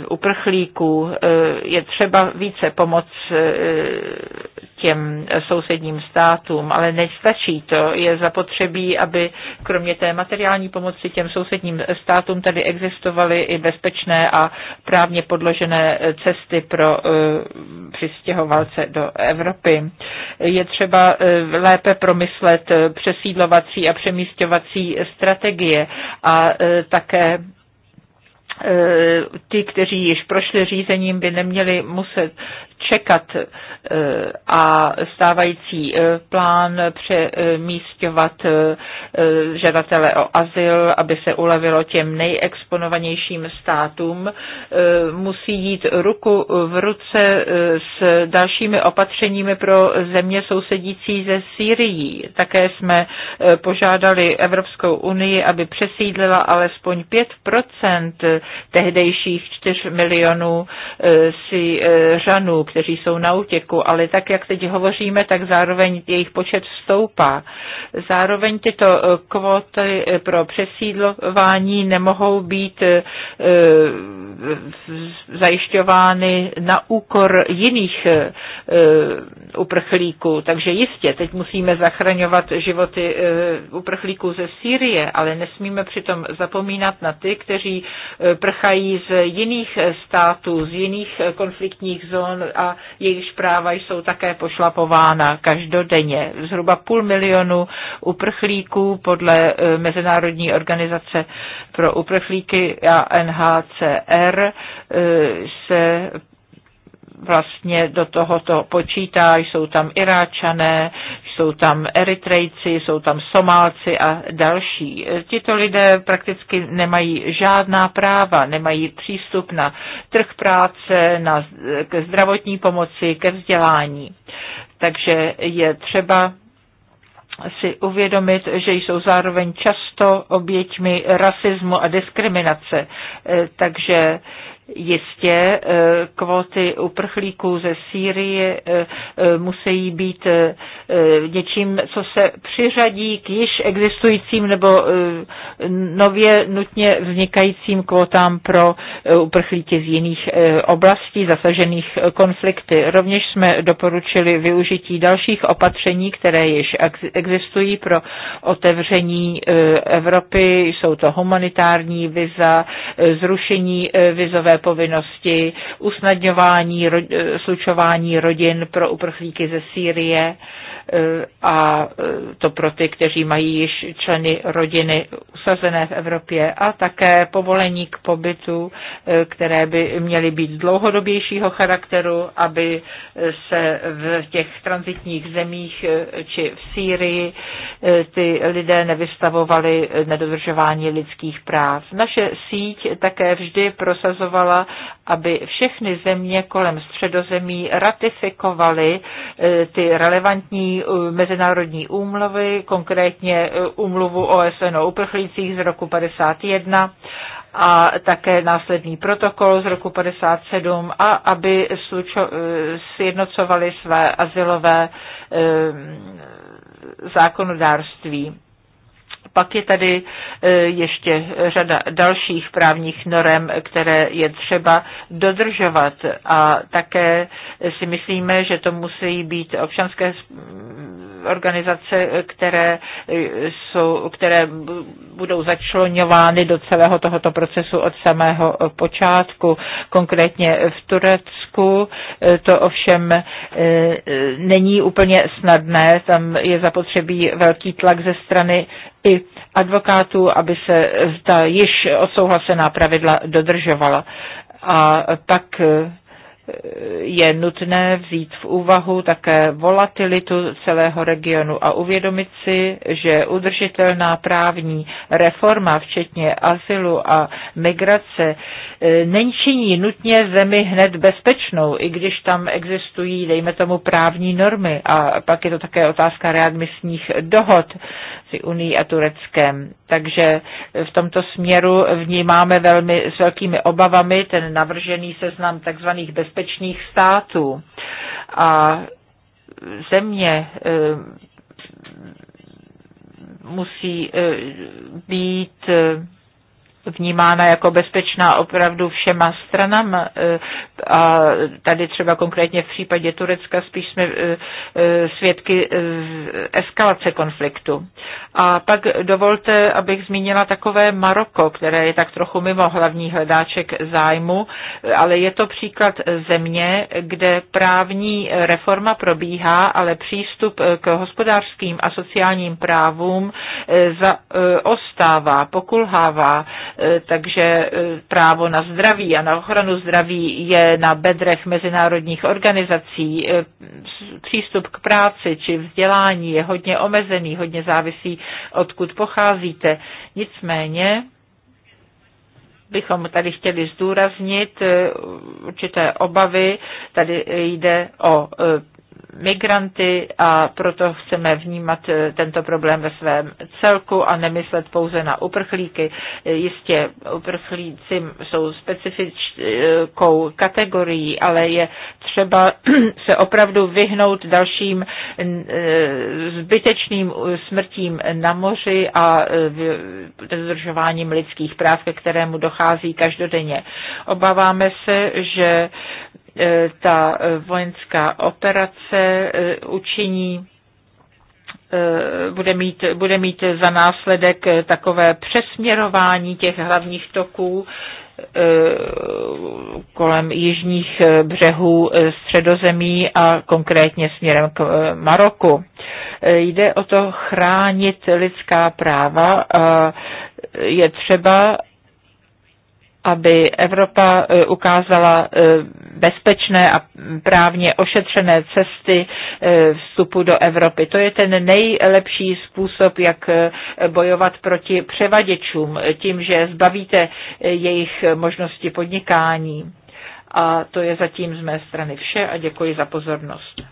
uprchlíků. Je třeba více po pomoc e, těm sousedním státům, ale nestačí to. Je zapotřebí, aby kromě té materiální pomoci těm sousedním státům tady existovaly i bezpečné a právně podložené cesty pro e, přistěhovalce do Evropy. Je třeba e, lépe promyslet přesídlovací a přemístěvací strategie a také ty, kteří již prošli řízením, by neměli muset čekat eh, a stávající eh, plán přemístěvat eh, žadatele o azyl, aby se ulevilo těm nejexponovanějším státům, musí jít ruku v ruce s dalšími opatřeními pro země sousedící ze Syrií. Také jsme požádali Evropskou unii, aby přesídlila alespoň 5 tehdejších 4 milionů řanů, kteří jsou na útěku, ale tak, jak teď hovoříme, tak zároveň jejich počet stoupá. Zároveň tyto eh, kvóty eh, pro přesídlování nemohou být eh, zajišťovány na úkor jiných uprchlíků. Takže jistě, teď musíme zachraňovat životy uprchlíků ze Sýrie, ale nesmíme přitom zapomínat na ty, kteří prchají z jiných států, z jiných konfliktních zón a a jejichž práva jsou také pošlapována každodenně. Zhruba půl milionu uprchlíků podle eh, Mezinárodní organizace pro uprchlíky a NHCR eh, se vlastně do tohoto počítá, jsou tam Iráčané, jsou tam Eritrejci, jsou tam Somálci a další. Tito lidé prakticky nemají žádná práva, nemají přístup na trh práce, na, ke zdravotní pomoci, ke vzdělání. Takže je třeba si uvědomit, že jsou zároveň často oběťmi rasismu a diskriminace. Eh, takže Jistě eh, kvóty uprchlíků ze Sýrie eh, eh, musí být něčím, co se přiřadí k již existujícím nebo nově nutně vznikajícím kvótám pro uprchlíky z jiných oblastí zasažených konflikty. Rovněž jsme doporučili využití dalších opatření, které již existují pro otevření Evropy. Jsou to humanitární viza, zrušení vizové povinnosti, usnadňování eh, slučování rodin pro uprchlíky ze Sýrie E, a e, to pro ty, kteří mají již členy rodiny usazené v Evropě a také povolení k pobytu, e, které by měly být dlouhodobějšího charakteru, aby se v těch transitních zemích či v Sýrii ty lidé nevystavovali nedodržování lidských práv. Naše síť také vždy prosazovala, aby všechny země kolem středozemí ratifikovaly ty relevantní Eh, mezinárodní úmluvy, konkrétně eh, úmluvu OSN o uprchlících z roku 51 a také následný protokol z roku 57 a aby slučo, eh, sjednocovali své asilové zákonodárství pak je tady e, ještě řada dalších právních norem, které je třeba dodržovat a také si myslíme, že to musí být občanské organizace, které, e, jsou, které budou začlonovány do celého tohoto procesu od samého počátku, konkrétně v Turecku. E, to ovšem není úplně snadné, tam je zapotřebí velký tlak ze strany i advokátů, aby se ta již odsouhlasená pravidla dodržovala. A tak eh, je nutné vzít v úvahu také volatilitu celého regionu a uvědomit si, že udržitelná právní reforma, včetně asilu a migrace, eh, nečiní nutně zemi hned bezpečnou, i když tam existují, dejme tomu, právní normy. A pak je to také otázka readmisních dohod mezi Unii a Tureckem. Takže v tomto směru vnímáme velmi s velkými obavami ten navržený seznam tzv. bezpečných států. A země eh, musí eh, být eh, vnímána jako bezpečná opravdu všema stranám e, A tady třeba konkrétně v případě Turecka spíš jsme e, e, svědky eskalace konfliktu. A pak dovolte, abych zmínila takové Maroko, které je tak trochu mimo hlavní hledáček zájmu, ale je to příklad země, kde právní reforma probíhá, ale přístup k hospodářským a sociálním právům zaostává, pokulhává E, takže e, právo na zdraví a na ochranu zdraví je na bedrech mezinárodních organizací. E, přístup k práci či vzdělání je hodně omezený, hodně závisí, odkud pocházíte. Nicméně, bychom tady chtěli zdůraznit určité obavy. Tady jde o migranty a proto chceme vnímat eh, tento problém ve svém celku a nemyslet pouze na uprchlíky. Eh, Jistě uprchlíci jsou specifickou kategorií, ale je třeba se opravdu vyhnout dalším eh, zbytečným smrtím na moři a dodržováním lidských práv, ke kterému dochází každodenně. Obáváme se, že E, ta e, vojenská operace e, učiní bude mít, bude mít za následek takové přesměrování těch hlavních toků kolem jižních břehů středozemí a konkrétně směrem k Maroku. Jde o to chránit lidská práva. Je třeba, aby Evropa eh, ukázala eh, bezpečné a právně ošetřené cesty eh, vstupu do Evropy. To je ten nejlepší způsob, jak bojovat proti převaděčům, tím, že zbavíte jejich možnosti podnikání. A to je zatím z mé strany vše a děkuji za pozornost.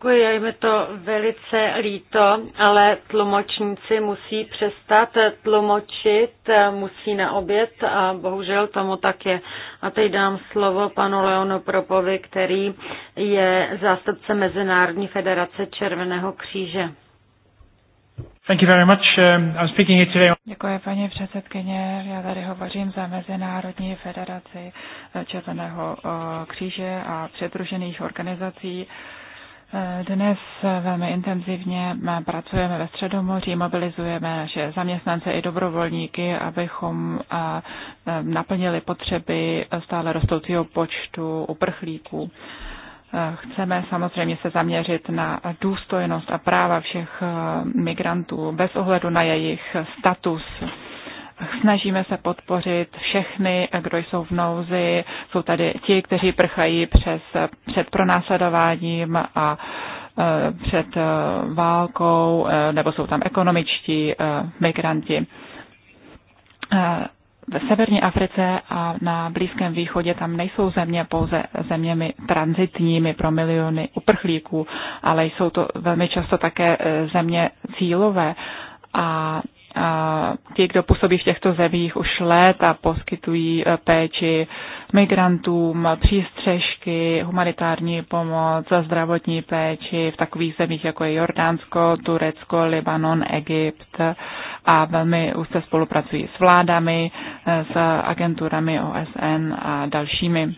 Děkuji, je mi to velice líto, ale tlumočníci musí přestat tlumočit, musí na oběd a bohužel tomu tak je. A teď dám slovo panu Leonu Propovi, který je zástupce Mezinárodní federace Červeného kříže. Thank you very much. Um, I'm speaking today. Děkuji, paní předsedkyně. Já tady hovořím za Mezinárodní federaci Červeného uh, kříže a předružených organizací. Uh, dnes velmi intenzivně pracujeme ve Středomoří, mobilizujeme naše zaměstnance i dobrovolníky, abychom naplnili potřeby stále rostoucího počtu uprchlíků. Chceme samozřejmě se zaměřit na důstojnost a práva všech migrantů bez ohledu na jejich status Snažíme se podpořit všechny, kdo jsou v nouzi. Jsou tady ti, kteří prchají přes, před pronásledováním a e, před e, válkou, e, nebo jsou tam ekonomičtí migranti. V severní Africe a na Blízkém východě tam nejsou země pouze zeměmi transitními pro miliony uprchlíků, ale jsou to velmi často také země cílové a ti, kdo působí v těchto zemích už léta, poskytují eh, péči migrantům, přístřežky, humanitární pomoc, zdravotní péči v takových zemích, jako je Jordánsko, Turecko, Libanon, Egypt a velmi úzce spolupracují s vládami, eh, s agenturami OSN a dalšími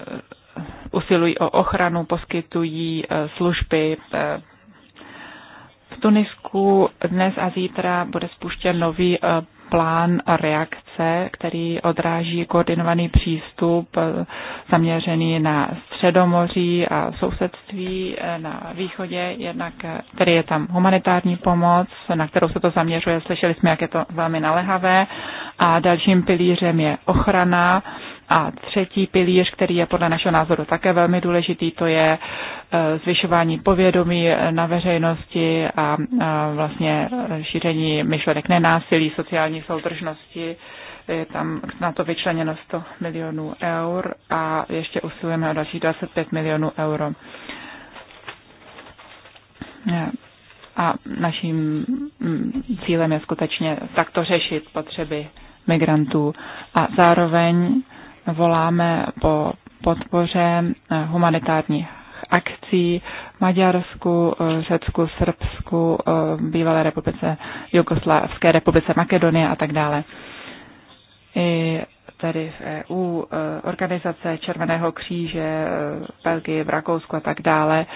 eh, usilují o ochranu, poskytují služby v Tunisku dnes a zítra bude spuštěn nový eh, plán reakce, který odráží koordinovaný přístup eh, zaměřený na středomoří a sousedství eh, na východě, jednak tedy je tam humanitární pomoc, na kterou se to zaměřuje, slyšeli jsme, jak je to velmi naléhavé a dalším pilířem je ochrana a třetí pilíř, který je podle našeho názoru také velmi důležitý, to je e, zvyšování povědomí na veřejnosti a e, vlastně šíření myšlenek nenásilí, sociální soudržnosti. Je tam na to vyčleněno 100 milionů eur a ještě usilujeme o další 25 milionů euro. E, a naším mm, cílem je skutečně takto řešit potřeby migrantů a zároveň voláme po podpoře eh, humanitárních akcí Maďarsku, eh, Řecku, Srbsku, eh, bývalé republice Jugoslávské republice Makedonie a tak dále. I tady v EU organizace Červeného kříže v v Rakousku a tak dále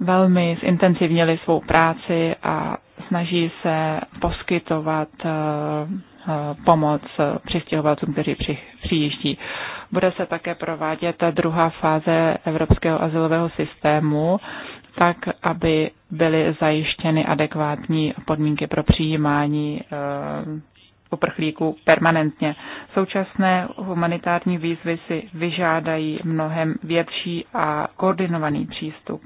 velmi zintenzivnili svou práci a snaží se poskytovat Eh, pomoc eh, přistěhovalcům, kteří přijíždí. Bude se také provádět ta druhá fáze evropského asilového systému, tak, aby byly zajištěny adekvátní podmínky pro přijímání eh, uprchlíků permanentně. Současné humanitární výzvy si vyžádají mnohem větší a koordinovaný přístup.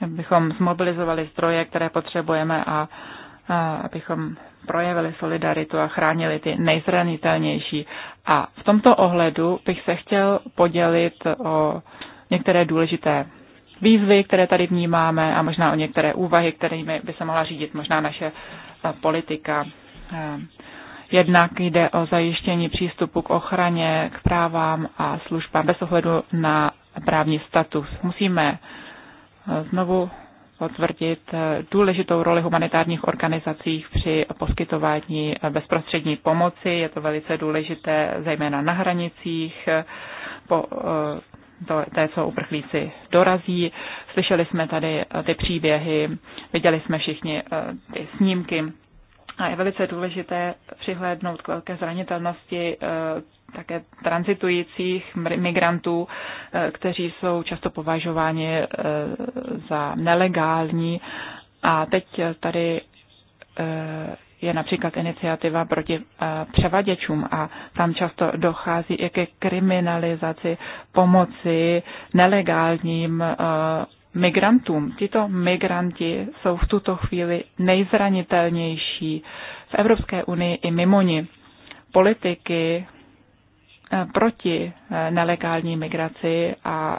Abychom zmobilizovali zdroje, které potřebujeme a abychom projevili solidaritu a chránili ty nejzranitelnější. A v tomto ohledu bych se chtěl podělit o některé důležité výzvy, které tady vnímáme a možná o některé úvahy, kterými by se mohla řídit možná naše eh, politika. Eh, jednak jde o zajištění přístupu k ochraně, k právám a službám bez ohledu na právní status. Musíme eh, znovu potvrdit eh, důležitou roli humanitárních organizací při poskytování eh, bezprostřední pomoci. Je to velice důležité, zejména na hranicích, eh, po to, té, co uprchlíci dorazí. Slyšeli jsme tady ty příběhy, viděli jsme všichni ty snímky a je velice důležité přihlédnout k velké zranitelnosti eh, také transitujících migrantů, eh, kteří jsou často považováni eh, za nelegální. A teď tady je například iniciativa proti převaděčům a tam často dochází i ke kriminalizaci pomoci nelegálním migrantům. Tito migranti jsou v tuto chvíli nejzranitelnější v Evropské unii i mimo ni. Politiky Eh, proti eh, nelegální migraci a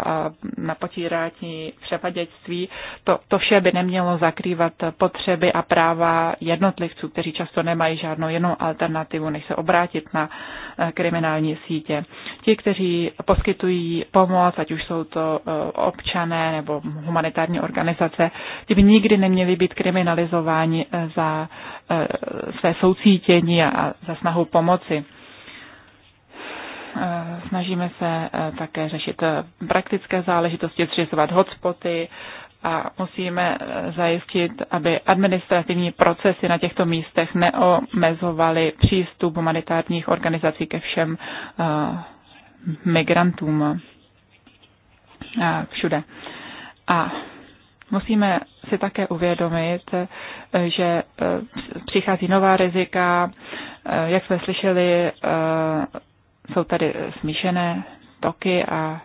na potírání převaděčství. To, to vše by nemělo zakrývat potřeby a práva jednotlivců, kteří často nemají žádnou jinou alternativu, než se obrátit na eh, kriminální sítě. Ti, kteří poskytují pomoc, ať už jsou to občané nebo humanitární organizace, ti by nikdy neměli být kriminalizováni za své soucítění a za snahu pomoci. Eh, snažíme se eh, také řešit eh, praktické záležitosti, zřizovat hotspoty a musíme zajistit, aby administrativní procesy na těchto místech neomezovaly přístup humanitárních organizací ke všem migrantům všude. A musíme si také uvědomit, že přichází nová rizika, jak jsme slyšeli, jsou tady eh, smíšené toky a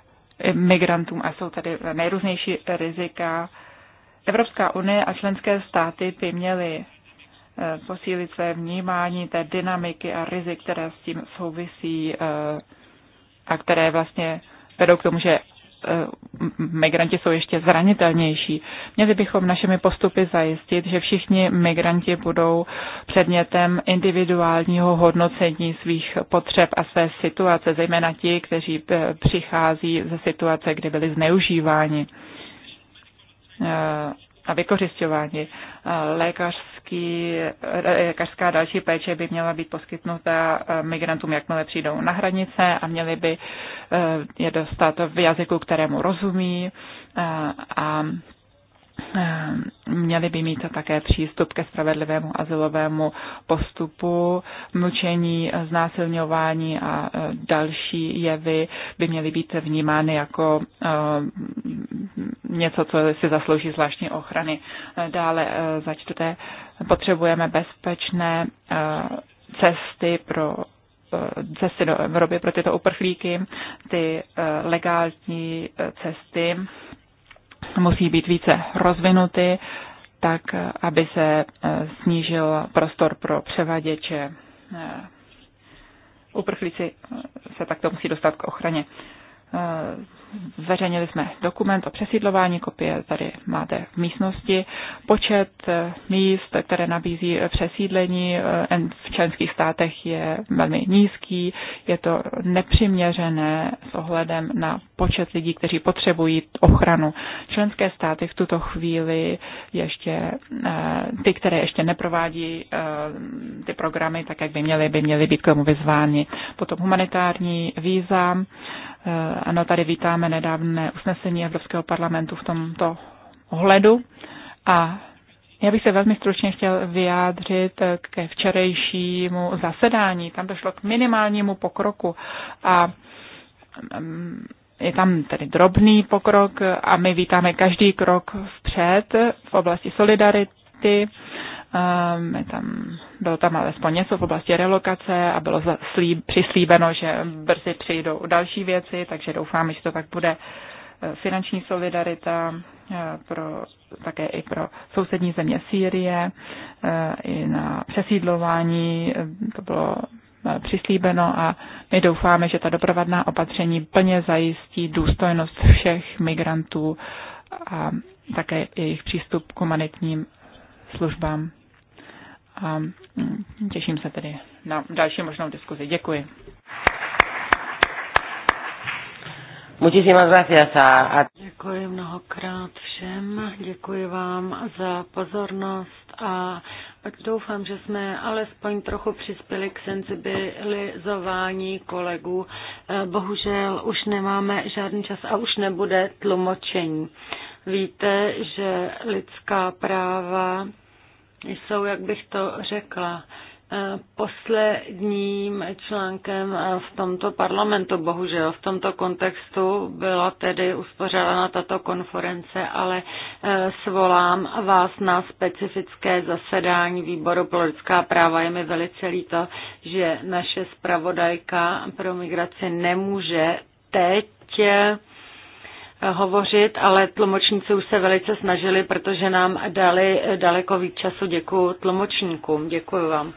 migrantům a jsou tady nejrůznější rizika. Evropská unie a členské státy by měly eh, posílit své vnímání té dynamiky a rizik, které s tím souvisí eh, a které vlastně vedou k tomu, že migranti jsou ještě zranitelnější. Měli bychom našimi postupy zajistit, že všichni migranti budou předmětem individuálního hodnocení svých potřeb a své situace, zejména ti, kteří eh, přichází ze situace, kde byli zneužíváni eh, a vykořišťováni. Eh, lékař lékařský, eh, eh, lékařská další péče by měla být poskytnuta eh, migrantům, jakmile přijdou na hranice a měli by je dostat v jazyku, kterému rozumí a, a měli by mít také přístup ke spravedlivému azylovému postupu, mlčení, znásilňování a další jevy by měly být vnímány jako něco, co si zaslouží zvláštní ochrany. Dále za čtvrté potřebujeme bezpečné eh, cesty pro eh, cesty do Evropy pro tyto uprchlíky, ty eh, legální cesty musí být více rozvinuty, tak aby se snížil prostor pro převaděče. Uprchlíci se takto musí dostat k ochraně. Eh, zveřejnili jsme dokument o přesídlování, kopie tady máte v místnosti. Počet eh, míst, které nabízí eh, přesídlení v členských státech je velmi nízký, je to nepřiměřené s ohledem na počet lidí, kteří potřebují ochranu. Členské státy v tuto chvíli ještě, ty, které ještě neprovádí ty programy tak, jak by měly, by měly být k tomu vyzváni. Potom humanitární víza, Eh, ano, tady vítáme nedávné usnesení Evropského parlamentu v tomto ohledu. A já bych se velmi stručně chtěl vyjádřit ke včerejšímu zasedání. Tam došlo k minimálnímu pokroku a mm, je tam tedy drobný pokrok a my vítáme každý krok vpřed v oblasti solidarity. Um, tam, bylo tam alespoň něco v oblasti relokace a bylo slíb, přislíbeno, že brzy přijdou další věci, takže doufám, že to tak bude e, finanční solidarita e, pro, také i pro sousední země Sýrie, e, i na přesídlování, to bylo přislíbeno a my doufáme, že ta doprovodná opatření plně zajistí důstojnost všech migrantů a také jejich přístup k humanitním službám a mm, těším se tedy na další možnou diskuzi. Děkuji. Muchísimas gracias a, a... Děkuji mnohokrát všem, děkuji vám za pozornost a doufám, že jsme alespoň trochu přispěli k senzibilizování kolegů. Eh, bohužel už nemáme žádný čas a už nebude tlumočení. Víte, že lidská práva jsou, jak bych to řekla, eh, posledním článkem eh, v tomto parlamentu, bohužel v tomto kontextu byla tedy uspořádána tato konference, ale eh, svolám vás na specifické zasedání výboru pro lidská práva. Je mi velice líto, že naše zpravodajka pro migraci nemůže teď hovořit, ale tlumočníci už se velice snažili, protože nám dali daleko víc času. Děkuji tlumočníkům. Děkuji vám.